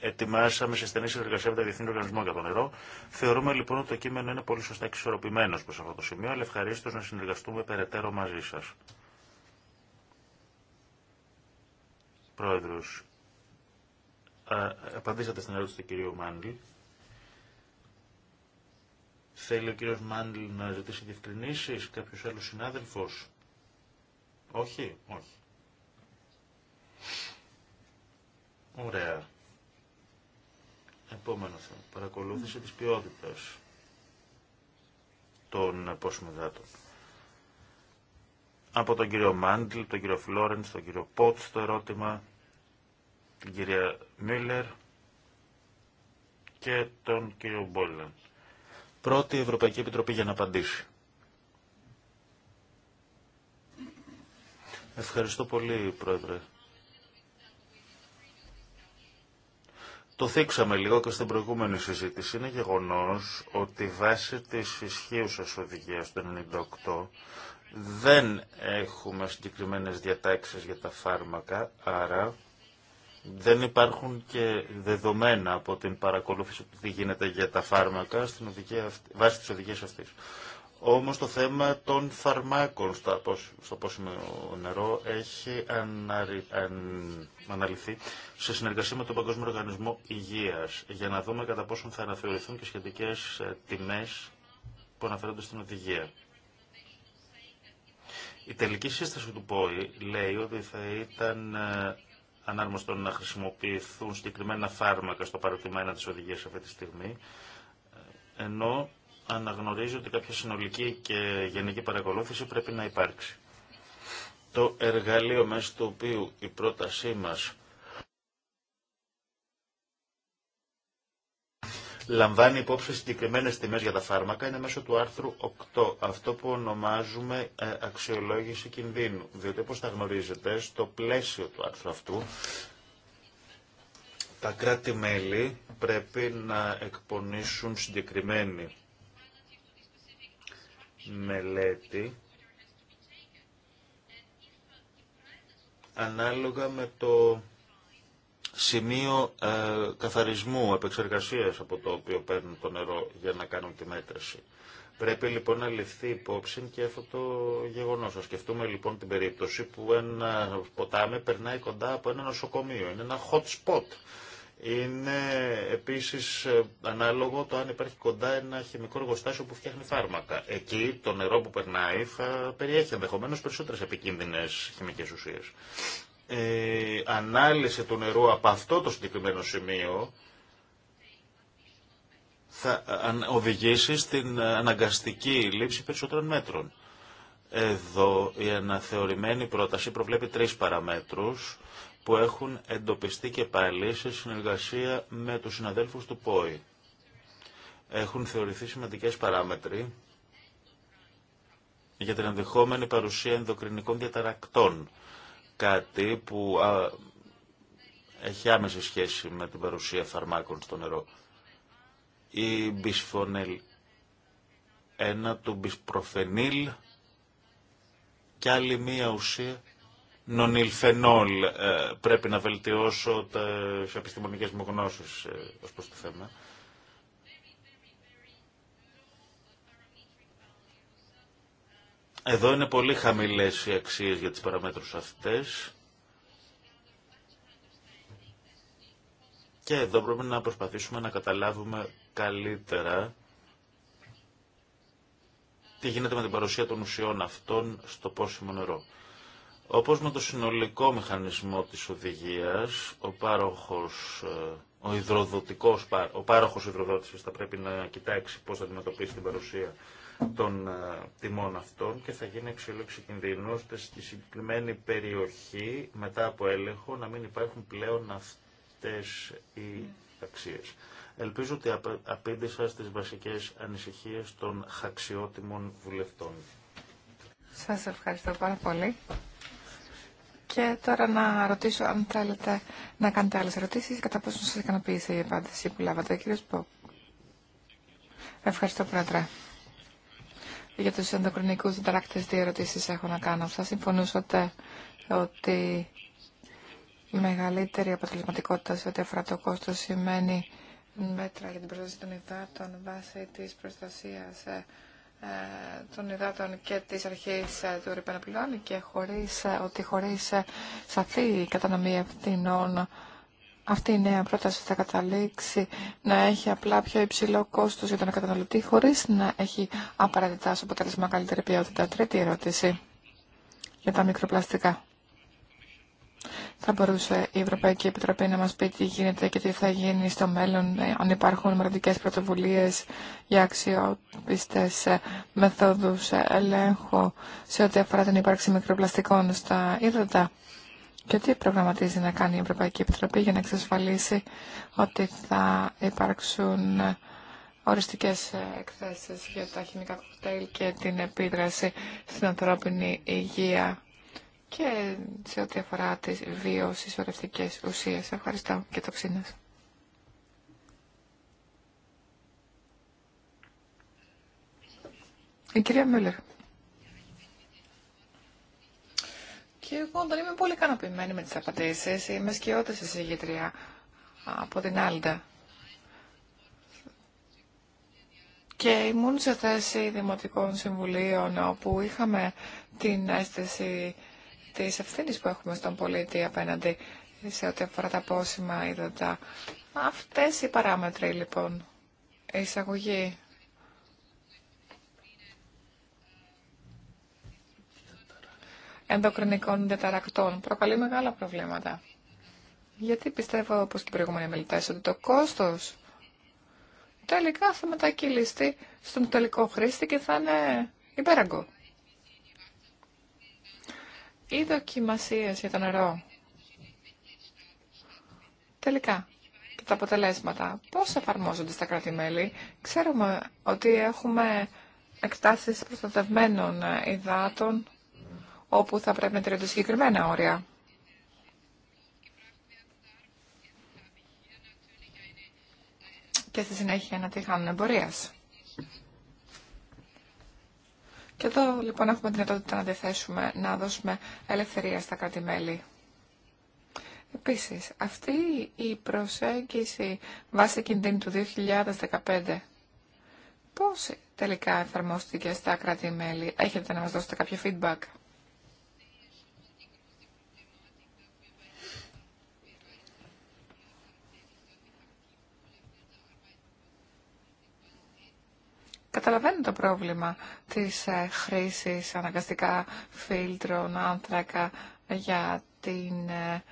ετοιμάσαμε σε στενή συνεργασία με τα Διεθνή Οργανισμό για το Νερό. Θεωρούμε λοιπόν ότι το κείμενο είναι πολύ σωστά εξισορροπημένο προ αυτό το σημείο, αλλά ευχαρίστω να συνεργαστούμε περαιτέρω μαζί σα. Πρόεδρο, απαντήσατε στην ερώτηση του κυρίου Μάντλ. Θέλει ο κύριο Μάντλ να ζητήσει διευκρινήσει, κάποιο άλλο συνάδελφο. Όχι, όχι. Ωραία. Επόμενο θέμα. Παρακολούθηση της ποιότητα των δάτων. Από τον κύριο Μάντλ, τον κύριο Φλόρεν, τον κύριο Πότς το ερώτημα, την κυρία Μίλλερ και τον κύριο Μπόλαν. Πρώτη Ευρωπαϊκή Επιτροπή για να απαντήσει. Ευχαριστώ πολύ, Πρόεδρε. Το θίξαμε λίγο και στην προηγούμενη συζήτηση. Είναι γεγονός ότι βάσει της ισχύουσας οδηγίας του 98 δεν έχουμε συγκεκριμένες διατάξεις για τα φάρμακα, άρα δεν υπάρχουν και δεδομένα από την παρακολούθηση του τι γίνεται για τα φάρμακα στην οδηγία αυτή, βάσει της οδηγίας αυτής. Όμως το θέμα των φαρμάκων στο πόσιμο νερό έχει αναλυθεί σε συνεργασία με τον Παγκόσμιο Οργανισμό Υγείας για να δούμε κατά πόσον θα αναθεωρηθούν και σχετικές ε, τιμές που αναφέρονται στην οδηγία. Η τελική σύσταση του ΠΟΗ λέει ότι θα ήταν ε, ανάρμοστο να χρησιμοποιηθούν συγκεκριμένα φάρμακα στο παροτιμένα της οδηγίας αυτή τη στιγμή, ε, ενώ αναγνωρίζει ότι κάποια συνολική και γενική παρακολούθηση πρέπει να υπάρξει. Το εργαλείο μέσα του οποίου η πρότασή μας λαμβάνει υπόψη συγκεκριμένε τιμέ για τα φάρμακα είναι μέσω του άρθρου 8, αυτό που ονομάζουμε ε, αξιολόγηση κινδύνου. Διότι, όπω τα γνωρίζετε, στο πλαίσιο του άρθρου αυτού, τα κράτη-μέλη πρέπει να εκπονήσουν συγκεκριμένη μελέτη ανάλογα με το σημείο ε, καθαρισμού, επεξεργασίας από το οποίο παίρνουν το νερό για να κάνουν τη μέτρηση. Πρέπει λοιπόν να ληφθεί υπόψη και αυτό το γεγονός. Α σκεφτούμε λοιπόν την περίπτωση που ένα ποτάμι περνάει κοντά από ένα νοσοκομείο. Είναι ένα hot spot είναι επίσης ε, ανάλογο το αν υπάρχει κοντά ένα χημικό εργοστάσιο που φτιάχνει φάρμακα. Εκεί το νερό που περνάει θα περιέχει ενδεχομένω περισσότερες επικίνδυνες χημικές ουσίες. Η ανάλυση του νερού από αυτό το συγκεκριμένο σημείο θα ε, οδηγήσει στην ε, αναγκαστική λήψη περισσότερων μέτρων. Εδώ η αναθεωρημένη πρόταση προβλέπει τρεις παραμέτρους που έχουν εντοπιστεί και πάλι σε συνεργασία με τους συναδέλφους του ΠΟΗ. Έχουν θεωρηθεί σημαντικές παράμετροι για την ενδεχόμενη παρουσία ενδοκρινικών διαταρακτών, κάτι που έχει άμεση σχέση με την παρουσία φαρμάκων στο νερό. Η μπισφονελ, ένα του μπισπροφενήλ και άλλη μία ουσία νονιλφενόλ πρέπει να βελτιώσω τις επιστημονικές μου γνώσεις ε, ως προς το θέμα. Εδώ είναι πολύ χαμηλές οι αξίες για τις παραμέτρους αυτές. Και εδώ πρέπει να προσπαθήσουμε να καταλάβουμε καλύτερα τι γίνεται με την παρουσία των ουσιών αυτών στο πόσιμο νερό. Όπως με το συνολικό μηχανισμό της οδηγίας, ο πάροχος, ε, ο υδροδοτικός, πάροχος υδροδότησης θα πρέπει να κοιτάξει πώς θα αντιμετωπίσει την παρουσία των ε, τιμών αυτών και θα γίνει εξέλιξη κινδύνου ώστε στη συγκεκριμένη περιοχή μετά από έλεγχο να μην υπάρχουν πλέον αυτές οι αξίες. Ελπίζω ότι απήντησα στις βασικές ανησυχίες των χαξιότιμων βουλευτών. Σας ευχαριστώ πάρα πολύ. Και τώρα να ρωτήσω αν θέλετε να κάνετε άλλες ερωτήσεις, κατά πόσο σας ικανοποίησε η απάντηση που λάβατε. Κύριος Ποπ. Ευχαριστώ, Πρόεδρε. Για τους ενδοκρινικούς διδαράκτες, δύο ερωτήσεις έχω να κάνω. Θα συμφωνούσατε ότι μεγαλύτερη αποτελεσματικότητα σε ό,τι αφορά το κόστος σημαίνει μέτρα για την προστασία των υδάτων βάσει της προστασίας ε, ε, των υδάτων και της αρχής ε, του Ρηπένα και χωρίς, ε, ότι χωρίς σαφή κατανομή ευθυνών αυτή η νέα πρόταση θα καταλήξει να έχει απλά πιο υψηλό κόστος για τον καταναλωτή χωρίς να έχει απαραίτητα σε αποτέλεσμα καλύτερη ποιότητα. Τρίτη ερώτηση για τα μικροπλαστικά. Θα μπορούσε η Ευρωπαϊκή Επιτροπή να μας πει τι γίνεται και τι θα γίνει στο μέλλον, ε, αν υπάρχουν μερικές πρωτοβουλίες για αξιόπιστες ε, μεθόδους ε, ελέγχου σε ό,τι αφορά την ύπαρξη μικροπλαστικών στα ύδατα. Και τι προγραμματίζει να κάνει η Ευρωπαϊκή Επιτροπή για να εξασφαλίσει ότι θα υπάρξουν οριστικές εκθέσεις για τα χημικά κοκτέιλ και την επίδραση στην ανθρώπινη υγεία και σε ό,τι αφορά τις ορευτικές ουσίες. Ευχαριστώ και το ξύνα. Η κυρία Μίλλερ. Και εγώ δεν είμαι πολύ ικανοποιημένη με τις απαντήσεις. Είμαι σκιώτης εισηγήτρια από την Άλντα. Και ήμουν σε θέση δημοτικών συμβουλίων όπου είχαμε την αίσθηση τη ευθύνη που έχουμε στον πολίτη απέναντι σε ό,τι αφορά τα πόσιμα είδοντα. Αυτές οι παράμετροι λοιπόν, εισαγωγή ενδοκρινικών διαταρακτών προκαλεί μεγάλα προβλήματα. Γιατί πιστεύω, όπως και οι προηγούμενοι ότι το κόστος τελικά θα μετακυλιστεί στον τελικό χρήστη και θα είναι υπέραγκο οι δοκιμασίε για το νερό. Τελικά, και τα αποτελέσματα. Πώ εφαρμόζονται στα κράτη-μέλη. Ξέρουμε ότι έχουμε εκτάσεις προστατευμένων υδάτων, όπου θα πρέπει να τηρούνται συγκεκριμένα όρια. Και στη συνέχεια να τη χάνουν εμπορίας. Και εδώ λοιπόν έχουμε δυνατότητα να διαθέσουμε, να δώσουμε ελευθερία στα κράτη-μέλη. Επίσης, αυτή η προσέγγιση βάσει κινδύνου του 2015, πώς τελικά εφαρμόστηκε στα κράτη-μέλη, έχετε να μας δώσετε κάποιο feedback. Καταλαβαίνω το πρόβλημα της ε, χρήσης αναγκαστικά φίλτρων, άνθρακα για την ε,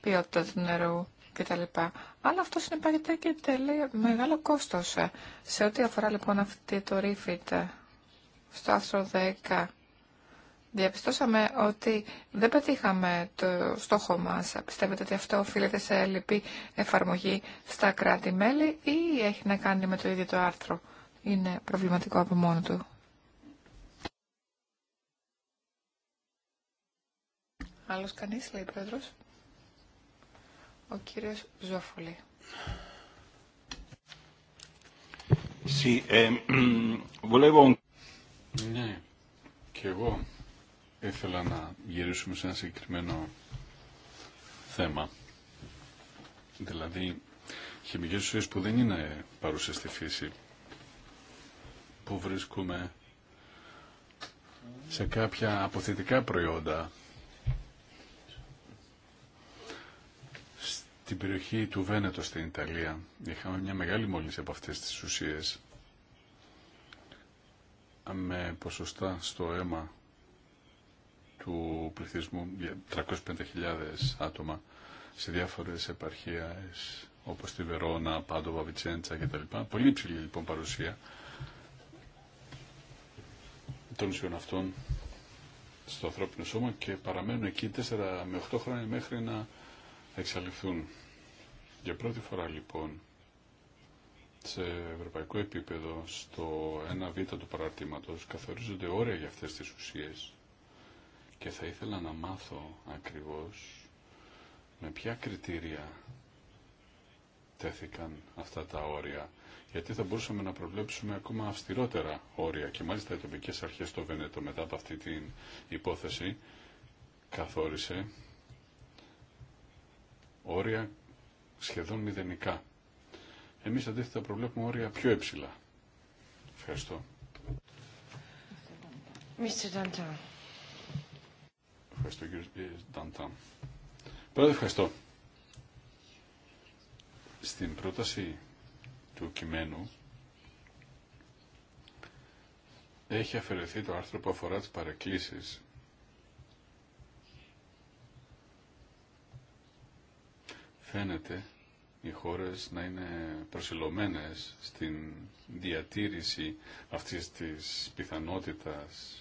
ποιότητα του νερού κτλ. Αλλά αυτό συνεπάγεται και τελείω μεγάλο κόστος. Ε. Σε ό,τι αφορά λοιπόν αυτή το refit στο άρθρο 10, διαπιστώσαμε ότι δεν πετύχαμε το στόχο μας. Πιστεύετε ότι αυτό οφείλεται σε λυπή εφαρμογή στα κράτη-μέλη ή έχει να κάνει με το ίδιο το άρθρο είναι προβληματικό από μόνο του. Άλλος κανείς, λέει πρόεδρος. Ο κύριος Ζόφουλη. Ehm, ναι, και εγώ ήθελα να γυρίσουμε σε ένα συγκεκριμένο θέμα. Δηλαδή, χημικές ουσίες που δεν είναι παρούσες στη φύση που βρίσκουμε σε κάποια αποθετικά προϊόντα στην περιοχή του Βένετο στην Ιταλία είχαμε μια μεγάλη μόλυνση από αυτές τις ουσίες με ποσοστά στο αίμα του πληθυσμού 350.000 άτομα σε διάφορες επαρχίες όπως τη Βερόνα, Πάντοβα, Βιτσέντσα κτλ. Πολύ υψηλή λοιπόν παρουσία των νησιών αυτών στο ανθρώπινο σώμα και παραμένουν εκεί 4 με 8 χρόνια μέχρι να εξαλειφθούν. Για πρώτη φορά λοιπόν σε ευρωπαϊκό επίπεδο στο 1β του παραρτήματος καθορίζονται όρια για αυτές τις ουσίες και θα ήθελα να μάθω ακριβώς με ποια κριτήρια τέθηκαν αυτά τα όρια γιατί θα μπορούσαμε να προβλέψουμε ακόμα αυστηρότερα όρια και μάλιστα οι τοπικές αρχές στο Βενέτο μετά από αυτή την υπόθεση καθόρισε όρια σχεδόν μηδενικά. Εμείς αντίθετα προβλέπουμε όρια πιο έψηλα. Ευχαριστώ. Ευχαριστώ κύριε Πρώτα ευχαριστώ. Στην πρόταση του κειμένου έχει αφαιρεθεί το άρθρο που αφορά τις παρεκκλήσεις φαίνεται οι χώρες να είναι προσιλωμένες στην διατήρηση αυτής της πιθανότητας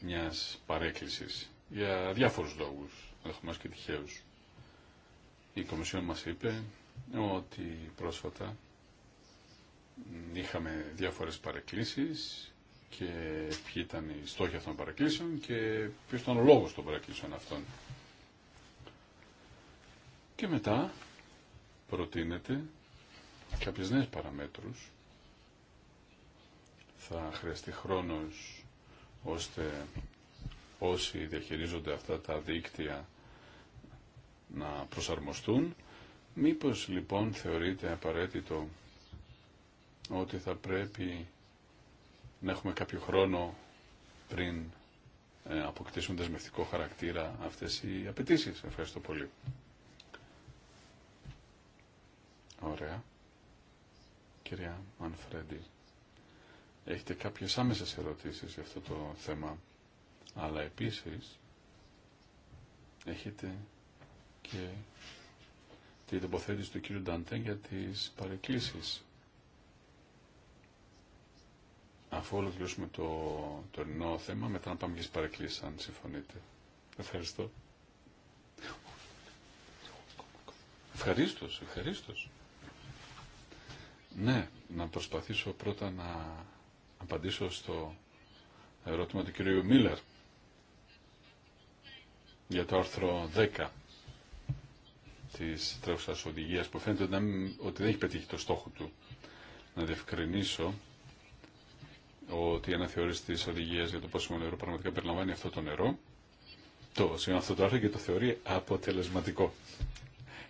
μιας παρέκκλησης για διάφορους λόγους, Έχουμε και τυχαίους. Η Κομισιόν μας είπε ότι πρόσφατα είχαμε διάφορες παρεκκλήσεις και ποιοι ήταν οι στόχοι αυτών των παρεκκλήσεων και ποιος ήταν ο λόγος των παρεκκλήσεων αυτών. Και μετά προτείνεται κάποιες νέες παραμέτρους. Θα χρειαστεί χρόνος ώστε όσοι διαχειρίζονται αυτά τα δίκτυα να προσαρμοστούν Μήπως λοιπόν θεωρείται απαραίτητο ότι θα πρέπει να έχουμε κάποιο χρόνο πριν ε, αποκτήσουν δεσμευτικό χαρακτήρα αυτές οι απαιτήσει. Ευχαριστώ πολύ. Ωραία. Κυρία Μανφρέντι, έχετε κάποιες άμεσες ερωτήσεις για αυτό το θέμα, αλλά επίσης έχετε και την τοποθέτηση του κύριου Νταντέ για τις παρεκκλήσεις. Αφού ολοκληρώσουμε το τωρινό θέμα, μετά να πάμε και στις παρεκκλήσεις, αν συμφωνείτε. Ευχαριστώ. Ευχαρίστω, ευχαρίστω. Ναι, να προσπαθήσω πρώτα να απαντήσω στο ερώτημα του κυρίου Μίλλερ για το άρθρο 10 τη τρέχουσα οδηγία που φαίνεται ότι δεν έχει πετύχει το στόχο του. Να διευκρινίσω ότι η αναθεώρηση τη οδηγία για το πόσιμο νερό πραγματικά περιλαμβάνει αυτό το νερό, το, αυτό το άρθρο και το θεωρεί αποτελεσματικό.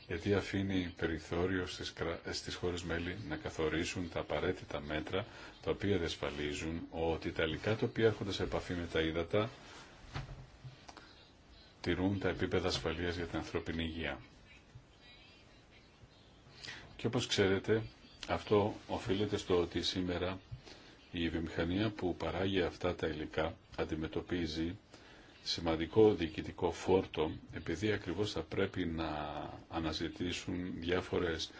Γιατί αφήνει περιθώριο στις, χώρε μέλη να καθορίσουν τα απαραίτητα μέτρα τα οποία δεσφαλίζουν ότι τα υλικά τα οποία έρχονται σε επαφή με τα ύδατα τηρούν τα επίπεδα ασφαλείας για την ανθρώπινη υγεία. Και όπως ξέρετε, αυτό οφείλεται στο ότι σήμερα η βιομηχανία που παράγει αυτά τα υλικά αντιμετωπίζει σημαντικό διοικητικό φόρτο, επειδή ακριβώς θα πρέπει να αναζητήσουν διάφορες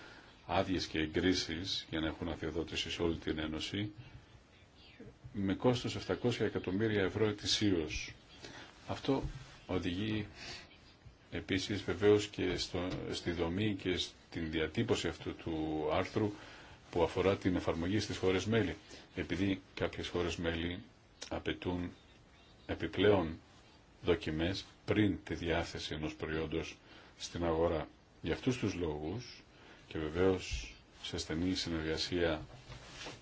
άδειες και εγκρίσεις για να έχουν αδειοδότηση σε όλη την Ένωση, με κόστος 700 εκατομμύρια ευρώ ετησίως. Αυτό οδηγεί επίσης βεβαίως και στο, στη δομή και την διατύπωση αυτού του άρθρου που αφορά την εφαρμογή στις χώρες μέλη. Επειδή κάποιες χώρες μέλη απαιτούν επιπλέον δοκιμές πριν τη διάθεση ενός προϊόντος στην αγορά. Για αυτούς τους λόγους και βεβαίως σε στενή συνεργασία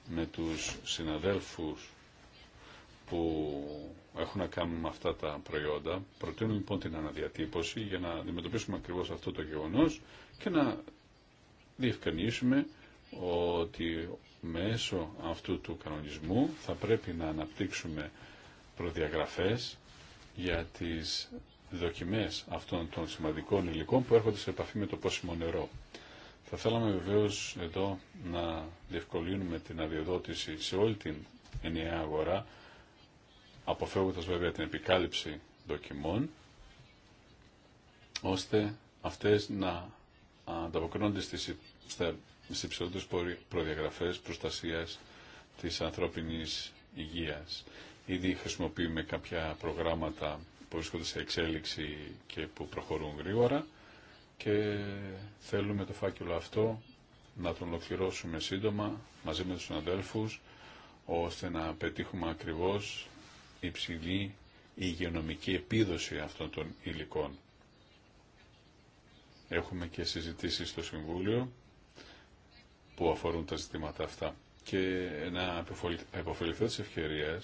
με τους συναδέλφους που έχουν να κάνουν με αυτά τα προϊόντα. Προτείνω λοιπόν την αναδιατύπωση για να αντιμετωπίσουμε ακριβώς αυτό το γεγονός και να διευκρινίσουμε ότι μέσω αυτού του κανονισμού θα πρέπει να αναπτύξουμε προδιαγραφές για τις δοκιμές αυτών των σημαντικών υλικών που έρχονται σε επαφή με το πόσιμο νερό. Θα θέλαμε βεβαίως εδώ να διευκολύνουμε την αδειοδότηση σε όλη την ενιαία αγορά, αποφεύγοντας βέβαια την επικάλυψη δοκιμών, ώστε αυτές να ανταποκρίνονται στις, στα, στις υψηλότερες προδιαγραφές προστασίας της ανθρώπινης υγείας. Ήδη χρησιμοποιούμε κάποια προγράμματα που βρίσκονται σε εξέλιξη και που προχωρούν γρήγορα και θέλουμε το φάκελο αυτό να τον ολοκληρώσουμε σύντομα μαζί με τους συναδέλφους ώστε να πετύχουμε ακριβώς υψηλή υγειονομική επίδοση αυτών των υλικών. Έχουμε και συζητήσεις στο Συμβούλιο που αφορούν τα ζητήματα αυτά. Και να επωφεληθώ τη ευκαιρία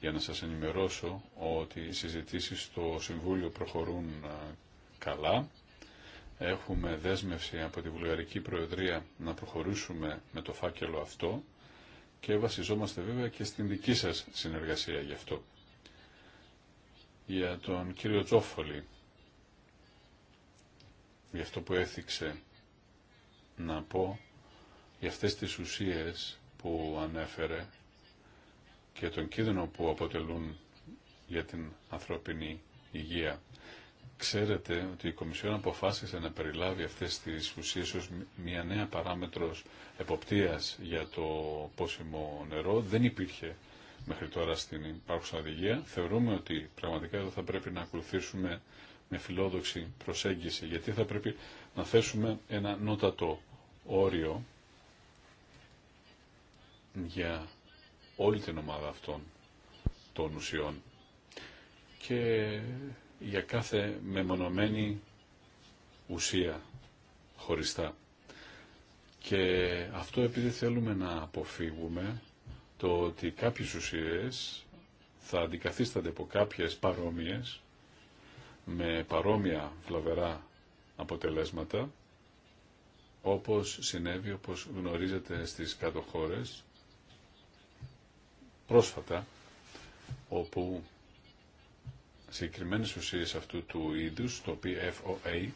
για να σας ενημερώσω ότι οι συζητήσεις στο Συμβούλιο προχωρούν καλά. Έχουμε δέσμευση από τη Βουλγαρική Προεδρία να προχωρήσουμε με το φάκελο αυτό και βασιζόμαστε βέβαια και στην δική σας συνεργασία γι' αυτό. Για τον κύριο Τσόφολη για αυτό που έθιξε να πω για αυτές τις ουσίες που ανέφερε και τον κίνδυνο που αποτελούν για την ανθρώπινη υγεία. Ξέρετε ότι η Κομισιόν αποφάσισε να περιλάβει αυτές τις ουσίες ως μια νέα παράμετρος εποπτείας για το πόσιμο νερό. Δεν υπήρχε μέχρι τώρα στην υπάρχουσα οδηγία. Θεωρούμε ότι πραγματικά εδώ θα πρέπει να ακολουθήσουμε με φιλόδοξη προσέγγιση, γιατί θα πρέπει να θέσουμε ένα νότατο όριο για όλη την ομάδα αυτών των ουσιών και για κάθε μεμονωμένη ουσία χωριστά. Και αυτό επειδή θέλουμε να αποφύγουμε το ότι κάποιες ουσίες θα αντικαθίστανται από κάποιες παρόμοιες με παρόμοια βλαβερά αποτελέσματα όπως συνέβη, όπως γνωρίζετε στις κάτω χώρες πρόσφατα όπου συγκεκριμένες ουσίες αυτού του είδους, το PFOA,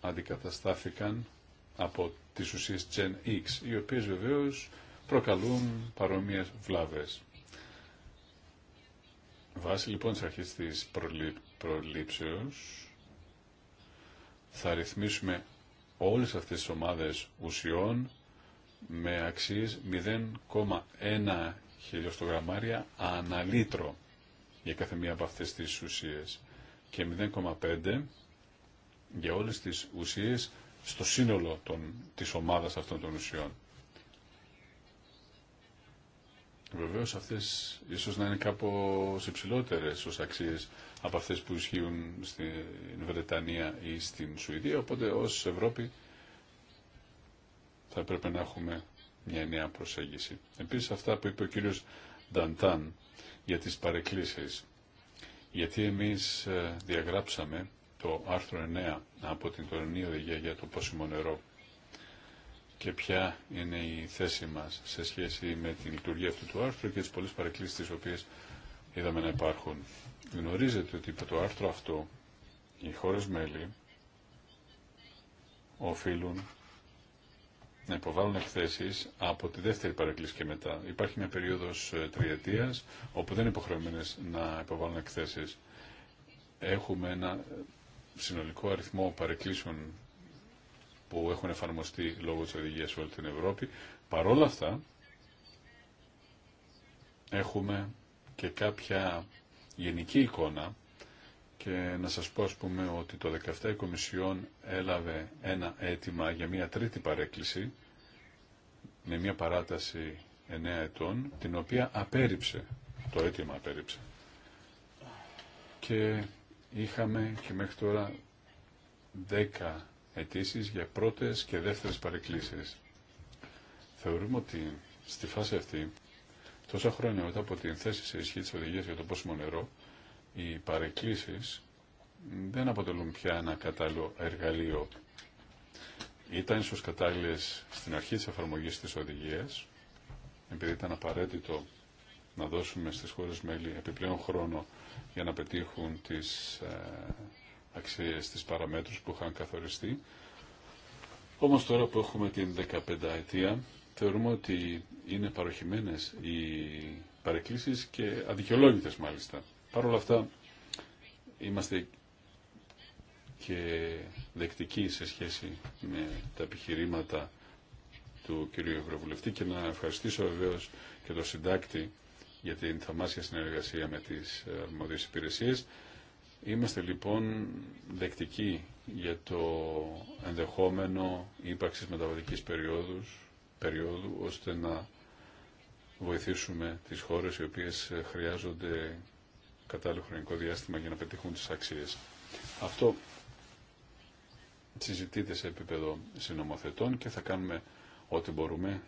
αντικαταστάθηκαν από τις ουσίες Gen X, οι οποίες βεβαίως προκαλούν παρόμοιες βλάβες. Βάσει λοιπόν της αρχή της προλήψεως θα ρυθμίσουμε όλες αυτές τις ομάδες ουσιών με αξίες 0,1 χιλιοστογραμμάρια αναλύτρο για κάθε μία από αυτές τις ουσίες και 0,5 για όλες τις ουσίες στο σύνολο των, της ομάδας αυτών των ουσιών. Βεβαίω αυτέ ίσω να είναι κάπω υψηλότερε ω αξίε από αυτέ που ισχύουν στην Βρετανία ή στην Σουηδία. Οπότε ω Ευρώπη θα έπρεπε να έχουμε μια νέα προσέγγιση. Επίση αυτά που είπε ο κύριο Νταντάν για τι παρεκκλήσει. Γιατί εμεί ε, διαγράψαμε το άρθρο 9 από την τωρινή οδηγία για το πόσιμο νερό και ποια είναι η θέση μας σε σχέση με τη λειτουργία αυτού του άρθρου και τις πολλές παρακλήσεις τις οποίες είδαμε να υπάρχουν. Γνωρίζετε ότι υπό το άρθρο αυτό οι χώρες μέλη οφείλουν να υποβάλουν εκθέσει από τη δεύτερη παρεκκλήση και μετά. Υπάρχει μια περίοδος ε, τριετίας όπου δεν είναι υποχρεωμένε να υποβάλουν εκθέσει, Έχουμε ένα ε, συνολικό αριθμό παρεκκλήσεων που έχουν εφαρμοστεί λόγω της οδηγίας σε όλη την Ευρώπη. Παρόλα αυτά, έχουμε και κάποια γενική εικόνα και να σας πω ας πούμε ότι το 17 η Κομισιόν έλαβε ένα αίτημα για μια τρίτη παρέκκληση με μια παράταση 9 ετών την οποία απέρριψε το αίτημα απέρριψε. Και είχαμε και μέχρι τώρα 10 αιτήσει για πρώτες και δεύτερες παρεκκλήσεις. Θεωρούμε ότι στη φάση αυτή, τόσα χρόνια μετά από την θέση σε ισχύ της οδηγίας για το πόσιμο νερό, οι παρεκκλήσεις δεν αποτελούν πια ένα κατάλληλο εργαλείο. Ήταν ίσως κατάλληλες στην αρχή της εφαρμογή της οδηγίας, επειδή ήταν απαραίτητο να δώσουμε στις χώρες μέλη επιπλέον χρόνο για να πετύχουν τις ε, αξίες, τη παραμέτρους που είχαν καθοριστεί. Όμως τώρα που έχουμε την 15 αιτία, θεωρούμε ότι είναι παροχημένες οι παρεκκλήσεις και αδικαιολόγητες μάλιστα. Παρ' όλα αυτά, είμαστε και δεκτικοί σε σχέση με τα επιχειρήματα του κυρίου Ευρωβουλευτή και να ευχαριστήσω βεβαίω και τον συντάκτη για την θαμάσια συνεργασία με τις αρμόδιες υπηρεσίες. Είμαστε λοιπόν δεκτικοί για το ενδεχόμενο ύπαρξης μεταβατικής περιόδους περίοδου ώστε να βοηθήσουμε τις χώρες οι οποίες χρειάζονται κατάλληλο χρονικό διάστημα για να πετύχουν τις αξίες. Αυτό συζητείται σε επίπεδο συνομοθετών και θα κάνουμε ό,τι μπορούμε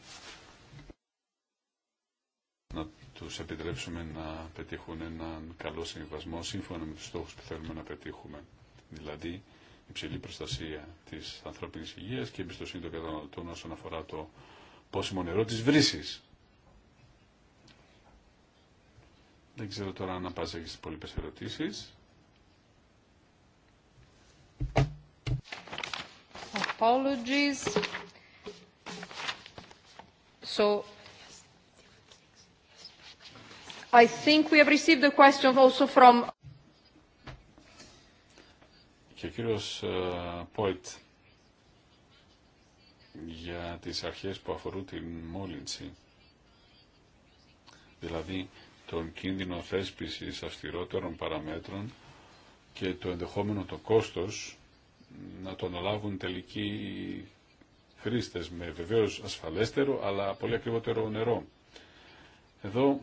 να τους επιτρέψουμε να πετύχουν έναν καλό συμβασμό σύμφωνα με τους στόχους που θέλουμε να πετύχουμε. Δηλαδή, υψηλή προστασία της ανθρώπινης υγείας και εμπιστοσύνη των καταναλωτών όσον αφορά το πόσιμο νερό της βρύσης. Δεν ξέρω τώρα αν απάντησα και στις υπόλοιπες ερωτήσεις. Apologies. So I think we have received a question also from... Και ο ε, Πόιτ για τις αρχές που αφορούν την μόλυνση, δηλαδή τον κίνδυνο θέσπισης αυστηρότερων παραμέτρων και το ενδεχόμενο το κόστος να τον αναλάβουν τελικοί χρήστες με βεβαίως ασφαλέστερο αλλά πολύ ακριβότερο νερό. Εδώ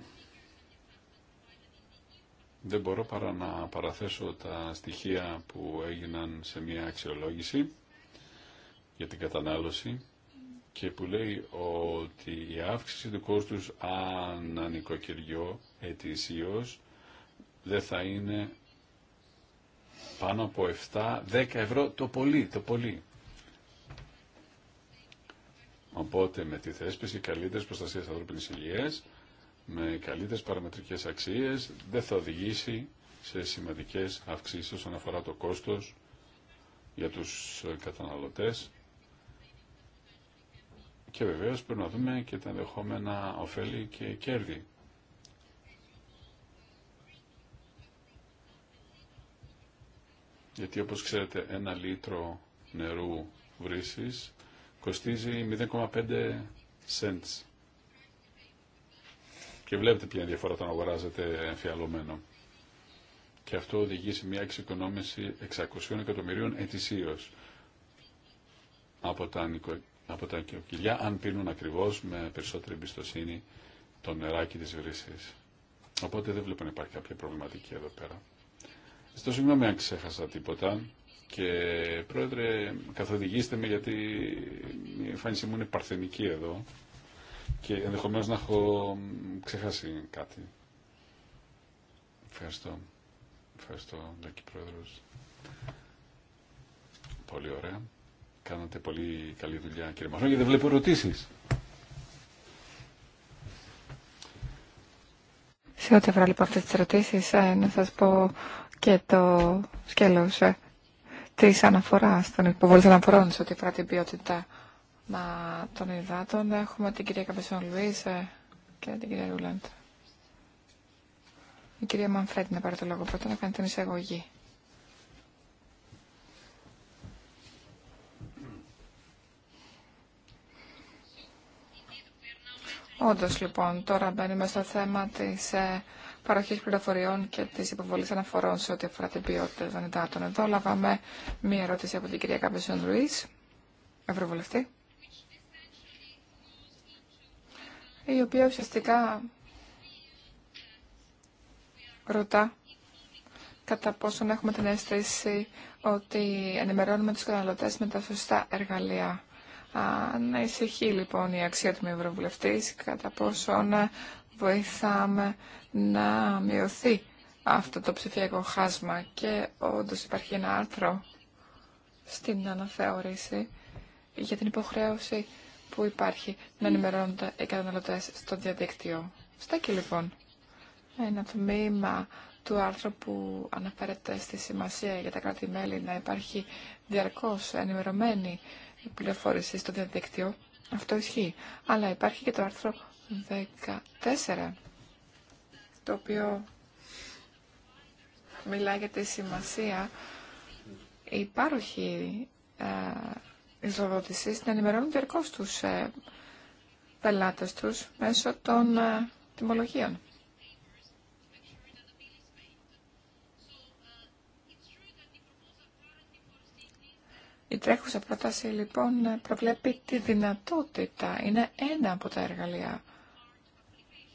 δεν μπορώ παρά να παραθέσω τα στοιχεία που έγιναν σε μια αξιολόγηση για την κατανάλωση και που λέει ότι η αύξηση του κόστους αν νοικοκυριό ετησίως δεν θα είναι πάνω από 7-10 ευρώ το πολύ, το πολύ. Οπότε με τη θέσπιση καλύτερης προστασίας ανθρώπινης υγείας με καλύτερες παραμετρικές αξίες δεν θα οδηγήσει σε σημαντικές αυξήσεις όσον αφορά το κόστος για τους ε, καταναλωτές και βεβαίως πρέπει να δούμε και τα ενδεχόμενα ωφέλη και κέρδη. Γιατί όπως ξέρετε ένα λίτρο νερού βρύσης κοστίζει 0,5 cents. Και βλέπετε ποια διαφορά όταν αγοράζετε εμφιαλωμένο. Και αυτό οδηγεί σε μια εξοικονόμηση 600 εκατομμυρίων ετησίω από τα, από τα αν πίνουν ακριβώ με περισσότερη εμπιστοσύνη το νεράκι τη βρύση. Οπότε δεν βλέπω να υπάρχει κάποια προβληματική εδώ πέρα. Στο συγγνώμη αν ξέχασα τίποτα και πρόεδρε καθοδηγήστε με γιατί η εμφάνιση μου είναι παρθενική εδώ και ενδεχομένω να έχω ξεχάσει κάτι. Ευχαριστώ. Ευχαριστώ, Λέκη Πρόεδρος. Πολύ ωραία. Κάνατε πολύ καλή δουλειά, κύριε Μαρό, δεν βλέπω ερωτήσει. Σε ό,τι αφορά λοιπόν αυτές τις ερωτήσει, ε, να σα πω και το σκέλος ε, τη αναφορά των υποβολή αναφορών σε ό,τι αφορά την ποιότητα να τον υδάτων. Έχουμε την κυρία Καπεσόν Λούι και την κυρία Ρούλαντ. Η κυρία Μανφρέτη να πάρει το λόγο πρώτα να κάνει την εισαγωγή. Όντω λοιπόν, τώρα μπαίνουμε στο θέμα τη ε, παροχή πληροφοριών και τη υποβολή αναφορών σε ό,τι αφορά την ποιότητα των υδάτων. Εδώ λάβαμε μία ερώτηση από την κυρία Καπεσόν Ρουή, Ευρωβουλευτή. η οποία ουσιαστικά ρωτά κατά πόσον έχουμε την αίσθηση ότι ενημερώνουμε τους καταναλωτές με τα σωστά εργαλεία. Ανησυχεί λοιπόν η αξία του Ευρωβουλευτή κατά πόσον βοηθάμε να μειωθεί αυτό το ψηφιακό χάσμα και όντω υπάρχει ένα άρθρο στην αναθεώρηση για την υποχρέωση που υπάρχει να ενημερώνονται οι καταναλωτέ στο διαδίκτυο. Στέκει λοιπόν ένα τμήμα του άρθρου που αναφέρεται στη σημασία για τα κράτη-μέλη να υπάρχει διαρκώς ενημερωμένη πληροφόρηση στο διαδίκτυο. Αυτό ισχύει. Αλλά υπάρχει και το άρθρο 14, το οποίο μιλάει για τη σημασία υπάρχει να ενημερώνουν διαρκώς τους ε, πελάτες τους μέσω των ε, τιμολογίων. Η τρέχουσα πρόταση λοιπόν προβλέπει τη δυνατότητα, είναι ένα από τα εργαλεία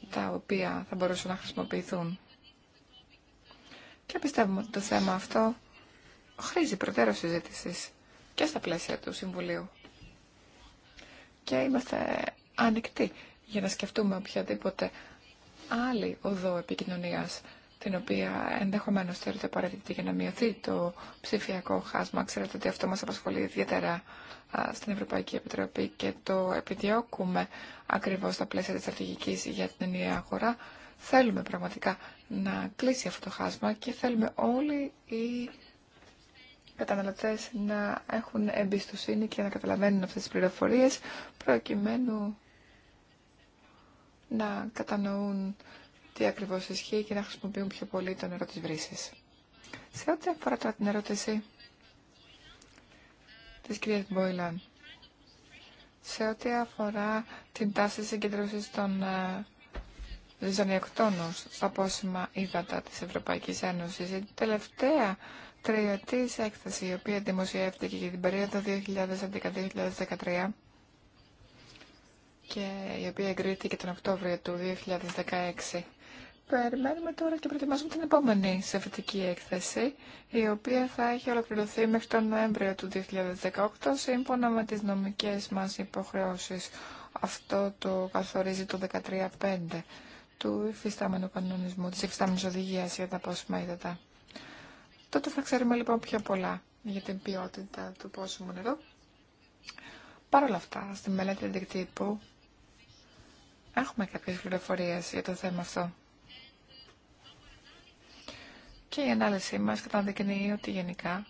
τα οποία θα μπορούσαν να χρησιμοποιηθούν. Και πιστεύουμε ότι το θέμα αυτό χρήζει προτέρω συζήτηση και στα πλαίσια του Συμβουλίου. Και είμαστε ανοιχτοί για να σκεφτούμε οποιαδήποτε άλλη οδό επικοινωνίας την οποία ενδεχομένω θεωρείται απαραίτητη για να μειωθεί το ψηφιακό χάσμα. Ξέρετε ότι αυτό μα απασχολεί ιδιαίτερα στην Ευρωπαϊκή Επιτροπή και το επιδιώκουμε ακριβώ στα πλαίσια τη στρατηγική για την ενιαία αγορά. Θέλουμε πραγματικά να κλείσει αυτό το χάσμα και θέλουμε όλοι οι καταναλωτέ να έχουν εμπιστοσύνη και να καταλαβαίνουν αυτές τις πληροφορίες προκειμένου να κατανοούν τι ακριβώς ισχύει και να χρησιμοποιούν πιο πολύ το νερό της βρύσης. Σε ό,τι αφορά τώρα την ερώτηση της κυρίας Μπόιλαν, σε ό,τι αφορά την τάση συγκεντρώσης των ε, ζωνιακτώνων στα πόσιμα ύδατα της Ευρωπαϊκής Ένωσης, η τελευταία τριετής έκθεση, η οποία δημοσιεύτηκε για την περίοδο 2011-2013 και η οποία εγκρίθηκε τον Οκτώβριο του 2016. Περιμένουμε τώρα και προετοιμάζουμε την επόμενη σεφετική έκθεση, η οποία θα έχει ολοκληρωθεί μέχρι τον Νοέμβριο του 2018, σύμφωνα με τις νομικές μας υποχρεώσεις. Αυτό το καθορίζει το 13.5 του υφιστάμενου κανονισμού, της υφιστάμενης οδηγίας για τα πόσιμα είδατα. Τότε θα ξέρουμε λοιπόν πιο πολλά για την ποιότητα του πόσιμου νερού. Παρ' όλα αυτά, στη μελέτη αντικτύπου έχουμε κάποιες πληροφορίες για το θέμα αυτό. Και η ανάλυση μας καταδεικνύει ότι γενικά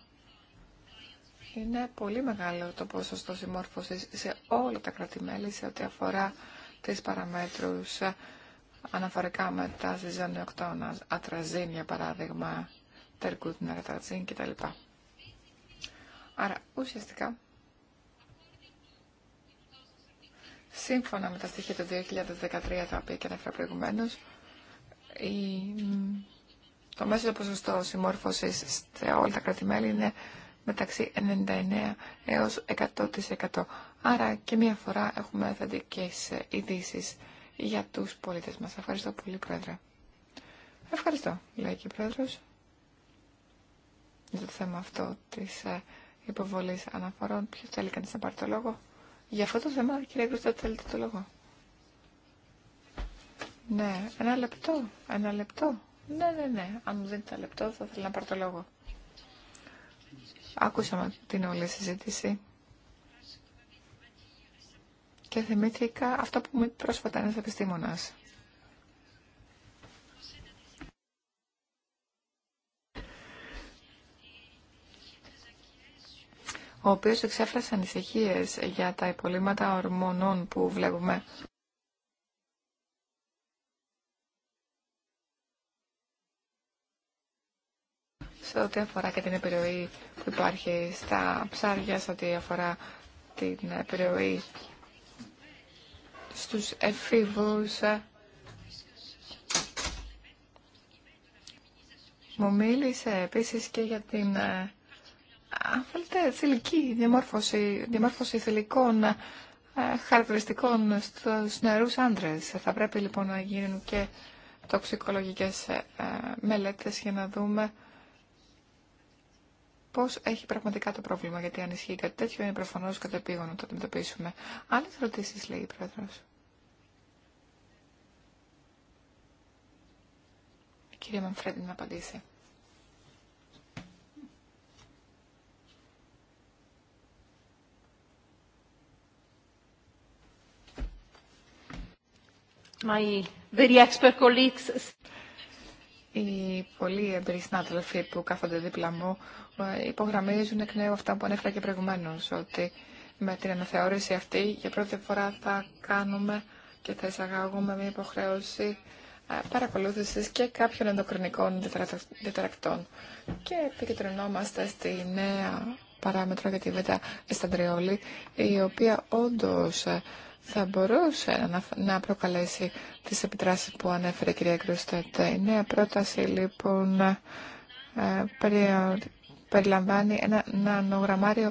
είναι πολύ μεγάλο το ποσοστό συμμόρφωσης σε όλα τα κρατημέλη σε ό,τι αφορά τις παραμέτρους αναφορικά με τα ζυζανιοκτώνα, ατραζίν για παράδειγμα, και τα κτλ. Άρα ουσιαστικά σύμφωνα με τα στοιχεία του 2013 τα οποία και ανέφερα προηγουμένω, το μέσο ποσοστό συμμόρφωση σε όλα τα κρατημέλη είναι μεταξύ 99 έως 100%. Άρα και μία φορά έχουμε θετικές ειδήσει για τους πολίτες μας. Ευχαριστώ πολύ, Πρόεδρε. Ευχαριστώ, λέει και Πρόεδρος για το θέμα αυτό της ε, υποβολή αναφορών. Ποιο θέλει κανείς να πάρει το λόγο. Για αυτό το θέμα, κύριε Γκρουστά, θέλετε το λόγο. Ναι, ένα λεπτό, ένα λεπτό. Ναι, ναι, ναι, αν μου δίνετε ένα λεπτό θα θέλω να πάρω το λόγο. Άκουσαμε την όλη συζήτηση. Και θυμήθηκα αυτό που μου πρόσφατα ένα επιστήμονα. ο οποίος εξέφρασε ανησυχίες για τα υπολείμματα ορμονών που βλέπουμε. Σε ό,τι αφορά και την επιρροή που υπάρχει στα ψάρια, σε ό,τι αφορά την επιρροή στους εφήβους, μου μίλησε επίσης και για την ε, αν θέλετε, θηλυκή διαμόρφωση, διαμόρφωση θηλυκών ε, χαρακτηριστικών στους νεαρούς άντρες. Θα πρέπει λοιπόν να γίνουν και τοξικολογικές ε, ε, μελέτες για να δούμε πώς έχει πραγματικά το πρόβλημα, γιατί αν ισχύει κάτι τέτοιο είναι προφανώς κατεπήγον να το αντιμετωπίσουμε. Άλλες ρωτήσεις λέει η Πρόεδρος. Η κυρία να απαντήσει. my very expert colleagues. Οι πολλοί εμπειροί συνάδελφοι που κάθονται δίπλα μου ε, υπογραμμίζουν εκ νέου αυτά που ανέφερα και προηγουμένω, ότι με την αναθεώρηση αυτή για πρώτη φορά θα κάνουμε και θα εισαγάγουμε μια υποχρέωση ε, παρακολούθηση και κάποιων ενδοκρινικών διαταρακτών. Και επικεντρωνόμαστε στη νέα παράμετρο για τη βέτα η οποία όντω ε, θα μπορούσε να προκαλέσει τις επιτράσεις που ανέφερε η κυρία Κρουστέτε. Η νέα πρόταση λοιπόν ε, περιλαμβάνει ένα νογραμμάριο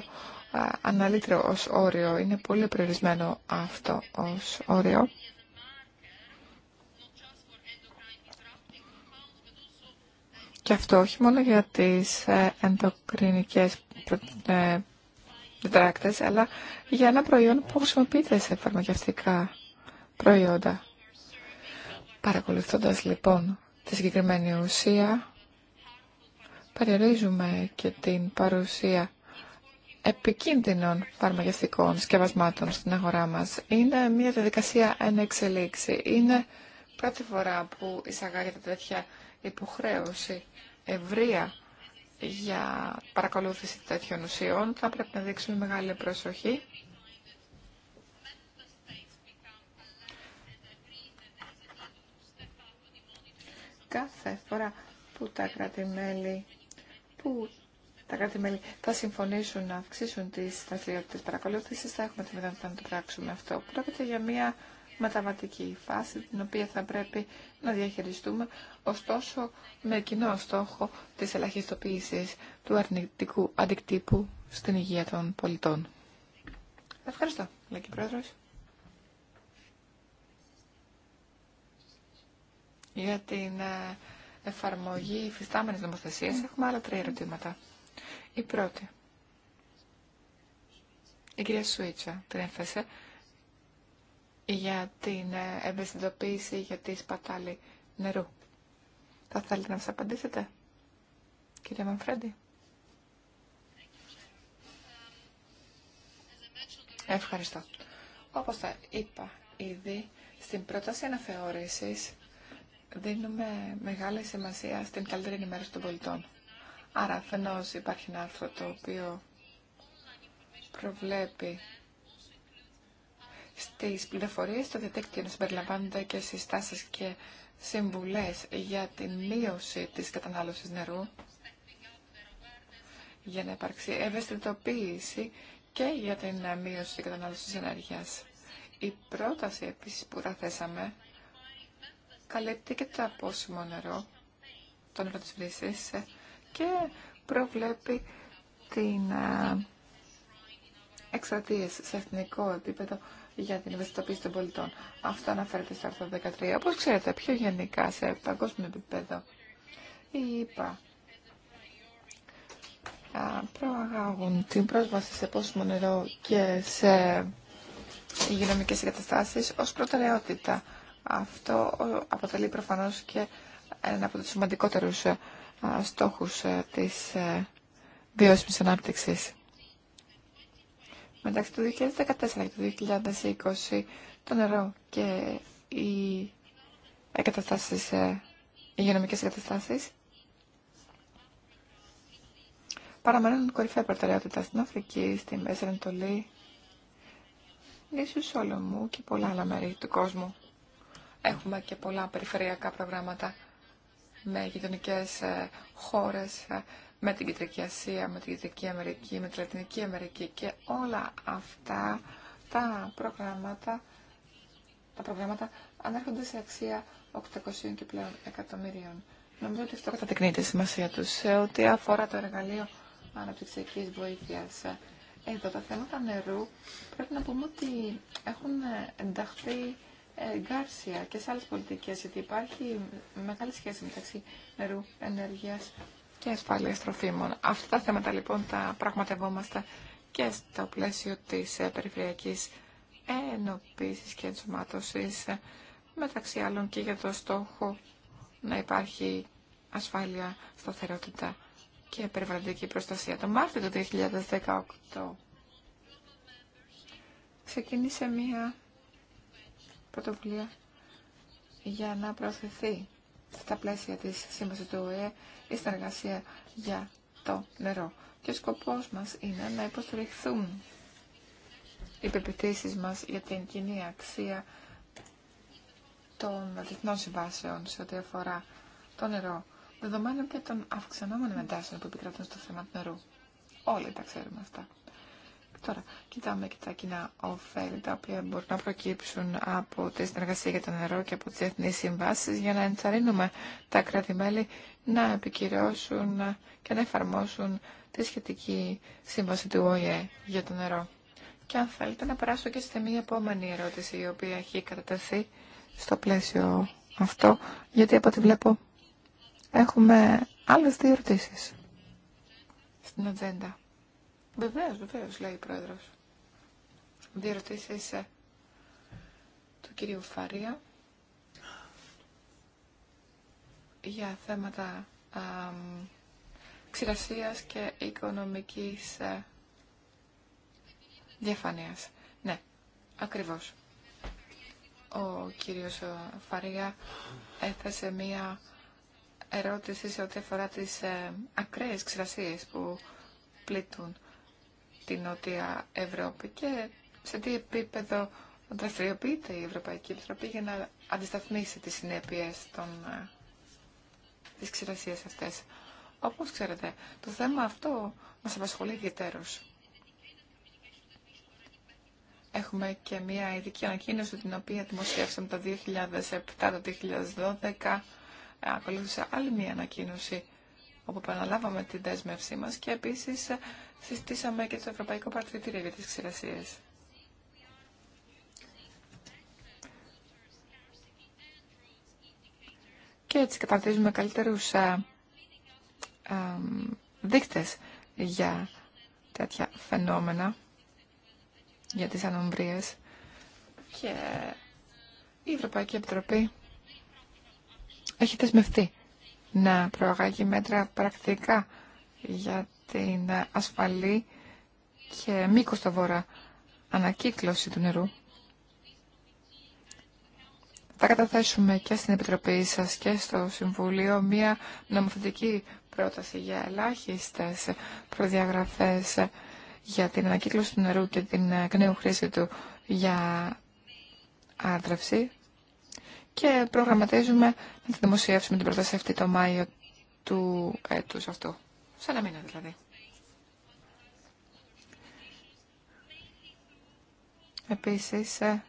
ε, αναλύτριο ως όριο. Είναι πολύ προορισμένο αυτό ως όριο. Και αυτό όχι μόνο για τις ε, ενδοκρινικές αλλά για ένα προϊόν που χρησιμοποιείται σε φαρμακευτικά προϊόντα. Παρακολουθώντας λοιπόν τη συγκεκριμένη ουσία, περιορίζουμε και την παρουσία επικίνδυνων φαρμακευτικών σκευασμάτων στην αγορά μας. Είναι μια διαδικασία εν εξελίξη. Είναι πρώτη φορά που εισαγάγεται τέτοια υποχρέωση ευρεία για παρακολούθηση τέτοιων ουσιών θα πρέπει να δείξουμε μεγάλη προσοχή. Κάθε φορά που τα κρατη που τα κρατημέλη θα συμφωνήσουν να αυξήσουν τις δραστηριότητες παρακολούθησης, θα έχουμε τη δυνατότητα να το πράξουμε αυτό. Πρόκειται για μια μεταβατική φάση την οποία θα πρέπει να διαχειριστούμε, ωστόσο με κοινό στόχο της ελαχιστοποίησης του αρνητικού αντικτύπου στην υγεία των πολιτών. Ευχαριστώ, λέει Πρόεδρος. Για την ε, εφαρμογή υφιστάμενης νομοθεσίας έχουμε άλλα τρία ερωτήματα. Η πρώτη. Η κυρία Σουίτσα την έφεσε για την ε, ευαισθητοποίηση για τη σπατάλη νερού. Θα θέλετε να μας απαντήσετε, κύριε Μανφρέντη. Ευχαριστώ. Όπως θα είπα ήδη, στην πρόταση αναθεώρησης δίνουμε μεγάλη σημασία στην καλύτερη ενημέρωση των πολιτών. Άρα, αφενός υπάρχει ένα άρθρο το οποίο προβλέπει στις πληροφορίες στο διαδίκτυο να συμπεριλαμβάνονται και συστάσεις και συμβουλές για την μείωση της κατανάλωσης νερού, για να υπάρξει ευαισθητοποίηση και για την μείωση της κατανάλωσης ενέργειας. Η πρόταση επίσης που θα θέσαμε καλύπτει και το απόσιμο νερό, το νερό της και προβλέπει την ε, εξαρτίες σε εθνικό επίπεδο για την ευαισθητοποίηση των πολιτών. Αυτό αναφέρεται στο άρθρο 13. Όπως ξέρετε, πιο γενικά σε παγκόσμιο επίπεδο, οι ΙΠΑ προαγάγουν την πρόσβαση σε πόσιμο νερό και σε υγειονομικές εγκαταστάσεις ως προτεραιότητα. Αυτό αποτελεί προφανώς και ένα από τους σημαντικότερους στόχους ε, της ε, βιώσιμης ανάπτυξης μεταξύ του 2014 και του 2020 το νερό και οι εγκαταστάσεις, ε, οι υγειονομικές εγκαταστάσεις παραμένουν κορυφαία προτεραιότητα στην Αφρική, στη Μέση Ανατολή, ίσως όλο μου και πολλά άλλα μέρη του κόσμου. Έχουμε και πολλά περιφερειακά προγράμματα με γειτονικέ ε, χώρες ε, με την Κεντρική Ασία, με την Κεντρική Αμερική, με την Λατινική Αμερική και όλα αυτά τα προγράμματα, τα προγράμματα ανέρχονται σε αξία 800 και πλέον εκατομμυρίων. Νομίζω ότι αυτό καταδεικνύει τη σημασία του σε ό,τι αφορά το εργαλείο αναπτυξιακή βοήθεια. Εδώ τα θέματα νερού πρέπει να πούμε ότι έχουν ενταχθεί εγκάρσια και σε άλλε πολιτικέ, γιατί υπάρχει μεγάλη σχέση μεταξύ νερού, ενέργεια, και ασφάλεια τροφίμων. Αυτά τα θέματα λοιπόν τα πραγματευόμαστε και στο πλαίσιο της ε, περιφερειακής ενοποίησης και ενσωμάτωσης, ε, μεταξύ άλλων και για το στόχο να υπάρχει ασφάλεια, σταθερότητα και περιβαλλοντική προστασία. Το Μάρτιο του 2018 ξεκίνησε μία πρωτοβουλία για να προωθηθεί στα πλαίσια της σύμβασης του ΟΕΕ η συνεργασία για το νερό. Και ο σκοπός μας είναι να υποστηριχθούν οι πεπιθήσεις μας για την κοινή αξία των διεθνών συμβάσεων σε ό,τι αφορά το νερό, δεδομένων και των αυξανόμενων εντάσσεων που επικρατούν στο θέμα του νερού. Όλοι τα ξέρουμε αυτά. Τώρα, κοιτάμε και τα κοινά ωφέλη τα οποία μπορούν να προκύψουν από τη συνεργασία για το νερό και από τι διεθνεί συμβάσει για να ενθαρρύνουμε τα κράτη-μέλη να επικυρώσουν και να εφαρμόσουν τη σχετική σύμβαση του ΟΗΕ για το νερό. Και αν θέλετε να περάσω και σε μία επόμενη ερώτηση η οποία έχει κατατεθεί στο πλαίσιο αυτό, γιατί από ό,τι βλέπω έχουμε άλλες δύο ερωτήσεις στην ατζέντα. Βεβαίω, βεβαίω, λέει η πρόεδρο. Δύο ε, του κυρίου Φάρια για θέματα ε, και οικονομικής ε, Ναι, ακριβώς. Ο κύριος ε, Φαρία έθεσε μία ερώτηση σε ό,τι αφορά τις ε, ακραίες που πλήττουν την Νότια Ευρώπη και σε τι επίπεδο δραστηριοποιείται η Ευρωπαϊκή Επιτροπή για να αντισταθμίσει τις συνέπειες των, ε, της ξηρασίας αυτές. Όπως ξέρετε, το θέμα αυτό μας απασχολεί ιδιαίτερως. Έχουμε και μια ειδική ανακοίνωση την οποία δημοσιεύσαμε το 2007, το 2012. Ακολούθησε άλλη μια ανακοίνωση όπου επαναλάβαμε την δέσμευσή μας και επίσης ε, συστήσαμε και το Ευρωπαϊκό Παρτιτήριο για τις ξηρασίες. Και έτσι καταρτίζουμε καλύτερους α, δείκτες για τέτοια φαινόμενα, για τις ανομβρίες. Και η Ευρωπαϊκή Επιτροπή έχει δεσμευτεί να προαγάγει μέτρα πρακτικά για την ασφαλή και μήκο το ανακύκλωση του νερού. Θα καταθέσουμε και στην Επιτροπή σας και στο Συμβούλιο μία νομοθετική πρόταση για ελάχιστες προδιαγραφές για την ανακύκλωση του νερού και την νέου χρήση του για άντρευση. και προγραμματίζουμε να τη δημοσιεύσουμε την πρόταση αυτή το Μάιο του έτους αυτού. Σε ένα μήνα δηλαδή. Επίσης, ε,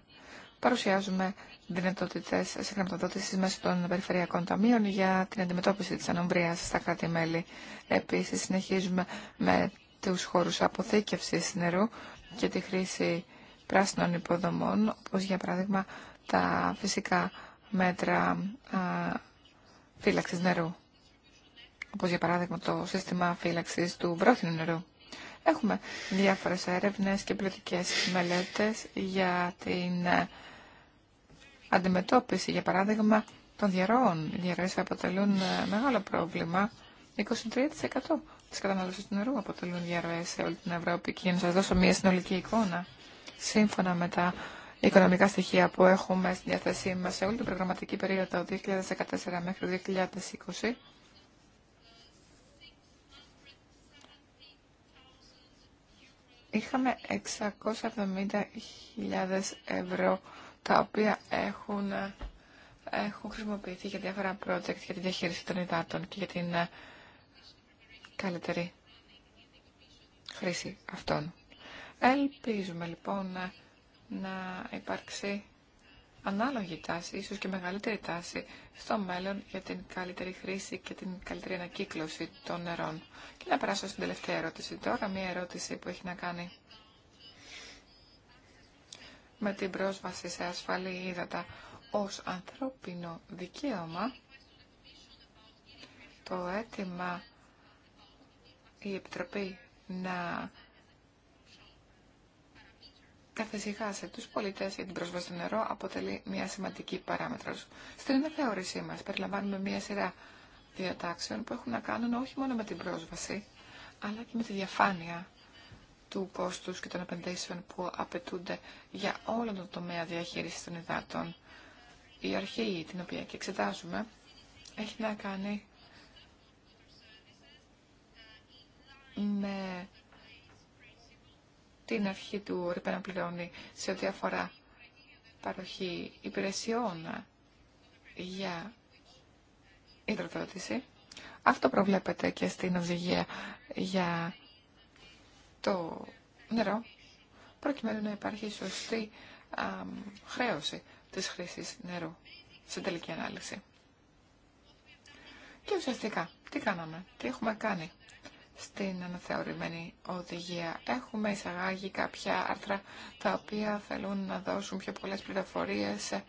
παρουσιάζουμε δυνατότητε συγχρηματοδότηση μέσω των περιφερειακών ταμείων για την αντιμετώπιση της ανομβρίας στα κράτη-μέλη. Επίση, συνεχίζουμε με τους χώρους αποθήκευσης νερού και τη χρήση πράσινων υποδομών, όπως για παράδειγμα τα φυσικά μέτρα φύλαξης νερού όπως για παράδειγμα το σύστημα φύλαξης του βρόχινου νερού. Έχουμε διάφορες έρευνες και πλωτικές μελέτες για την ε, αντιμετώπιση, για παράδειγμα, των διαρροών. Οι διαρροές αποτελούν ε, μεγάλο πρόβλημα. 23% της κατανάλωσης του νερού αποτελούν διαρροές σε όλη την Ευρώπη. Και για να σας δώσω μια συνολική εικόνα, σύμφωνα με τα οικονομικά στοιχεία που έχουμε στη διάθεσή μας σε όλη την προγραμματική περίοδο 2014 μέχρι 2020, είχαμε 670.000 ευρώ τα οποία έχουν, έχουν χρησιμοποιηθεί για διάφορα project για τη διαχείριση των υδάτων και για την ε, καλύτερη χρήση αυτών. Ελπίζουμε λοιπόν να υπάρξει ανάλογη τάση, ίσως και μεγαλύτερη τάση στο μέλλον για την καλύτερη χρήση και την καλύτερη ανακύκλωση των νερών. Και να περάσω στην τελευταία ερώτηση τώρα, μία ερώτηση που έχει να κάνει με την πρόσβαση σε ασφαλή ύδατα ως ανθρώπινο δικαίωμα. Το αίτημα η Επιτροπή να σε τους πολίτες για την πρόσβαση στο νερό αποτελεί μια σημαντική παράμετρο. Στην αναθεώρησή μας περιλαμβάνουμε μια σειρά διατάξεων που έχουν να κάνουν όχι μόνο με την πρόσβαση, αλλά και με τη διαφάνεια του κόστου και των επενδύσεων που απαιτούνται για όλο το τομέα διαχείριση των υδάτων. Η αρχή την οποία και εξετάζουμε έχει να κάνει με την αρχή του να πληρώνει σε ό,τι αφορά παροχή υπηρεσιών για υδροδότηση. Αυτό προβλέπεται και στην οδηγία για το νερό, προκειμένου να υπάρχει σωστή χρέωση της χρήσης νερού στην τελική ανάλυση. Και ουσιαστικά, τι κάναμε, τι έχουμε κάνει στην αναθεωρημένη οδηγία. Έχουμε εισαγάγει κάποια άρθρα τα οποία θέλουν να δώσουν πιο πολλές πληροφορίες ε,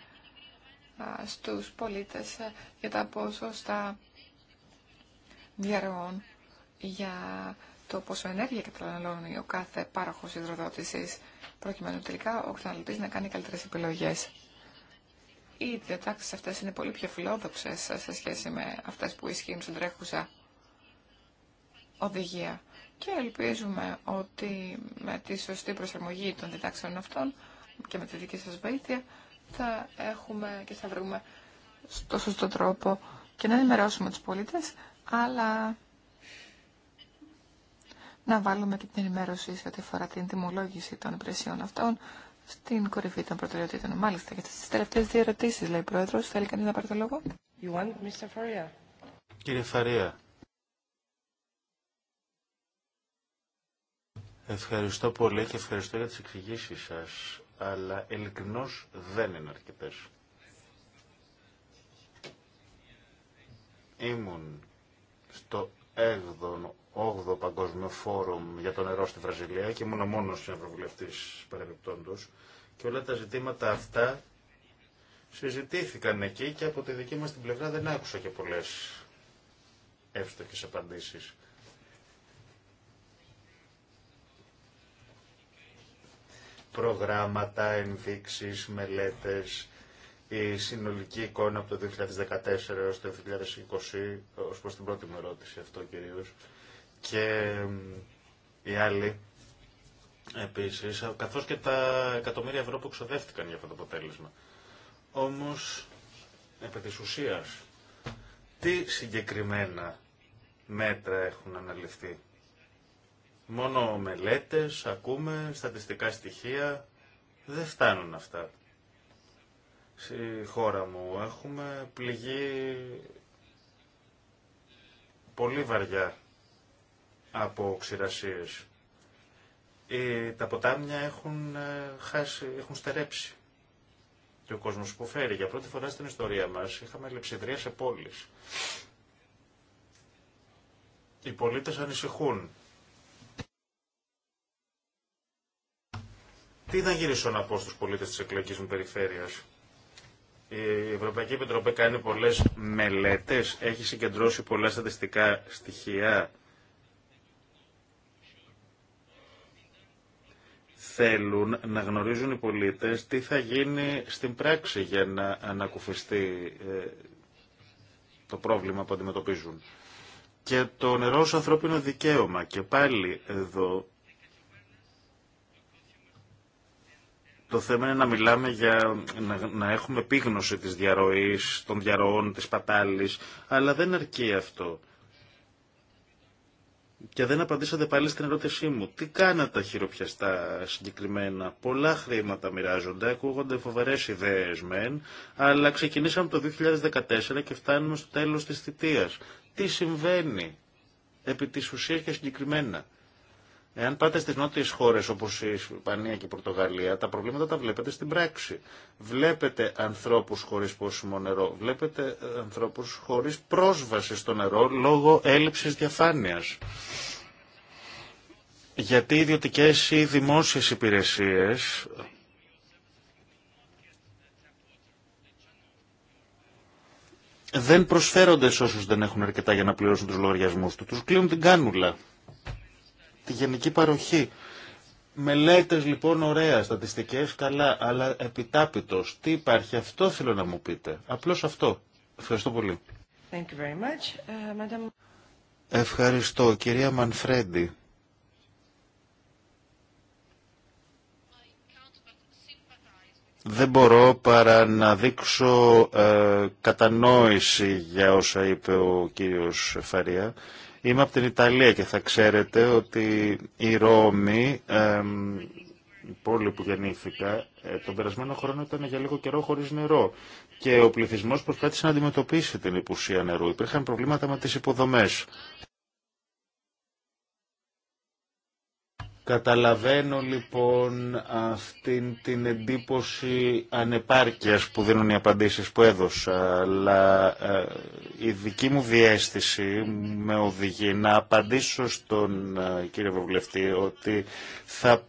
στους πολίτες ε, για τα πόσο στα διαρροών, για το πόσο ενέργεια καταναλώνει ο κάθε πάροχος υδροδότησης, προκειμένου τελικά ο καταναλωτής να κάνει καλύτερες επιλογές. Οι διατάξεις αυτές είναι πολύ πιο φιλόδοξες ε, σε σχέση με αυτές που ισχύουν στην τρέχουσα οδηγία. Και ελπίζουμε ότι με τη σωστή προσαρμογή των διδάξεων αυτών και με τη δική σας βοήθεια θα έχουμε και θα βρούμε στο σωστό τρόπο και να ενημερώσουμε τους πολίτες, αλλά να βάλουμε και την ενημέρωση σε ό,τι αφορά την τιμολόγηση των υπηρεσιών αυτών στην κορυφή των προτεραιοτήτων. Μάλιστα, και τις τελευταίες δύο ερωτήσεις, λέει ο Πρόεδρος. Θέλει κανείς να πάρει το λόγο. Κύριε Φαρία, Ευχαριστώ πολύ και ευχαριστώ για τις εξηγήσει σας, αλλά ειλικρινώς δεν είναι αρκετές. Ήμουν στο 8ο Παγκόσμιο Φόρουμ για το νερό στη Βραζιλία και ήμουν ο μόνος ευρωβουλευτής παρεμπιπτόντος και όλα τα ζητήματα αυτά συζητήθηκαν εκεί και από τη δική μας την πλευρά δεν άκουσα και πολλές εύστοχες απαντήσεις. προγράμματα, ενδείξεις, μελέτες, η συνολική εικόνα από το 2014 έως το 2020, ως προς την πρώτη μου ερώτηση αυτό κυρίως, και οι άλλοι επίσης, καθώς και τα εκατομμύρια ευρώ που ξοδεύτηκαν για αυτό το αποτέλεσμα. Όμως, επί της ουσίας, τι συγκεκριμένα μέτρα έχουν αναλυφθεί Μόνο μελέτες, ακούμε, στατιστικά στοιχεία, δεν φτάνουν αυτά. Στη χώρα μου έχουμε πληγή πολύ βαριά από ξηρασίες. τα ποτάμια έχουν, ε, χάσει, έχουν στερέψει και ο κόσμος που φέρει. Για πρώτη φορά στην ιστορία μας είχαμε λεψιδρία σε πόλεις. Οι πολίτες ανησυχούν Τι θα γυρίσω να πω στους πολίτες της εκλογικής μου περιφέρειας. Η Ευρωπαϊκή Επιτροπή κάνει πολλές μελέτες, έχει συγκεντρώσει πολλά στατιστικά στοιχεία. Θέλουν να γνωρίζουν οι πολίτες τι θα γίνει στην πράξη για να ανακουφιστεί ε, το πρόβλημα που αντιμετωπίζουν. Και το νερό ως ανθρώπινο δικαίωμα. Και πάλι εδώ Το θέμα είναι να μιλάμε για να, να έχουμε επίγνωση της διαρροής, των διαρροών, της πατάλης, αλλά δεν αρκεί αυτό. Και δεν απαντήσατε πάλι στην ερώτησή μου. Τι κάνατε τα χειροπιαστά συγκεκριμένα. Πολλά χρήματα μοιράζονται, ακούγονται φοβερέ ιδέε μεν, αλλά ξεκινήσαμε το 2014 και φτάνουμε στο τέλο τη θητείας. Τι συμβαίνει επί τη ουσία και συγκεκριμένα. Εάν πάτε στι νότιε χώρες όπως η Ισπανία και η Πορτογαλία, τα προβλήματα τα βλέπετε στην πράξη. Βλέπετε ανθρώπους χωρίς πόσιμο νερό, βλέπετε ε, ανθρώπους χωρίς πρόσβαση στο νερό λόγω έλλειψης διαφάνειας. Γιατί οι ιδιωτικές ή δημόσιες υπηρεσίες δεν προσφέρονται σε όσους δεν έχουν αρκετά για να πληρώσουν τους λογαριασμούς του. Τους κλείνουν την κάνουλα τη γενική παροχή. Μελέτες λοιπόν ωραία, στατιστικές καλά, αλλά επιτάπητος. Τι υπάρχει, αυτό θέλω να μου πείτε. Απλώς αυτό. Ευχαριστώ πολύ. Thank you very much. Ε, Ευχαριστώ κυρία Μανφρέντι. δεν μπορώ παρά να δείξω ε, κατανόηση για όσα είπε ο κύριος Φαρία. Είμαι από την Ιταλία και θα ξέρετε ότι η Ρώμη, η πόλη που γεννήθηκα, ε, τον περασμένο χρόνο ήταν για λίγο καιρό χωρίς νερό. Και ο πληθυσμός προσπάθησε να αντιμετωπίσει την υπουσία νερού. Υπήρχαν προβλήματα με τις υποδομές. Καταλαβαίνω λοιπόν αυτήν την εντύπωση ανεπάρκειας που δίνουν οι απαντήσεις που έδωσα, αλλά ε, η δική μου διέστηση με οδηγεί να απαντήσω στον ε, κύριο Βουλευτή ότι θα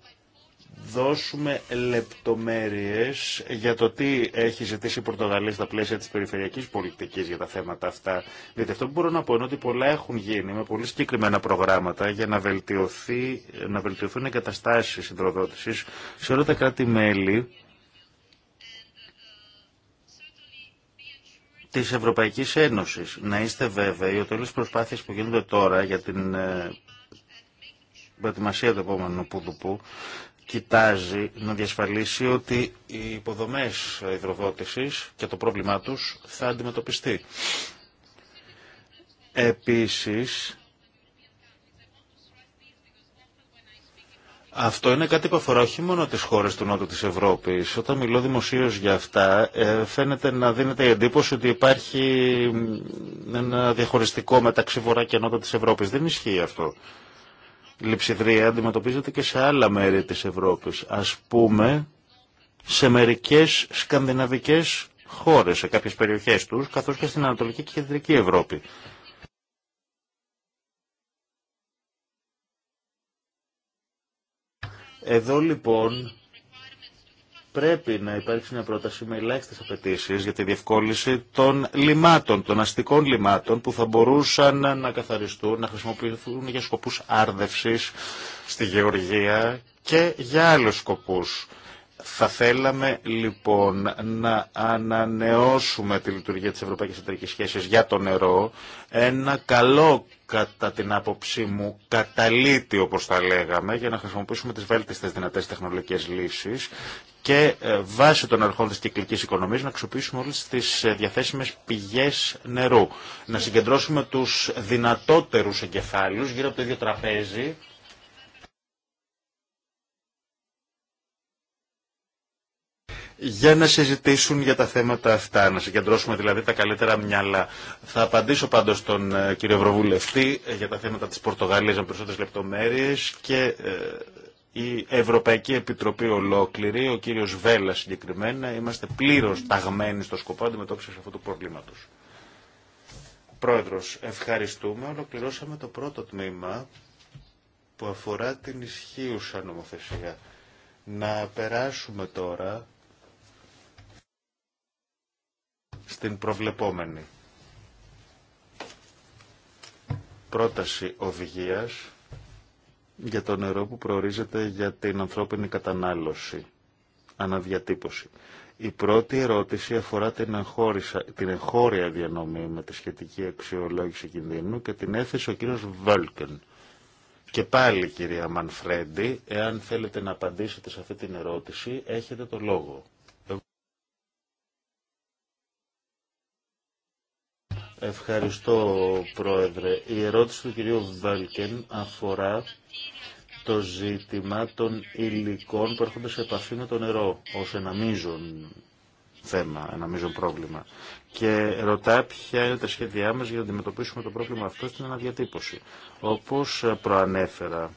δώσουμε λεπτομέρειες για το τι έχει ζητήσει η Πορτογαλία στα πλαίσια της περιφερειακής πολιτικής για τα θέματα αυτά. Διότι αυτό που μπορώ να πω είναι ότι πολλά έχουν γίνει με πολύ συγκεκριμένα προγράμματα για να, βελτιωθεί, να βελτιωθούν οι καταστάσεις συνδροδότησης σε όλα τα κράτη-μέλη Τη Ευρωπαϊκή Ένωση. Να είστε βέβαιοι ότι όλε τι προσπάθειε που γίνονται τώρα για την ε, προετοιμασία του επόμενου πουδουπού κοιτάζει να διασφαλίσει ότι οι υποδομές υδροδότησης και το πρόβλημά τους θα αντιμετωπιστεί. Επίσης, Αυτό είναι κάτι που αφορά όχι μόνο τις χώρες του Νότου της Ευρώπης. Όταν μιλώ δημοσίως για αυτά, ε, φαίνεται να δίνεται η εντύπωση ότι υπάρχει ένα διαχωριστικό μεταξύ Βορρά και Νότου της Ευρώπης. Δεν ισχύει αυτό λειψιδρία αντιμετωπίζεται και σε άλλα μέρη της Ευρώπης. Ας πούμε, σε μερικές σκανδιναβικές χώρες, σε κάποιες περιοχές τους, καθώς και στην Ανατολική και Κεντρική Ευρώπη. Εδώ λοιπόν πρέπει να υπάρξει μια πρόταση με ελάχιστε απαιτήσει για τη διευκόλυνση των λιμάτων, των αστικών λιμάτων που θα μπορούσαν να καθαριστούν, να χρησιμοποιηθούν για σκοπούς άρδευσης στη γεωργία και για άλλους σκοπούς θα θέλαμε λοιπόν να ανανεώσουμε τη λειτουργία της Ευρωπαϊκής Εταιρικής Σχέσης για το νερό, ένα καλό κατά την άποψή μου καταλήτη όπως θα λέγαμε για να χρησιμοποιήσουμε τις βέλτιστες δυνατές τεχνολογικές λύσεις και ε, βάσει των αρχών της κυκλικής οικονομίας να αξιοποιήσουμε όλες τις ε, διαθέσιμες πηγές νερού. Να συγκεντρώσουμε τους δυνατότερους εγκεφάλους γύρω από το ίδιο τραπέζι για να συζητήσουν για τα θέματα αυτά, να συγκεντρώσουμε δηλαδή τα καλύτερα μυαλά. Θα απαντήσω πάντως στον ε, κύριο Ευρωβουλευτή ε, για τα θέματα της Πορτογαλίας με περισσότερες λεπτομέρειες και ε, η Ευρωπαϊκή Επιτροπή ολόκληρη, ο κύριος Βέλλα συγκεκριμένα, είμαστε πλήρως ταγμένοι στο σκοπό αντιμετώπισης αυτού του προβλήματος. Πρόεδρος, ευχαριστούμε. Ολοκληρώσαμε το πρώτο τμήμα που αφορά την ισχύουσα νομοθεσία. Να περάσουμε τώρα στην προβλεπόμενη πρόταση οδηγίας για το νερό που προορίζεται για την ανθρώπινη κατανάλωση. Αναδιατύπωση. Η πρώτη ερώτηση αφορά την, την εγχώρια διανομή με τη σχετική αξιολόγηση κινδύνου και την έθεσε ο κύριος Βόλκεν. Και πάλι κυρία Μανφρέντι, εάν θέλετε να απαντήσετε σε αυτή την ερώτηση, έχετε το λόγο. Ευχαριστώ, Πρόεδρε. Η ερώτηση του κυρίου Βάλκεν αφορά το ζήτημα των υλικών που έρχονται σε επαφή με το νερό ως ένα μείζον θέμα, ένα μείζον πρόβλημα. Και ρωτά ποια είναι τα σχέδιά μας για να αντιμετωπίσουμε το πρόβλημα αυτό στην αναδιατύπωση. Όπως προανέφερα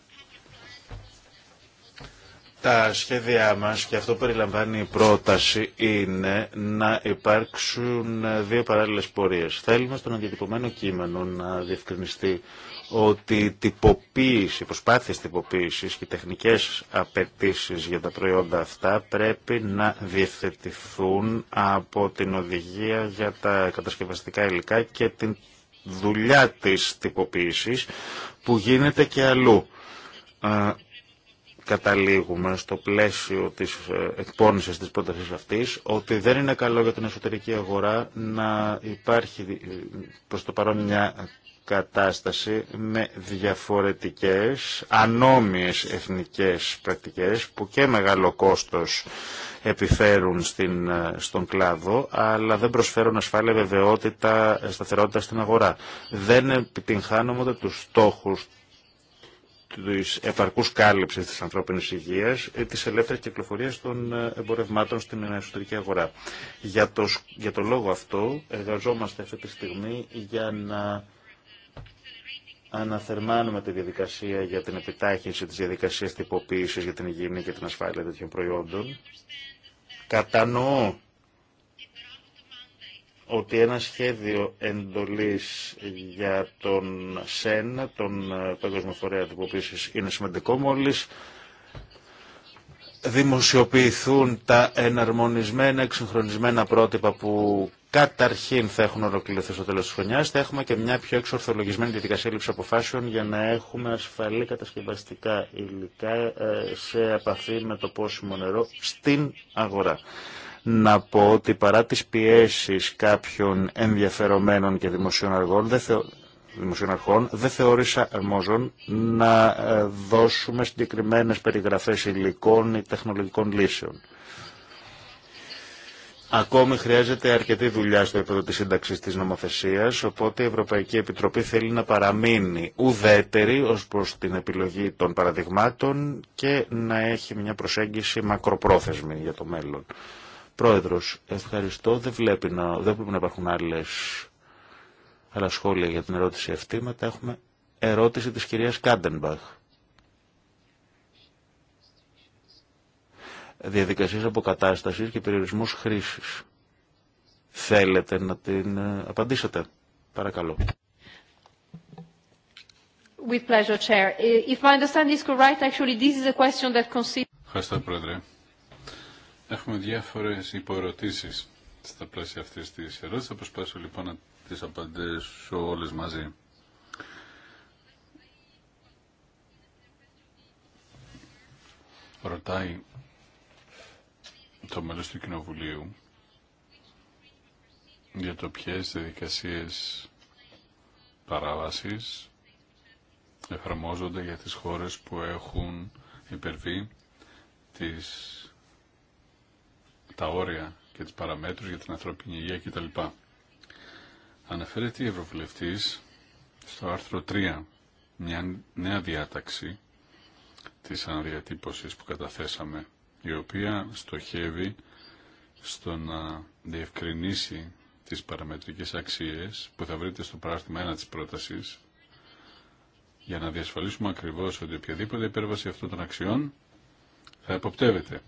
τα σχέδιά μας και αυτό που περιλαμβάνει η πρόταση είναι να υπάρξουν δύο παράλληλες πορείες. Θέλουμε στον αντιτυπωμένο κείμενο να διευκρινιστεί ότι η τυποποίηση, οι προσπάθειες τυποποίησης και οι τεχνικές απαιτήσεις για τα προϊόντα αυτά πρέπει να διευθετηθούν από την οδηγία για τα κατασκευαστικά υλικά και την δουλειά της τυποποίησης που γίνεται και αλλού καταλήγουμε στο πλαίσιο της ε, εκπόνησης της πρότασης αυτής ότι δεν είναι καλό για την εσωτερική αγορά να υπάρχει ε, προς το παρόν μια κατάσταση με διαφορετικές ανόμιες εθνικές πρακτικές που και μεγάλο κόστος επιφέρουν στην, ε, στον κλάδο αλλά δεν προσφέρουν ασφάλεια, βεβαιότητα, σταθερότητα στην αγορά. Δεν επιτυγχάνουμε ούτε τους στόχους της επαρκούς κάλυψης της ανθρώπινης υγείας τη ε, της ελεύθερης κυκλοφορίας των ε, εμπορευμάτων στην εσωτερική αγορά. Για το, για το λόγο αυτό εργαζόμαστε αυτή τη στιγμή για να αναθερμάνουμε τη διαδικασία για την επιτάχυνση της διαδικασίας τυποποίησης για την υγιεινή και την ασφάλεια τέτοιων προϊόντων. Κατανοώ ότι ένα σχέδιο εντολής για τον ΣΕΝ, τον ε, Παγκόσμιο Φορέα Τυποποίησης, είναι σημαντικό μόλι, δημοσιοποιηθούν τα εναρμονισμένα, εξυγχρονισμένα πρότυπα που καταρχήν θα έχουν ολοκληρωθεί στο τέλος της χρονιάς, θα έχουμε και μια πιο εξορθολογισμένη διαδικασία λήψη αποφάσεων για να έχουμε ασφαλή κατασκευαστικά υλικά ε, σε επαφή με το πόσιμο νερό στην αγορά να πω ότι παρά τις πιέσεις κάποιων ενδιαφερομένων και δημοσίων δεν θεω... δεν θεώρησα αρμόζων να ε, δώσουμε συγκεκριμένες περιγραφές υλικών ή τεχνολογικών λύσεων. Ακόμη χρειάζεται αρκετή δουλειά στο επίπεδο της σύνταξης της νομοθεσίας, οπότε η Ευρωπαϊκή Επιτροπή θέλει να παραμείνει ουδέτερη ως προς την επιλογή των παραδειγμάτων και να έχει μια προσέγγιση μακροπρόθεσμη για το μέλλον. Πρόεδρος, ευχαριστώ. Δεν, βλέπει να, δεν πρέπει να υπάρχουν άλλες, άλλα σχόλια για την ερώτηση αυτή. Μετά έχουμε ερώτηση της κυρίας Κάντενμπαχ. Διαδικασίες αποκατάστασης και περιορισμούς χρήσης. Θέλετε να την ε, απαντήσετε. Παρακαλώ. With pleasure, Chair. If I understand correct, actually this is a question that Ευχαριστώ, Πρόεδρε. Έχουμε διάφορες υποερωτήσεις στα πλαίσια αυτής της ερώτησης. Θα προσπάσω λοιπόν να τις απαντήσω όλες μαζί. Ρωτάει το μέλος του Κοινοβουλίου για το ποιες διαδικασίε παράβασης εφαρμόζονται για τις χώρες που έχουν υπερβεί τις τα όρια και τις παραμέτρους για την ανθρώπινη υγεία κτλ. Αναφέρεται η Ευρωβουλευτής στο άρθρο 3 μια νέα διάταξη της αναδιατύπωσης που καταθέσαμε η οποία στοχεύει στο να διευκρινίσει τις παραμετρικές αξίες που θα βρείτε στο παράρτημα 1 της πρότασης για να διασφαλίσουμε ακριβώς ότι οποιαδήποτε υπέρβαση αυτών των αξιών θα υποπτεύεται.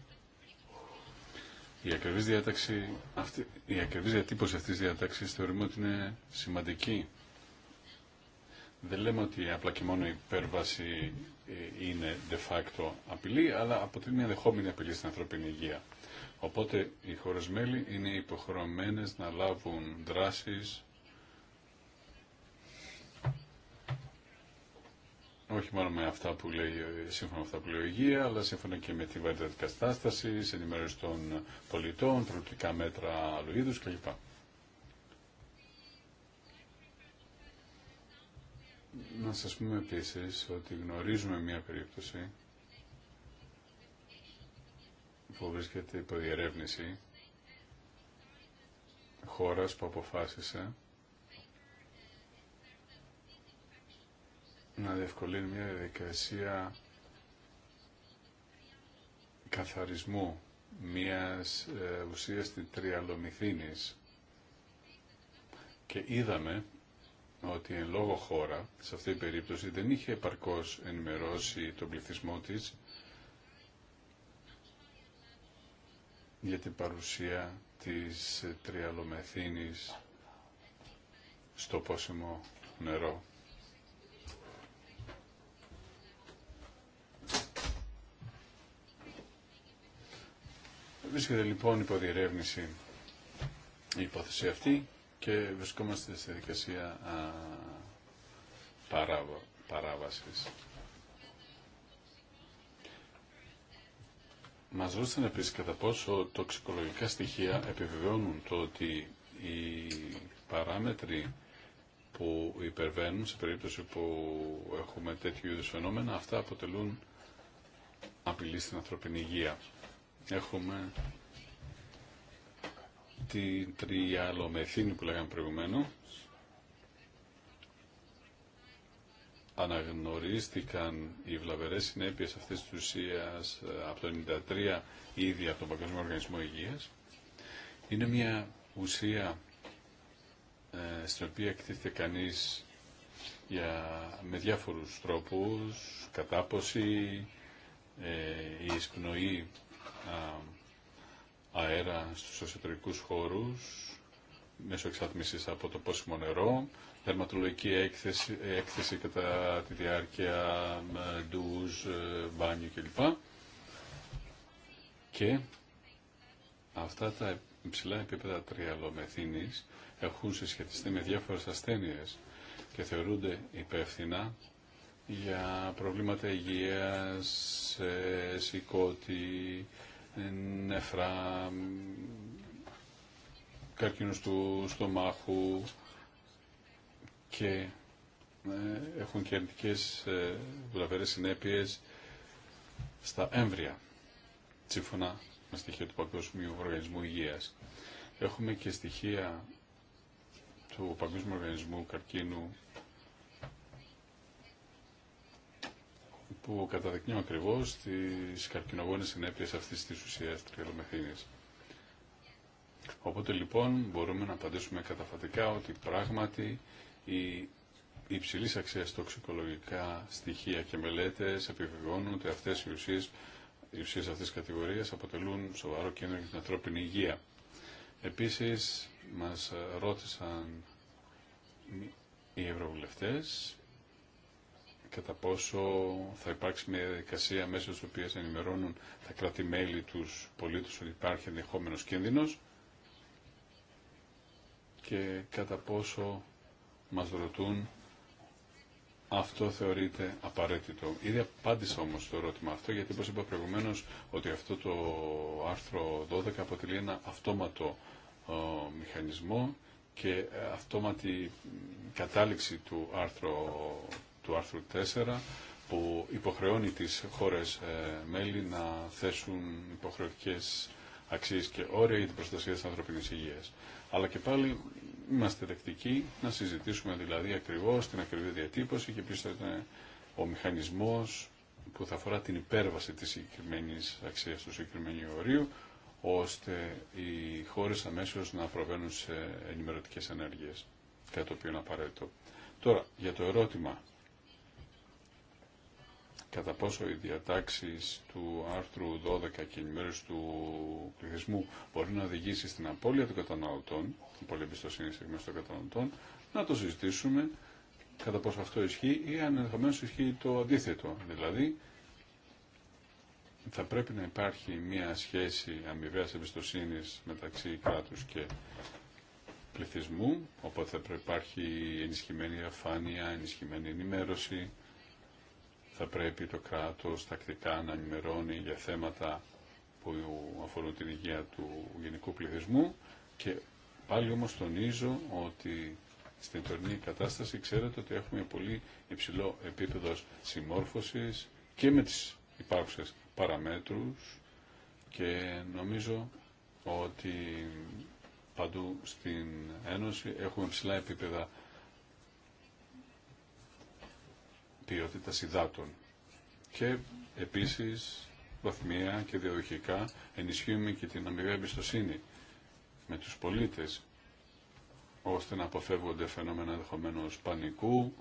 Η ακριβής, διάταξη, αυτή, η ακριβής διατύπωση αυτής της διάταξης θεωρούμε ότι είναι σημαντική. Δεν λέμε ότι απλά και μόνο η υπέρβαση ε, είναι de facto απειλή, αλλά αποτελεί μια δεχόμενη απειλή στην ανθρώπινη υγεία. Οπότε οι χώρες μέλη είναι υποχρεωμένες να λάβουν δράσεις όχι μόνο με αυτά που λέει, σύμφωνα με αυτά που λέει η Υγεία, αλλά σύμφωνα και με τη βαρύτητα της κατάσταση, ενημέρωση των πολιτών, προοπτικά μέτρα άλλου κλπ. Να σας πούμε επίσης ότι γνωρίζουμε μια περίπτωση που βρίσκεται υπό διερεύνηση χώρας που αποφάσισε να διευκολύνει μια διαδικασία καθαρισμού μιας ε, ουσίας της τριαλομηθήνης και είδαμε ότι εν λόγω χώρα, σε αυτή την περίπτωση, δεν είχε επαρκώς ενημερώσει τον πληθυσμό της για την παρουσία της τριαλομεθήνης στο πόσιμο νερό. Βρίσκεται λοιπόν υπό διερεύνηση η υπόθεση αυτή και βρισκόμαστε στη δικασία παράβαση. παράβασης. Μας ρώτησαν επίσης κατά πόσο τοξικολογικά στοιχεία επιβεβαιώνουν το ότι οι παράμετροι που υπερβαίνουν σε περίπτωση που έχουμε τέτοιου είδους φαινόμενα, αυτά αποτελούν απειλή στην ανθρωπινή υγεία. Έχουμε την τριαλομεθύνη που λέγαμε προηγουμένω. Αναγνωρίστηκαν οι βλαβερές συνέπειες αυτής της ουσίας ε, από το 1993 ήδη από τον Παγκόσμιο Οργανισμό Υγείας. Είναι μια ουσία ε, στην οποία εκτίθεται κανείς για, με διάφορους τρόπους, κατάποση, ε, η εισπνοή αέρα στους εσωτερικούς χώρους μέσω εξατμίσεις από το πόσιμο νερό, δερματολογική έκθεση, έκθεση κατά τη διάρκεια ε, ντουζ, ε, μπάνιου κλπ. Και αυτά τα υψηλά επίπεδα τριαλομεθύνης έχουν συσχετιστεί με διάφορες ασθένειες και θεωρούνται υπεύθυνα για προβλήματα υγείας, ε, σηκώτη, νεφρά, καρκίνους του στομάχου και ε, έχουν και αρνητικές ε, βλαβερές συνέπειες στα έμβρια, σύμφωνα με στοιχεία του Παγκόσμιου Οργανισμού Υγείας. Έχουμε και στοιχεία του Παγκόσμιου Οργανισμού Καρκίνου που καταδεικνύουν ακριβώς τις καρκινογόνες συνέπειε αυτής της ουσίας τριγελομεθύνης. Οπότε λοιπόν μπορούμε να απαντήσουμε καταφατικά ότι πράγματι η υψηλή αξία τοξικολογικά στοιχεία και μελέτες επιβεβαιώνουν ότι αυτέ οι ουσίε οι ουσίες αυτής τη κατηγορίας αποτελούν σοβαρό κίνδυνο για την ανθρώπινη υγεία. Επίση, μα ρώτησαν οι ευρωβουλευτέ κατά πόσο θα υπάρξει μια διαδικασία μέσω της οποίας ενημερώνουν τα κρατη τους πολίτες ότι υπάρχει ενδεχόμενος κίνδυνος και κατά πόσο μας ρωτούν αυτό θεωρείται απαραίτητο. Ήδη απάντησα όμως το ερώτημα αυτό, γιατί όπως είπα προηγουμένως ότι αυτό το άρθρο 12 αποτελεί ένα αυτόματο ε, μηχανισμό και αυτόματη κατάληξη του άρθρου του άρθρου 4 που υποχρεώνει τις χώρες ε, μέλη να θέσουν υποχρεωτικές αξίες και όρια για την προστασία της ανθρωπινής υγείας. Αλλά και πάλι είμαστε δεκτικοί να συζητήσουμε δηλαδή ακριβώς την ακριβή διατύπωση και ποιος ο μηχανισμός που θα αφορά την υπέρβαση της συγκεκριμένη αξίας του συγκεκριμένου ορίου ώστε οι χώρες αμέσως να προβαίνουν σε ενημερωτικές ενέργειες, κάτι το οποίο είναι απαραίτητο. Τώρα, για το ερώτημα κατά πόσο οι διατάξεις του άρθρου 12 και η ενημέρωση του πληθυσμού μπορεί να οδηγήσει στην απώλεια των καταναλωτών, την πολλή εμπιστοσύνη στιγμές των καταναλωτών, να το συζητήσουμε κατά πόσο αυτό ισχύει ή αν ενδεχομένω ισχύει το αντίθετο. Δηλαδή, θα πρέπει να υπάρχει μια σχέση αμοιβαίας εμπιστοσύνη μεταξύ κράτους και πληθυσμού, οπότε θα πρέπει να υπάρχει ενισχυμένη αφάνεια, ενισχυμένη ενημέρωση, θα πρέπει το κράτος τακτικά να ενημερώνει για θέματα που αφορούν την υγεία του γενικού πληθυσμού και πάλι όμως τονίζω ότι στην τωρινή κατάσταση ξέρετε ότι έχουμε πολύ υψηλό επίπεδο συμμόρφωσης και με τις υπάρχουσες παραμέτρους και νομίζω ότι παντού στην Ένωση έχουμε ψηλά επίπεδα Ποιότητα υδάτων. Και επίσης βαθμία και διαδοχικά ενισχύουμε και την αμοιβή εμπιστοσύνη με τους πολίτες ώστε να αποφεύγονται φαινόμενα ενδεχομένω πανικού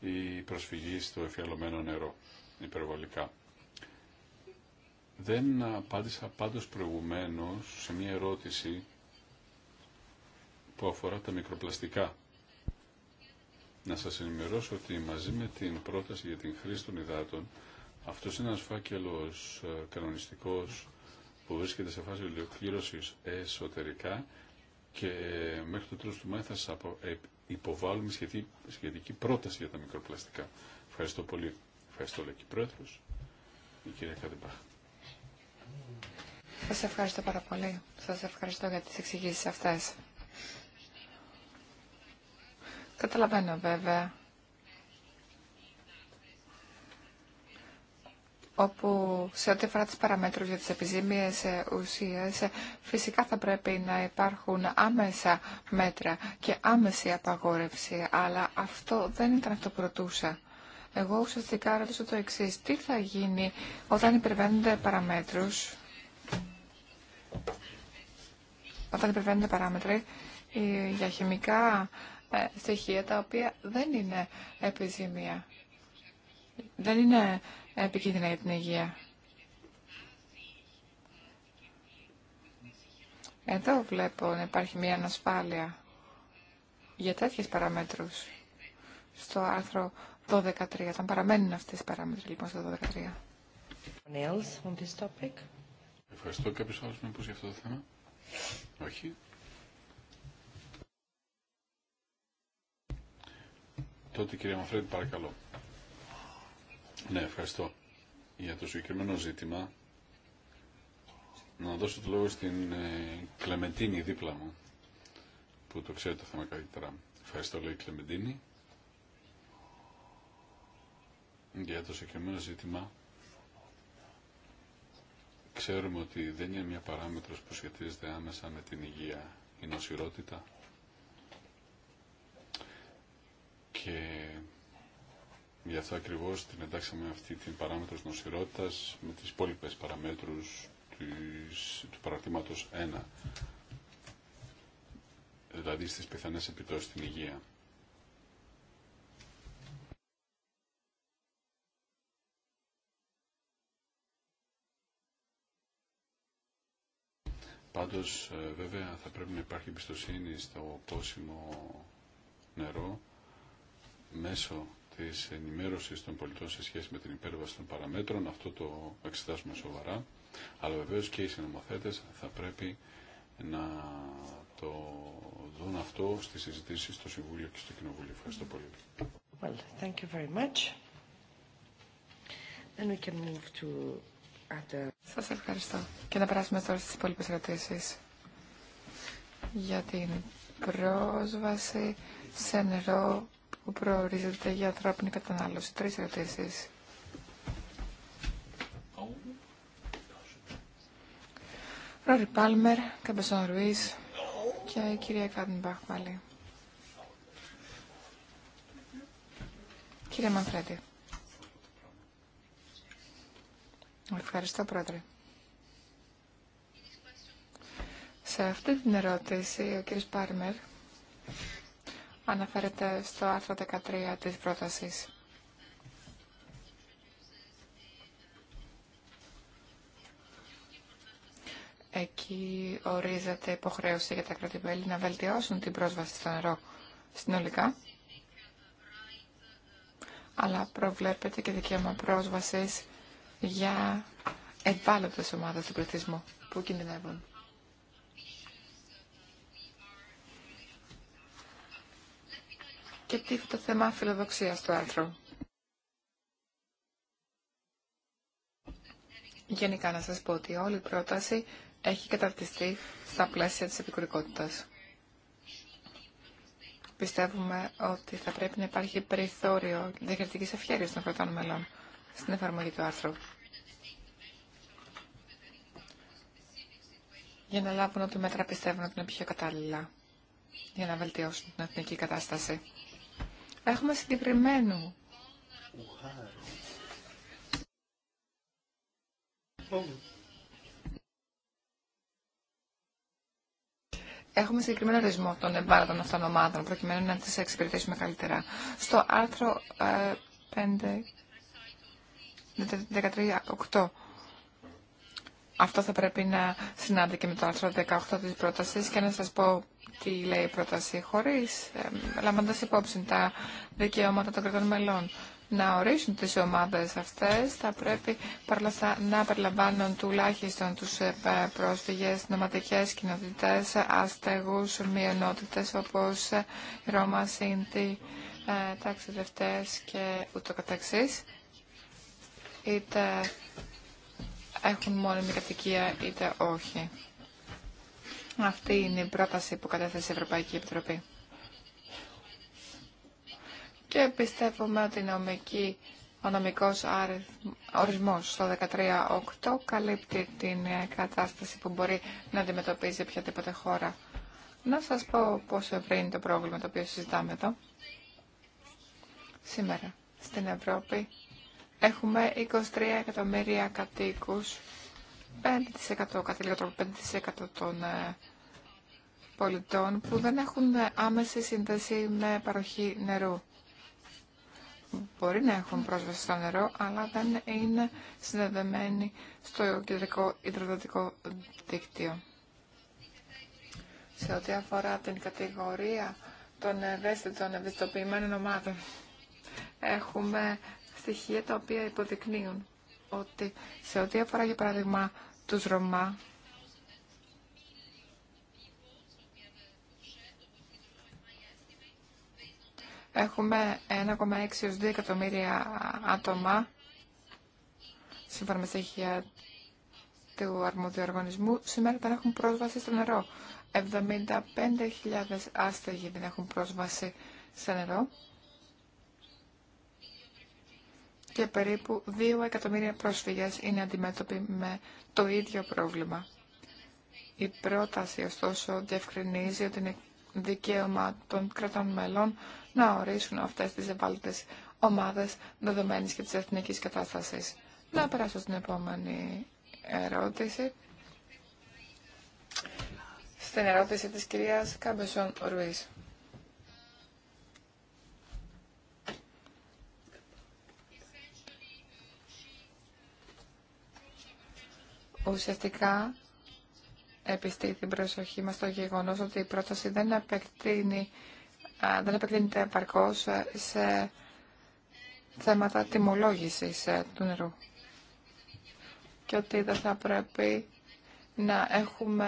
ή προσφυγή στο εφιαλωμένο νερό υπερβολικά. Δεν απάντησα πάντως προηγουμένως σε μια ερώτηση που αφορά τα μικροπλαστικά να σας ενημερώσω ότι μαζί με την πρόταση για την χρήση των υδάτων, αυτός είναι ένας φάκελος ε, κανονιστικός που βρίσκεται σε φάση ολοκλήρωσης εσωτερικά και μέχρι το τέλος του Μάη θα σας ε, υποβάλουμε σχετική πρόταση για τα μικροπλαστικά. Ευχαριστώ πολύ. Ευχαριστώ, λέει και η Πρόεδρος, η κυρία Καδεμπάχ. Σας ευχαριστώ πάρα πολύ. Σας ευχαριστώ για τις εξηγήσεις αυτές. Καταλαβαίνω βέβαια. όπου σε ό,τι αφορά τις παραμέτρους για τις επιζήμιες ε, ουσίες, ε, φυσικά θα πρέπει να υπάρχουν άμεσα μέτρα και άμεση απαγόρευση, αλλά αυτό δεν ήταν αυτό που ρωτούσα. Εγώ ουσιαστικά ρωτήσω το εξή. Τι θα γίνει όταν υπερβαίνονται παραμέτρους, όταν υπερβαίνονται παράμετροι ε, για χημικά ε, στοιχεία τα οποία δεν είναι επιζημία. Δεν είναι επικίνδυνα για την υγεία. Εδώ βλέπω να υπάρχει μια ανασφάλεια για τέτοιες παραμέτρους στο άρθρο 12.3. Θα παραμένουν αυτές οι παράμετροι λοιπόν στο 12.3. Ευχαριστώ. Κάποιος άλλος μήπως για αυτό το θέμα. Όχι. Τότε κυρία Μαφρέντη παρακαλώ. Ναι, ευχαριστώ για το συγκεκριμένο ζήτημα. Να δώσω το λόγο στην ε, Κλεμεντίνη δίπλα μου, που το ξέρει το θέμα καλύτερα. Ευχαριστώ, λέει Κλεμεντίνη, για το συγκεκριμένο ζήτημα. Ξέρουμε ότι δεν είναι μια παράμετρος που σχετίζεται άμεσα με την υγεία, η νοσηρότητα. και γι' αυτό ακριβώς την εντάξαμε αυτή την παράμετρο νοσηρότητας με τις υπόλοιπες παραμέτρους του παραρτήματος 1 δηλαδή στις πιθανές επιπτώσεις στην υγεία. Πάντως ε, βέβαια θα πρέπει να υπάρχει εμπιστοσύνη στο πόσιμο νερό μέσω της ενημέρωσης των πολιτών σε σχέση με την υπέρβαση των παραμέτρων. Αυτό το εξετάσουμε σοβαρά. Αλλά βεβαίως και οι συνομοθέτες θα πρέπει να το δουν αυτό στις συζητήσεις στο Συμβούλιο και στο Κοινοβούλιο. Ευχαριστώ πολύ. Well, Σας ευχαριστώ. Και να περάσουμε τώρα στις υπόλοιπες ερωτήσεις για την πρόσβαση σε νερό που προορίζεται για ανθρώπινη κατανάλωση. Τρεις ερωτήσεις. Ρόρι Πάλμερ, Καμπεσόν Ρουίς και η κυρία Κάντιμπαχ πάλι. Κύριε Μανφρέτη. Ευχαριστώ, Πρόεδρε. Σε αυτή την ερώτηση, ο κύριος Πάρμερ αναφέρεται στο άρθρο 13 της πρότασης. Εκεί ορίζεται υποχρέωση για τα κρατημέλη να βελτιώσουν την πρόσβαση στο νερό συνολικά, αλλά προβλέπεται και δικαίωμα πρόσβασης για ευάλωτες ομάδες του πληθυσμού που κινδυνεύουν. και τι το θέμα φιλοδοξίας του άρθρου. Γενικά να σας πω ότι όλη η πρόταση έχει καταρτιστεί στα πλαίσια της επικουρικότητας. Πιστεύουμε ότι θα πρέπει να υπάρχει περιθώριο διακριτικής ευχαίρεια των κρατών μελών στην εφαρμογή του άρθρου. Για να λάβουν ό,τι μέτρα πιστεύουν ότι είναι πιο κατάλληλα για να βελτιώσουν την εθνική κατάσταση. Έχουμε συγκεκριμένο. Έχουμε συγκεκριμένο ορισμό των εμπάρδων αυτών ομάδων, προκειμένου να τις εξυπηρετήσουμε καλύτερα. Στο άρθρο ε, 5, 8, αυτό θα πρέπει να συνάδει και με το άρθρο 18 της πρότασης και να σας πω τι λέει η πρόταση χωρίς, ε, λαμβάνοντας υπόψη τα δικαιώματα των κρατών μελών να ορίσουν τις ομάδες αυτές, θα πρέπει παρόλα να περιλαμβάνουν τουλάχιστον τους ε, πρόσφυγες, νοματικές κοινότητες, αστεγούς, μειονότητες όπως ε, Ρώμα, Σύντη, ε, ταξιδευτές και ούτω καθεξής. Είτε έχουν μόνιμη κατοικία είτε όχι. Αυτή είναι η πρόταση που κατέθεσε η Ευρωπαϊκή Επιτροπή. Και πιστεύουμε ότι νομική, ο νομικός ορισμός στο 13.8 καλύπτει την κατάσταση που μπορεί να αντιμετωπίζει οποιαδήποτε χώρα. Να σας πω πόσο ευρύ είναι το πρόβλημα το οποίο συζητάμε εδώ. Σήμερα στην Ευρώπη Έχουμε 23 εκατομμύρια κατοίκους, 5% κατά 5% των ε, πολιτών που δεν έχουν ε, άμεση σύνδεση με παροχή νερού. Μπορεί να έχουν πρόσβαση στο νερό, αλλά δεν είναι συνδεδεμένοι στο κεντρικό υδροδοτικό δίκτυο. Σε ό,τι αφορά την κατηγορία των ευαίσθητων ευαισθητοποιημένων ομάδων, έχουμε στοιχεία τα οποία υποδεικνύουν ότι σε ό,τι αφορά για παράδειγμα τους Ρωμά έχουμε 1,6 2 εκατομμύρια άτομα σύμφωνα με στοιχεία του αρμόδιου οργανισμού σήμερα δεν έχουν πρόσβαση στο νερό. 75.000 άστεγοι δεν έχουν πρόσβαση σε νερό. και περίπου 2 εκατομμύρια πρόσφυγες είναι αντιμέτωποι με το ίδιο πρόβλημα. Η πρόταση, ωστόσο, διευκρινίζει ότι είναι δικαίωμα των κρατών μελών να ορίσουν αυτές τις ευάλωτες ομάδες δεδομένης και της εθνικής κατάστασης. Να περάσω στην επόμενη ερώτηση. Στην ερώτηση της κυρίας Κάμπεσον Ρουίς. Ουσιαστικά επιστεί την προσοχή μας στο γεγονός ότι η πρόταση δεν, επεκτείνει, δεν επεκτείνεται επαρκώς ε, σε θέματα τιμολόγησης ε, του νερού και ότι δεν θα πρέπει να έχουμε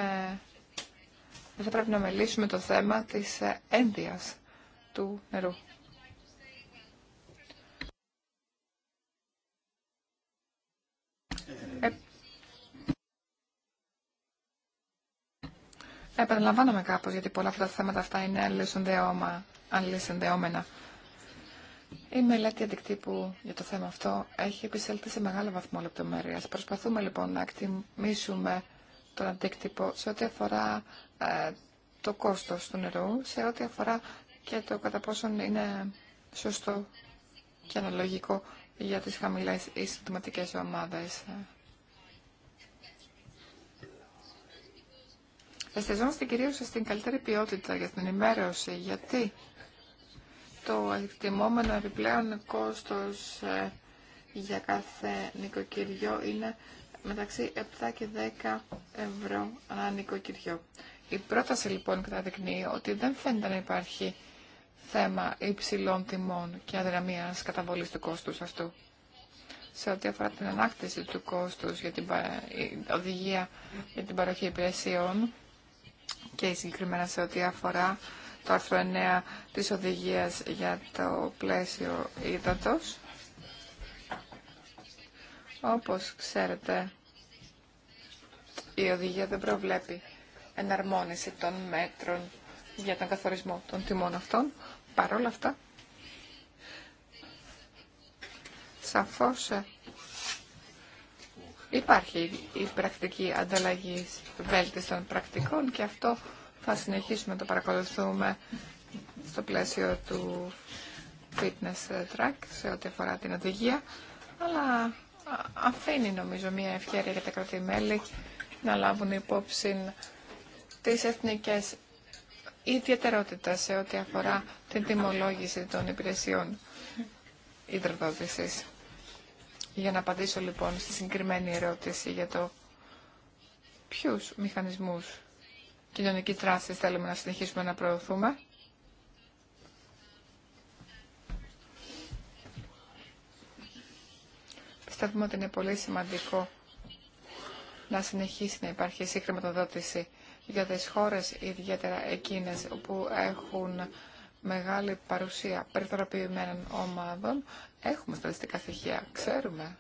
δεν θα πρέπει να μελήσουμε το θέμα της ε, ένδυας του νερού. επαναλαμβάνομαι κάπως, γιατί πολλά αυτά τα θέματα αυτά είναι αλληλεσυνδεόμενα. Η μελέτη αντικτύπου για το θέμα αυτό έχει επισέλθει σε μεγάλο βαθμό λεπτομέρεια. Προσπαθούμε λοιπόν να εκτιμήσουμε τον αντίκτυπο σε ό,τι αφορά ε, το κόστος του νερού, σε ό,τι αφορά και το κατά πόσον είναι σωστό και αναλογικό για τις χαμηλές ή συντηματικές ομάδες. εστιαζόμαστε κυρίως στην καλύτερη ποιότητα για την ενημέρωση, γιατί το εκτιμόμενο επιπλέον κόστος ε, για κάθε νοικοκυριό είναι μεταξύ 7 και 10 ευρώ ανά νοικοκυριό. Η πρόταση λοιπόν καταδεικνύει ότι δεν φαίνεται να υπάρχει θέμα υψηλών τιμών και αδυναμίας καταβολής του κόστους αυτού. Σε ό,τι αφορά την ανάκτηση του κόστους για την οδηγία για την παροχή υπηρεσιών, και συγκεκριμένα σε ό,τι αφορά το άρθρο 9 της οδηγίας για το πλαίσιο ύδατος. Όπως ξέρετε, η οδηγία δεν προβλέπει εναρμόνιση των μέτρων για τον καθορισμό των τιμών αυτών. Παρ' όλα αυτά, σαφώς Υπάρχει η πρακτική ανταλλαγή των πρακτικών και αυτό θα συνεχίσουμε να το παρακολουθούμε στο πλαίσιο του fitness track σε ό,τι αφορά την οδηγία, αλλά αφήνει νομίζω μια ευκαιρία για τα κρατημέλη να λάβουν υπόψη τις εθνικές ιδιαιτερότητες σε ό,τι αφορά την τιμολόγηση των υπηρεσιών υδροδότησης. Για να απαντήσω λοιπόν στη συγκεκριμένη ερώτηση για το ποιου μηχανισμούς κοινωνική δράση θέλουμε να συνεχίσουμε να προωθούμε. Πιστεύουμε ότι είναι πολύ σημαντικό να συνεχίσει να υπάρχει συγχρηματοδότηση για τις χώρες, ιδιαίτερα εκείνες που έχουν μεγάλη παρουσία περιθωριοποιημένων ομάδων, έχουμε στατιστικά στοιχεία. Ξέρουμε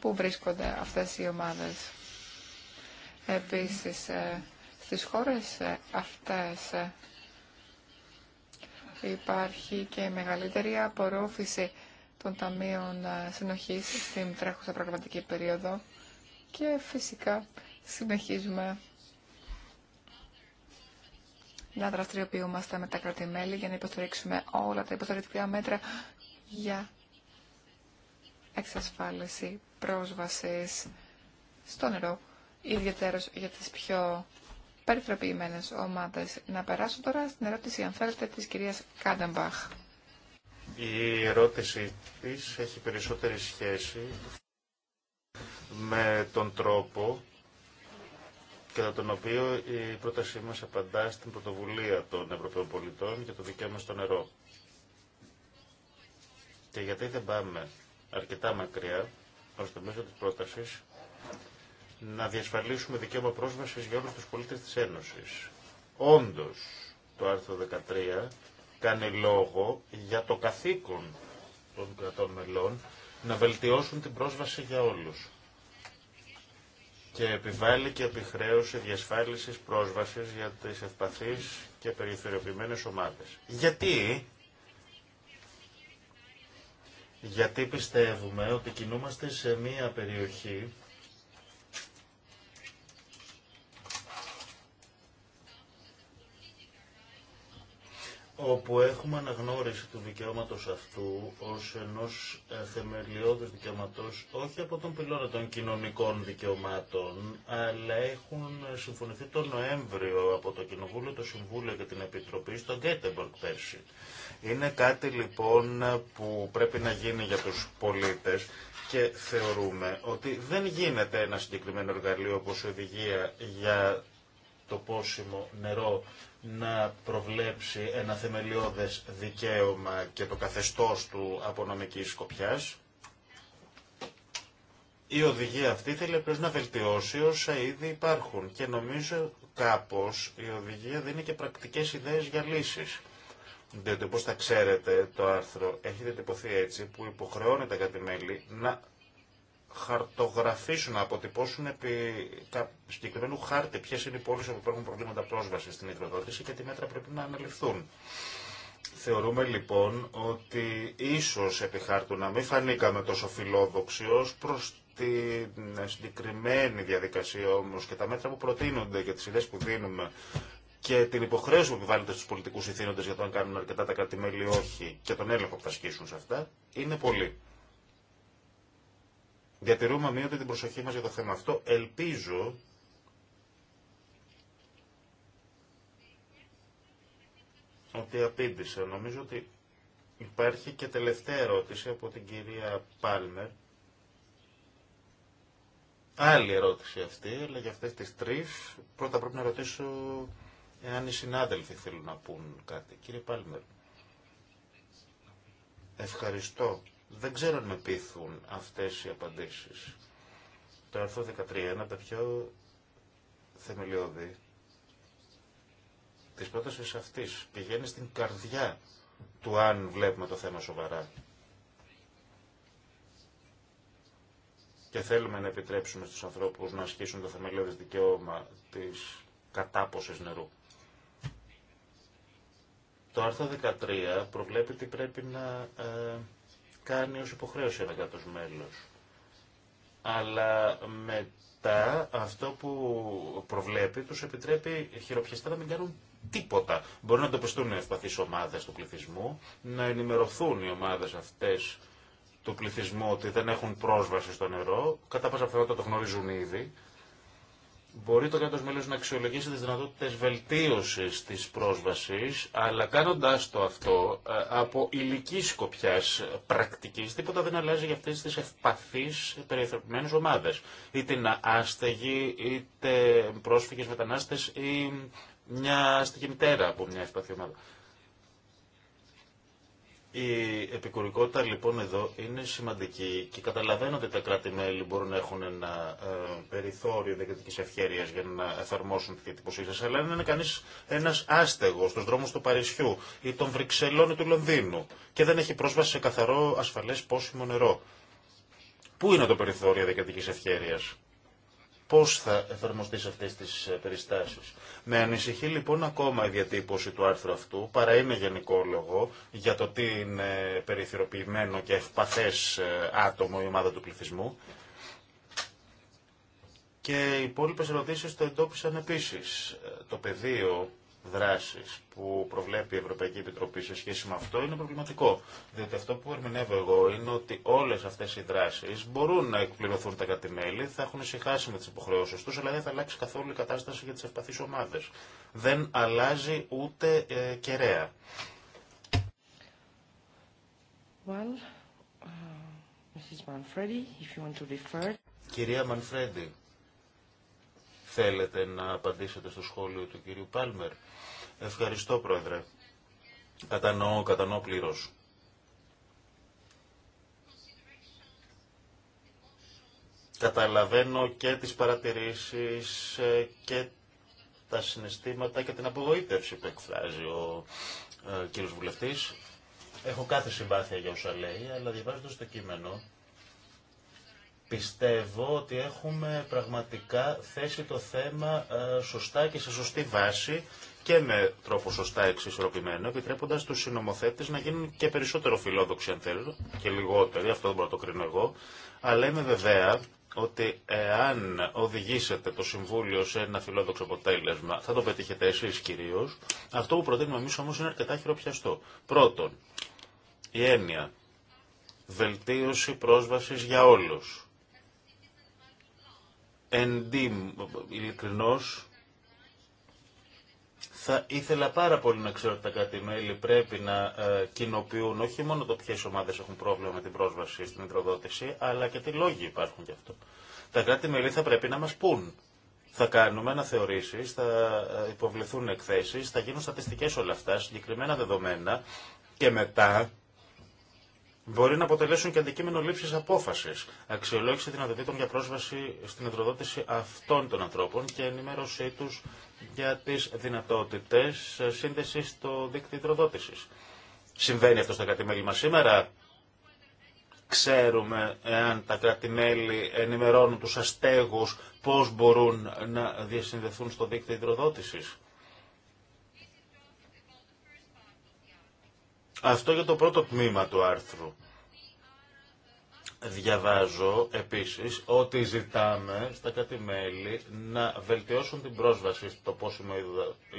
πού βρίσκονται αυτές οι ομάδες. Επίσης, ε, στις χώρες ε, αυτές ε, υπάρχει και η μεγαλύτερη απορρόφηση των ταμείων συνοχής στην τρέχουσα προγραμματική περίοδο και φυσικά συνεχίζουμε να δραστηριοποιούμαστε με τα κρατημέλη για να υποστηρίξουμε όλα τα υποστηρικτικά μέτρα για εξασφάλιση πρόσβασης στο νερό, ιδιαίτερα για τις πιο περιτροποιημένες ομάδες. Να περάσω τώρα στην ερώτηση, αν θέλετε, της κυρίας Κάντεμπαχ. Η ερώτηση της έχει περισσότερη σχέση με τον τρόπο κατά τον οποίο η πρότασή μας απαντά στην πρωτοβουλία των Ευρωπαίων πολιτών για το δικαίωμα στο νερό. Και γιατί δεν πάμε αρκετά μακριά, το μέσο της πρότασης να διασφαλίσουμε δικαίωμα πρόσβασης για όλους τους πολίτες της Ένωσης. Όντως, το άρθρο 13 κάνει λόγο για το καθήκον των κρατών μελών να βελτιώσουν την πρόσβαση για όλους και επιβάλλει και επιχρέωση διασφάλιση πρόσβαση για τις ευπαθείς και περιφερειοποιημένες ομάδες. Γιατί γιατί πιστεύουμε ότι κινούμαστε σε μία περιοχή όπου έχουμε αναγνώριση του δικαιώματος αυτού ως ενός ε, θεμελιώδης δικαιώματος όχι από τον πυλώνα των κοινωνικών δικαιωμάτων αλλά έχουν συμφωνηθεί τον Νοέμβριο από το Κοινοβούλιο, το Συμβούλιο και την Επιτροπή στο Γκέτεμπορκ πέρσι. Είναι κάτι λοιπόν που πρέπει να γίνει για τους πολίτες και θεωρούμε ότι δεν γίνεται ένα συγκεκριμένο εργαλείο όπως οδηγία για το πόσιμο νερό να προβλέψει ένα θεμελιώδες δικαίωμα και το καθεστώς του από νομική Η οδηγία αυτή θέλει απλώς να βελτιώσει όσα ήδη υπάρχουν και νομίζω κάπως η οδηγία δίνει και πρακτικές ιδέες για λύσεις. Διότι όπως τα ξέρετε το άρθρο έχει διατυπωθεί έτσι που υποχρεώνεται τα μέλη να χαρτογραφήσουν, να αποτυπώσουν επί συγκεκριμένου χάρτη ποιε είναι οι πόλει που υπάρχουν προβλήματα πρόσβαση στην υδροδότηση και τι μέτρα πρέπει να αναλυφθούν. Θεωρούμε λοιπόν ότι ίσω επί χάρτου να μην φανήκαμε τόσο φιλόδοξοι ω προς την συγκεκριμένη διαδικασία όμω και τα μέτρα που προτείνονται και τι ιδέε που δίνουμε και την υποχρέωση που επιβάλλεται στου πολιτικού ηθήνοντε για το αν κάνουν αρκετά τα κράτη-μέλη ή όχι και τον έλεγχο που θα ασκήσουν σε αυτά είναι πολύ. Διατηρούμε ότι την προσοχή μας για το θέμα αυτό. Ελπίζω ότι απήντησα. Νομίζω ότι υπάρχει και τελευταία ερώτηση από την κυρία Πάλμερ. Άλλη ερώτηση αυτή, αλλά για αυτές τις τρεις πρώτα πρέπει να ρωτήσω εάν οι συνάδελφοι θέλουν να πούν κάτι. Κύριε Πάλμερ, ευχαριστώ δεν ξέρω αν με πείθουν αυτές οι απαντήσεις. Το άρθρο 13 είναι από τα πιο θεμελιώδη της πρότασης αυτής. Πηγαίνει στην καρδιά του αν βλέπουμε το θέμα σοβαρά. Και θέλουμε να επιτρέψουμε στους ανθρώπους να ασκήσουν το θεμελιώδη δικαίωμα της κατάποσης νερού. Το άρθρο 13 προβλέπει ότι πρέπει να ε, κάνει ως υποχρέωση ένα κράτος μέλος. Αλλά μετά αυτό που προβλέπει τους επιτρέπει χειροπιαστά να μην κάνουν τίποτα. Μπορούν να εντοπιστούν ευπαθείς ομάδες του πληθυσμού, να ενημερωθούν οι ομάδες αυτές του πληθυσμού ότι δεν έχουν πρόσβαση στο νερό, κατά πάσα πιθανότητα το γνωρίζουν ήδη, μπορεί το κράτο μέλο να αξιολογήσει τι δυνατότητε βελτίωσης τη πρόσβασης, αλλά κάνοντας το αυτό ε, από υλική σκοπιά πρακτική, τίποτα δεν αλλάζει για αυτές τις ευπαθεί, περιεθροπημένες ομάδες. Είτε είναι άστεγοι, είτε πρόσφυγες μετανάστες ή μια άστεγη μητέρα από μια ευπαθή ομάδα. Η επικουρικότητα λοιπόν εδώ είναι σημαντική και καταλαβαίνω ότι τα κράτη-μέλη μπορούν να έχουν ένα ε, περιθώριο διακριτική ευχαίρεια για να εφαρμόσουν τη διατύπωσή σα, αλλά αν είναι κανεί ένα άστεγο στου δρόμου του Παρισιού ή των Βρυξελών ή του Λονδίνου και δεν έχει πρόσβαση σε καθαρό ασφαλέ πόσιμο νερό, πού είναι το περιθώριο διακριτική ευχαίρεια πώς θα εφαρμοστεί σε αυτές τις ε, περιστάσεις. Με ανησυχεί λοιπόν ακόμα η διατύπωση του άρθρου αυτού, παρά είναι λόγο για το τι είναι περιθυροποιημένο και ευπαθές ε, άτομο η ομάδα του πληθυσμού. Και οι υπόλοιπε ερωτήσει το εντόπισαν επίσης. Ε, το πεδίο δράσεις που προβλέπει η Ευρωπαϊκή Επιτροπή σε σχέση με αυτό είναι προβληματικό. Διότι αυτό που ερμηνεύω εγώ είναι ότι όλες αυτές οι δράσεις μπορούν να εκπληρωθούν τα κατημέλη, θα έχουν συγχάσει με τι υποχρεώσεις τους, αλλά δεν θα αλλάξει καθόλου η κατάσταση για τις ευπαθεί ομάδες. Δεν αλλάζει ούτε ε, κεραία. Well, uh, Mrs. Manfredi, if you want to Κυρία Μανφρέντι, Θέλετε να απαντήσετε στο σχόλιο του κυρίου Πάλμερ. Ευχαριστώ, Πρόεδρε. Κατανοώ, κατανοώ πλήρως. Καταλαβαίνω και τις παρατηρήσεις ε, και τα συναισθήματα και την απογοήτευση που εκφράζει ο ε, κύριος Βουλευτής. Έχω κάθε συμπάθεια για όσα λέει, αλλά διαβάζοντας το κείμενο Πιστεύω ότι έχουμε πραγματικά θέσει το θέμα ε, σωστά και σε σωστή βάση και με τρόπο σωστά εξισορροπημένο, επιτρέποντα του συνομοθέτε να γίνουν και περισσότερο φιλόδοξοι, αν θέλω και λιγότεροι, αυτό δεν μπορώ να το κρίνω εγώ. Αλλά είμαι βεβαία ότι εάν οδηγήσετε το Συμβούλιο σε ένα φιλόδοξο αποτέλεσμα, θα το πετύχετε εσεί κυρίω. Αυτό που προτείνουμε εμεί όμω είναι αρκετά χειροπιαστό. Πρώτον, η έννοια βελτίωση πρόσβαση για όλου εντύμ, ειλικρινώς, θα ήθελα πάρα πολύ να ξέρω ότι τα κράτη-μέλη πρέπει να ε, κοινοποιούν όχι μόνο το ποιες ομάδες έχουν πρόβλημα με την πρόσβαση στην υδροδότηση, αλλά και τι λόγοι υπάρχουν γι' αυτό. Τα κράτη-μέλη θα πρέπει να μας πούν. Θα κάνουμε αναθεωρήσει, θα ε, υποβληθούν εκθέσει, θα γίνουν στατιστικέ όλα αυτά, συγκεκριμένα δεδομένα και μετά μπορεί να αποτελέσουν και αντικείμενο λήψη απόφαση, αξιολόγηση δυνατοτήτων για πρόσβαση στην υδροδότηση αυτών των ανθρώπων και ενημέρωσή του για τι δυνατότητε σύνδεση στο δίκτυο υδροδότηση. Συμβαίνει αυτό στα κρατη μα σήμερα. Ξέρουμε εάν τα κρατη ενημερώνουν του αστέγου πώ μπορούν να διασυνδεθούν στο δίκτυο υδροδότησης. Αυτό για το πρώτο τμήμα του άρθρου. Διαβάζω επίσης ότι ζητάμε στα κάτι μέλη να βελτιώσουν την πρόσβαση στο πόσιμο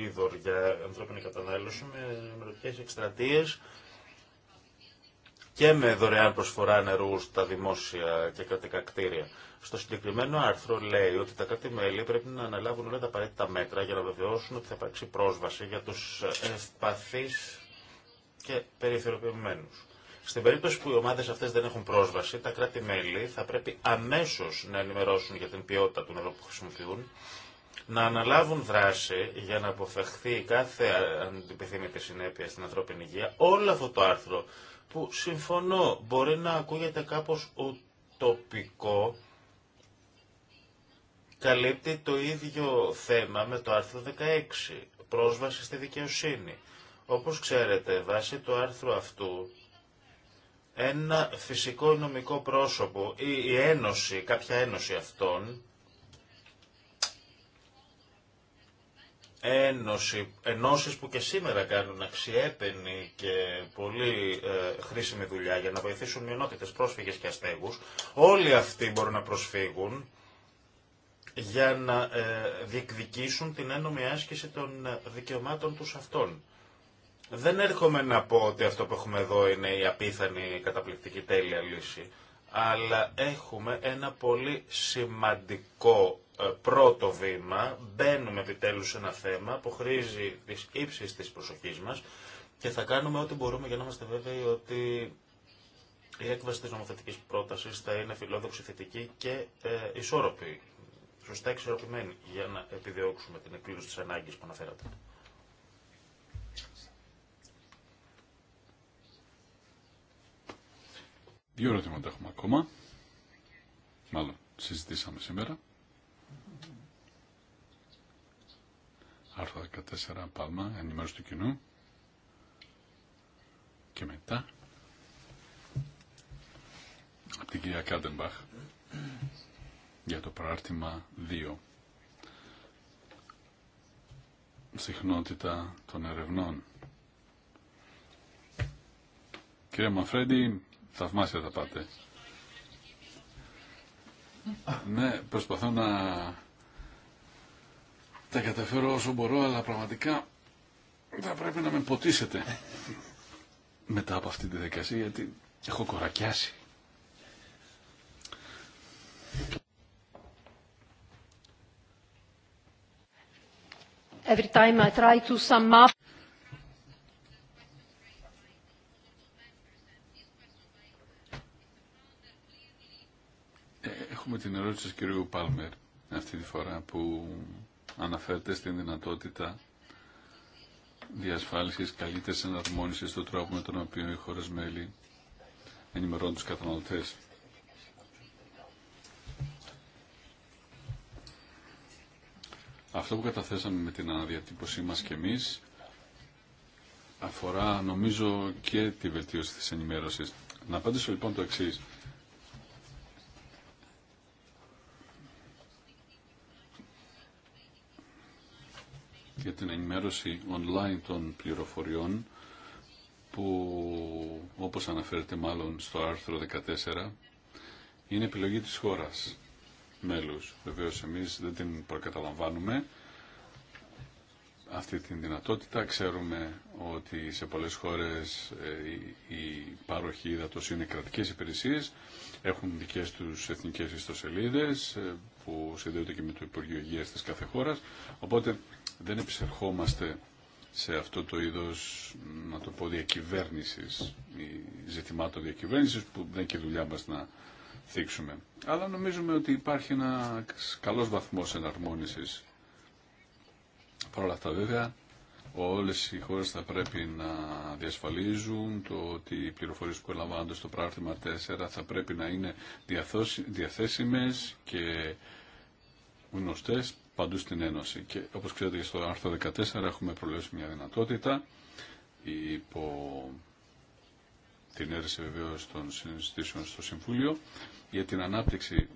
είδωρ για ανθρώπινη κατανάλωση με ενημερωτικές εκστρατείε και με δωρεάν προσφορά νερού στα δημόσια και κρατικά κτίρια. Στο συγκεκριμένο άρθρο λέει ότι τα κάτι μελη πρέπει να αναλάβουν όλα τα απαραίτητα μέτρα για να βεβαιώσουν ότι θα υπάρξει πρόσβαση για τους ευπαθείς και περιθωριοποιημένου. Στην περίπτωση που οι ομάδε αυτέ δεν έχουν πρόσβαση, τα κράτη-μέλη θα πρέπει αμέσω να ενημερώσουν για την ποιότητα του νερού που χρησιμοποιούν, να αναλάβουν δράση για να αποφευχθεί κάθε αντιπιθύμητη συνέπεια στην ανθρώπινη υγεία. Όλο αυτό το άρθρο που συμφωνώ μπορεί να ακούγεται κάπως ουτοπικό, καλύπτει το ίδιο θέμα με το άρθρο 16, πρόσβαση στη δικαιοσύνη. Όπως ξέρετε, βάσει του άρθρου αυτού, ένα φυσικό νομικό πρόσωπο ή η ένωση, κάποια ένωση αυτών, ένωση, ενώσεις που και σήμερα κάνουν αξιέπαινη και πολύ ε, χρήσιμη δουλειά για να βοηθήσουν μειονότητες, πρόσφυγες και αστέγους, όλοι αυτοί μπορούν να προσφύγουν για να ε, διεκδικήσουν την ένωμη άσκηση των δικαιωμάτων τους αυτών. Δεν έρχομαι να πω ότι αυτό που έχουμε εδώ είναι η απίθανη καταπληκτική τέλεια λύση, αλλά έχουμε ένα πολύ σημαντικό ε, πρώτο βήμα, μπαίνουμε επιτέλους σε ένα θέμα που χρήζει της ύψης της προσοχής μας και θα κάνουμε ό,τι μπορούμε για να είμαστε βέβαιοι ότι η έκβαση της νομοθετικής πρότασης θα είναι φιλόδοξη, θετική και ε, ισόρροπη, σωστά εξορροπημένη για να επιδιώξουμε την εκπλήρωση της ανάγκης που αναφέρατε. Δύο ερωτήματα έχουμε ακόμα. Μάλλον συζητήσαμε σήμερα. Άρθρο 14 Πάλμα, ενημέρωση του κοινού. Και μετά από την κυρία Κάντεμπαχ για το παράρτημα 2. Συχνότητα των ερευνών. Κύριε Μαφρέντη, Θαυμάσια θα πάτε. Ναι, προσπαθώ να τα καταφέρω όσο μπορώ, αλλά πραγματικά θα πρέπει να με ποτίσετε μετά από αυτή τη δικασία, γιατί έχω κορακιάσει. Every time I try to την ερώτηση του κυρίου Πάλμερ αυτή τη φορά που αναφέρεται στην δυνατότητα διασφάλισης καλύτερης εναρμόνισης του τρόπο με τον οποίο οι χώρες μέλη ενημερώνουν τους καταναλωτές. Αυτό που καταθέσαμε με την αναδιατύπωσή μας και εμείς αφορά νομίζω και τη βελτίωση της ενημέρωσης. Να απαντήσω λοιπόν το εξής. για την ενημέρωση online των πληροφοριών που όπως αναφέρεται μάλλον στο άρθρο 14 είναι επιλογή της χώρας μέλους. Βεβαίως εμείς δεν την προκαταλαμβάνουμε αυτή την δυνατότητα. Ξέρουμε ότι σε πολλές χώρες ε, η παροχοί υδατός είναι κρατικές υπηρεσίες, έχουν δικές τους εθνικές ιστοσελίδες ε, που συνδέονται και με το Υπουργείο Υγείας της κάθε χώρας, οπότε δεν επισερχόμαστε σε αυτό το είδος, να το πω, διακυβέρνησης ή ζητημάτων διακυβέρνησης που δεν και δουλειά μας να θίξουμε. Αλλά νομίζουμε ότι υπάρχει ένα καλός βαθμός εναρμόνισης. Παρ' όλα αυτά βέβαια, όλες οι χώρες θα πρέπει να διασφαλίζουν το ότι οι πληροφορίες που ελαμβάνονται στο πράγμα 4 θα πρέπει να είναι διαθέσιμες και γνωστές παντού στην Ένωση. Και όπως ξέρετε στο άρθρο 14 έχουμε προλέψει μια δυνατότητα υπό την αίρεση βεβαίω των συζητήσεων στο Συμβούλιο για την ανάπτυξη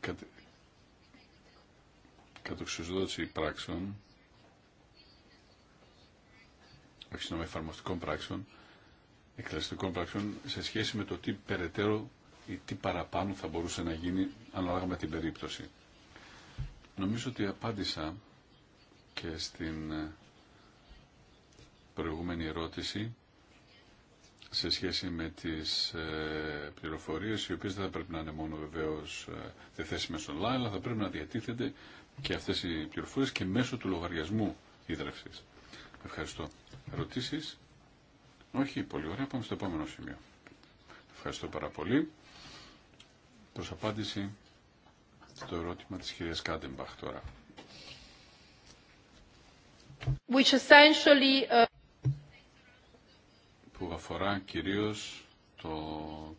κατε... πράξεων όχι συγγνώμη, εφαρμοστικών πράξεων, εκτελεστικών πράξεων, σε σχέση με το τι περαιτέρω ή τι παραπάνω θα μπορούσε να γίνει ανάλογα με την περίπτωση. Νομίζω ότι απάντησα και στην ε, προηγούμενη ερώτηση σε σχέση με τις ε, πληροφορίες, οι οποίες δεν θα πρέπει να είναι μόνο βεβαίως ε, διαθέσιμες online, αλλά θα πρέπει να διατίθενται και αυτές οι πληροφορίες και μέσω του λογαριασμού ίδρευσης. Ευχαριστώ. Ερωτήσεις? Όχι, πολύ ωραία. Πάμε στο επόμενο σημείο. Ευχαριστώ πάρα πολύ. Προς απάντηση το ερώτημα της κυρίας Κάντεμπαχ τώρα. Ε, που αφορά κυρίως το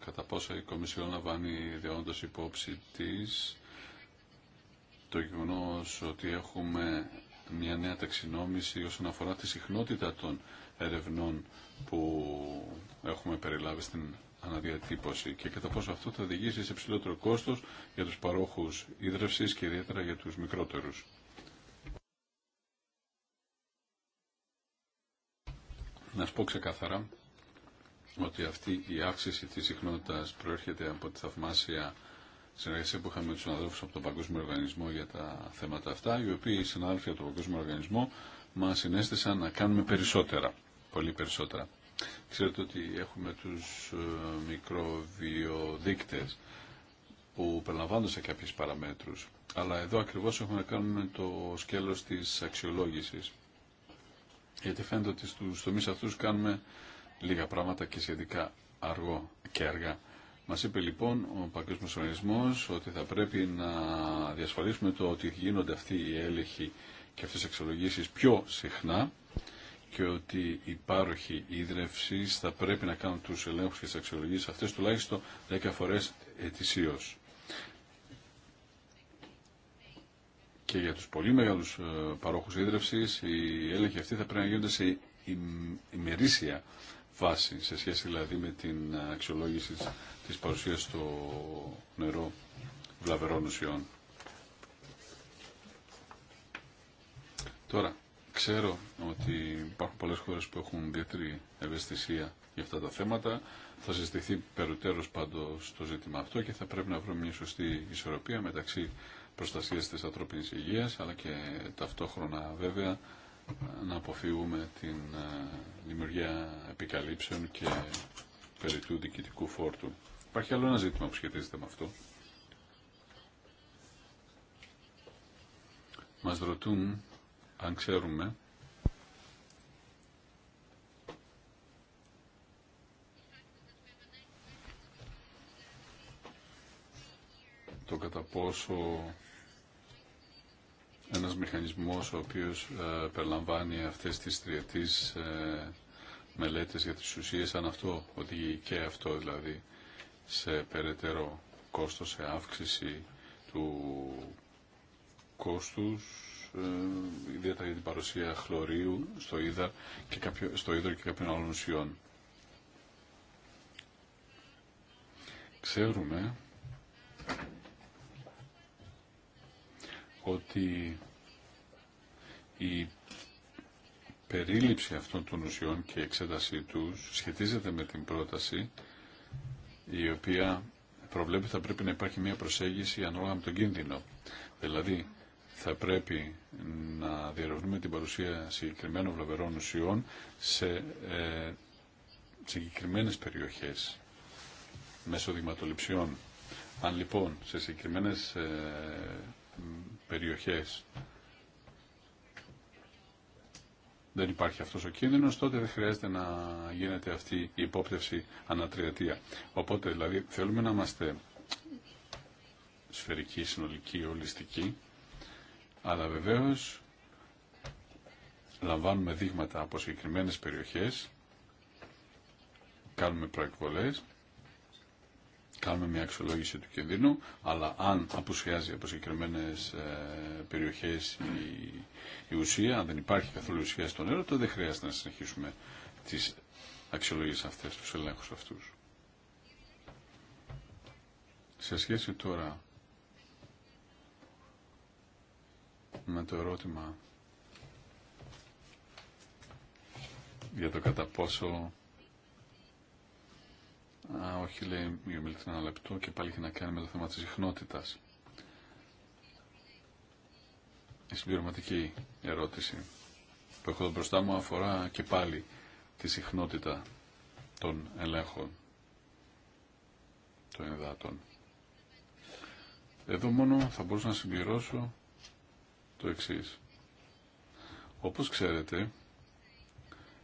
κατά πόσο η Κομισιόν λαμβάνει υπόψη της το γεγονός ότι έχουμε μια νέα ταξινόμηση όσον αφορά τη συχνότητα των ερευνών που έχουμε περιλάβει στην αναδιατύπωση και κατά πόσο αυτό θα οδηγήσει σε ψηλότερο κόστος για τους παρόχους ίδρευσης και ιδιαίτερα για τους μικρότερους. Να σου πω ξεκάθαρα ότι αυτή η αύξηση της συχνότητας προέρχεται από τη θαυμάσια συνεργασία που είχαμε με του συναδέλφου από τον Παγκόσμιο Οργανισμό για τα θέματα αυτά, οι οποίοι οι συνάδελφοι από τον Παγκόσμιο Οργανισμό μα συνέστησαν να κάνουμε περισσότερα, πολύ περισσότερα. Ξέρετε ότι έχουμε τους ε, μικροβιοδείκτες που περιλαμβάνονται σε κάποιες παραμέτρους. Αλλά εδώ ακριβώς έχουμε να κάνουμε το σκέλος της αξιολόγησης. Γιατί φαίνεται ότι στους τομείς αυτούς κάνουμε λίγα πράγματα και σχετικά αργό και αργά. Μας είπε λοιπόν ο Παγκόσμιος Οργανισμός ότι θα πρέπει να διασφαλίσουμε το ότι γίνονται αυτοί οι έλεγχοι και αυτές οι αξιολογήσεις πιο συχνά και ότι οι πάροχοι ίδρυυση θα πρέπει να κάνουν τους ελέγχους και τις αξιολογίες αυτές τουλάχιστον 10 φορές ετησίως. Και για τους πολύ μεγάλους ε, παρόχους ίδρυυσης οι έλεγχοι αυτοί θα πρέπει να γίνονται σε ημερήσια βάση, σε σχέση δηλαδή με την αξιολόγηση της παρουσίας στο νερό βλαβερών ουσιών. Τώρα, Ξέρω ότι υπάρχουν πολλές χώρες που έχουν ιδιαίτερη ευαισθησία για αυτά τα θέματα. Θα συζητηθεί περιττέρως πάντως το ζήτημα αυτό και θα πρέπει να βρούμε μια σωστή ισορροπία μεταξύ προστασίας της ανθρώπινης υγείας αλλά και ταυτόχρονα βέβαια να αποφύγουμε την ε, δημιουργία επικαλύψεων και περί του διοικητικού φόρτου. Υπάρχει άλλο ένα ζήτημα που σχετίζεται με αυτό. Μας ρωτούν αν ξέρουμε το κατά πόσο ένας μηχανισμός ο οποίος ε, περιλαμβάνει αυτές τις τριετής ε, μελέτες για τις ουσίες, αν αυτό οδηγεί και αυτό δηλαδή σε περαιτέρω κόστος, σε αύξηση του κόστους ε, ιδιαίτερα για την παρουσία χλωρίου στο, είδα και κάποιο, στο ίδρο και κάποιων άλλων ουσιών. Ξέρουμε ότι η περίληψη αυτών των ουσιών και η εξέτασή τους σχετίζεται με την πρόταση η οποία προβλέπει θα πρέπει να υπάρχει μια προσέγγιση ανάλογα με τον κίνδυνο. Δηλαδή, θα πρέπει να διερευνούμε την παρουσία συγκεκριμένων βλαβερών ουσιών σε ε, συγκεκριμένες περιοχές μέσω δηματοληψιών. Αν λοιπόν σε συγκεκριμένες ε, περιοχές δεν υπάρχει αυτός ο κίνδυνος, τότε δεν χρειάζεται να γίνεται αυτή η υπόπτευση ανατριετία. Οπότε δηλαδή θέλουμε να είμαστε σφαιρικοί, συνολική, ολιστικοί αλλά βεβαίως λαμβάνουμε δείγματα από συγκεκριμένε περιοχές, κάνουμε προεκβολές, κάνουμε μια αξιολόγηση του κινδύνου, αλλά αν απουσιάζει από συγκεκριμένε ε, περιοχές η, η ουσία, αν δεν υπάρχει καθόλου ουσία στο νερό, τότε δεν χρειάζεται να συνεχίσουμε τις αξιολογίε αυτές, τους ελέγχου αυτού Σε σχέση τώρα με το ερώτημα για το κατά πόσο Α, όχι λέει η ένα λεπτό και πάλι έχει να κάνει με το θέμα της συχνότητας. Η συμπληρωματική ερώτηση που έχω εδώ μπροστά μου αφορά και πάλι τη συχνότητα των ελέγχων των ενδατών. Εδώ μόνο θα μπορούσα να συμπληρώσω το Όπως ξέρετε,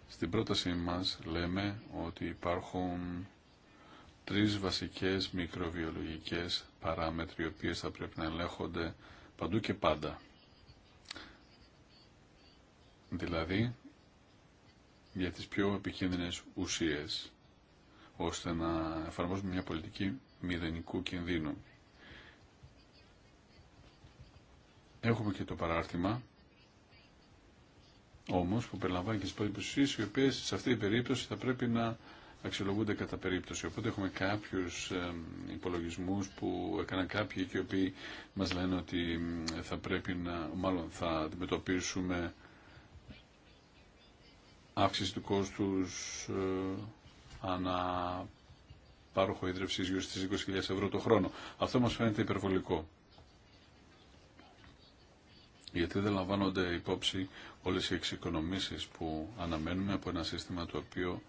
στην πρότασή μας λέμε ότι υπάρχουν τρεις βασικές μικροβιολογικές παράμετροι, οι οποίες θα πρέπει να ελέγχονται παντού και πάντα. Δηλαδή, για τις πιο επικίνδυνες ουσίες, ώστε να εφαρμόσουμε μια πολιτική μηδενικού κινδύνου. Έχουμε και το παράρτημα όμως που περιλαμβάνει και τις περιπτώσεις οι οποίες σε αυτή την περίπτωση θα πρέπει να αξιολογούνται κατά περίπτωση. Οπότε έχουμε κάποιους υπολογισμούς που έκαναν κάποιοι και οι οποίοι μας λένε ότι θα πρέπει να, μάλλον θα αντιμετωπίσουμε αύξηση του κόστους ε, ανά πάροχο ίδρυψη γύρω στις 20.000 ευρώ το χρόνο. Αυτό μας φαίνεται υπερβολικό γιατί δεν λαμβάνονται υπόψη όλες οι εξοικονομήσεις που αναμένουμε από ένα σύστημα το οποίο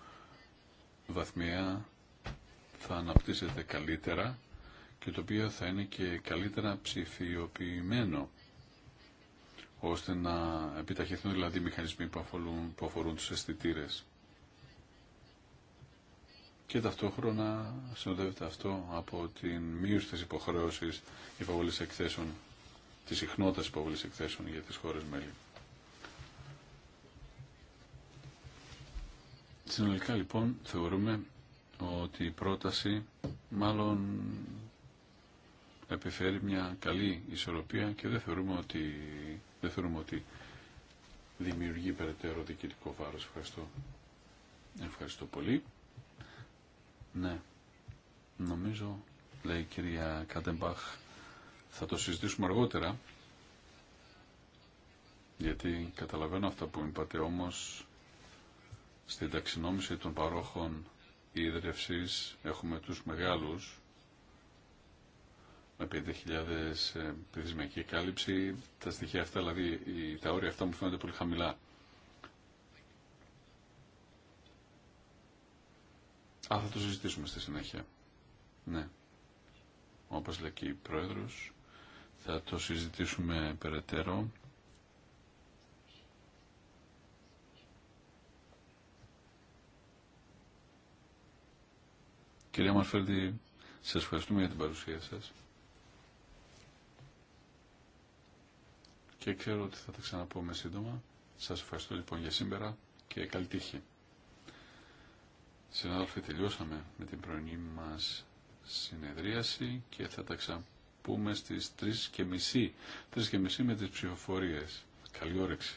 βαθμία θα αναπτύσσεται καλύτερα και το οποίο θα είναι και καλύτερα ψηφιοποιημένο ώστε να επιταχυνθούν δηλαδή οι μηχανισμοί που αφορούν, που τους αισθητήρε. Και ταυτόχρονα συνοδεύεται αυτό από την μείωση της υποχρέωσης υποβολής εκθέσεων τη συχνότητα υπόβολη εκθέσεων για τις χώρε μέλη. Συνολικά λοιπόν θεωρούμε ότι η πρόταση μάλλον επιφέρει μια καλή ισορροπία και δεν θεωρούμε ότι, δεν θεωρούμε ότι δημιουργεί περαιτέρω διοικητικό βάρος. Ευχαριστώ. Ευχαριστώ πολύ. Ναι, νομίζω, λέει η κυρία Κάτεμπαχ θα το συζητήσουμε αργότερα, γιατί καταλαβαίνω αυτά που είπατε όμως στην ταξινόμηση των παρόχων ίδρυευσης έχουμε τους μεγάλους με 5.000 ε, πληθυσμιακή κάλυψη. Τα στοιχεία αυτά, δηλαδή τα όρια αυτά μου φαίνονται πολύ χαμηλά. Α, θα το συζητήσουμε στη συνέχεια. Ναι. Όπως λέει και η Πρόεδρος, θα το συζητήσουμε περαιτέρω. Κυρία Μαρφέλτη, σας ευχαριστούμε για την παρουσία σας. Και ξέρω ότι θα τα ξαναπούμε σύντομα. Σας ευχαριστώ λοιπόν για σήμερα και καλή τύχη. Συνάδελφοι, τελειώσαμε με την πρωινή μας συνεδρίαση και θα τα ξαναπούμε πούμε στις 3.30 3.30 με τις ψηφοφορίες. Καλή όρεξη.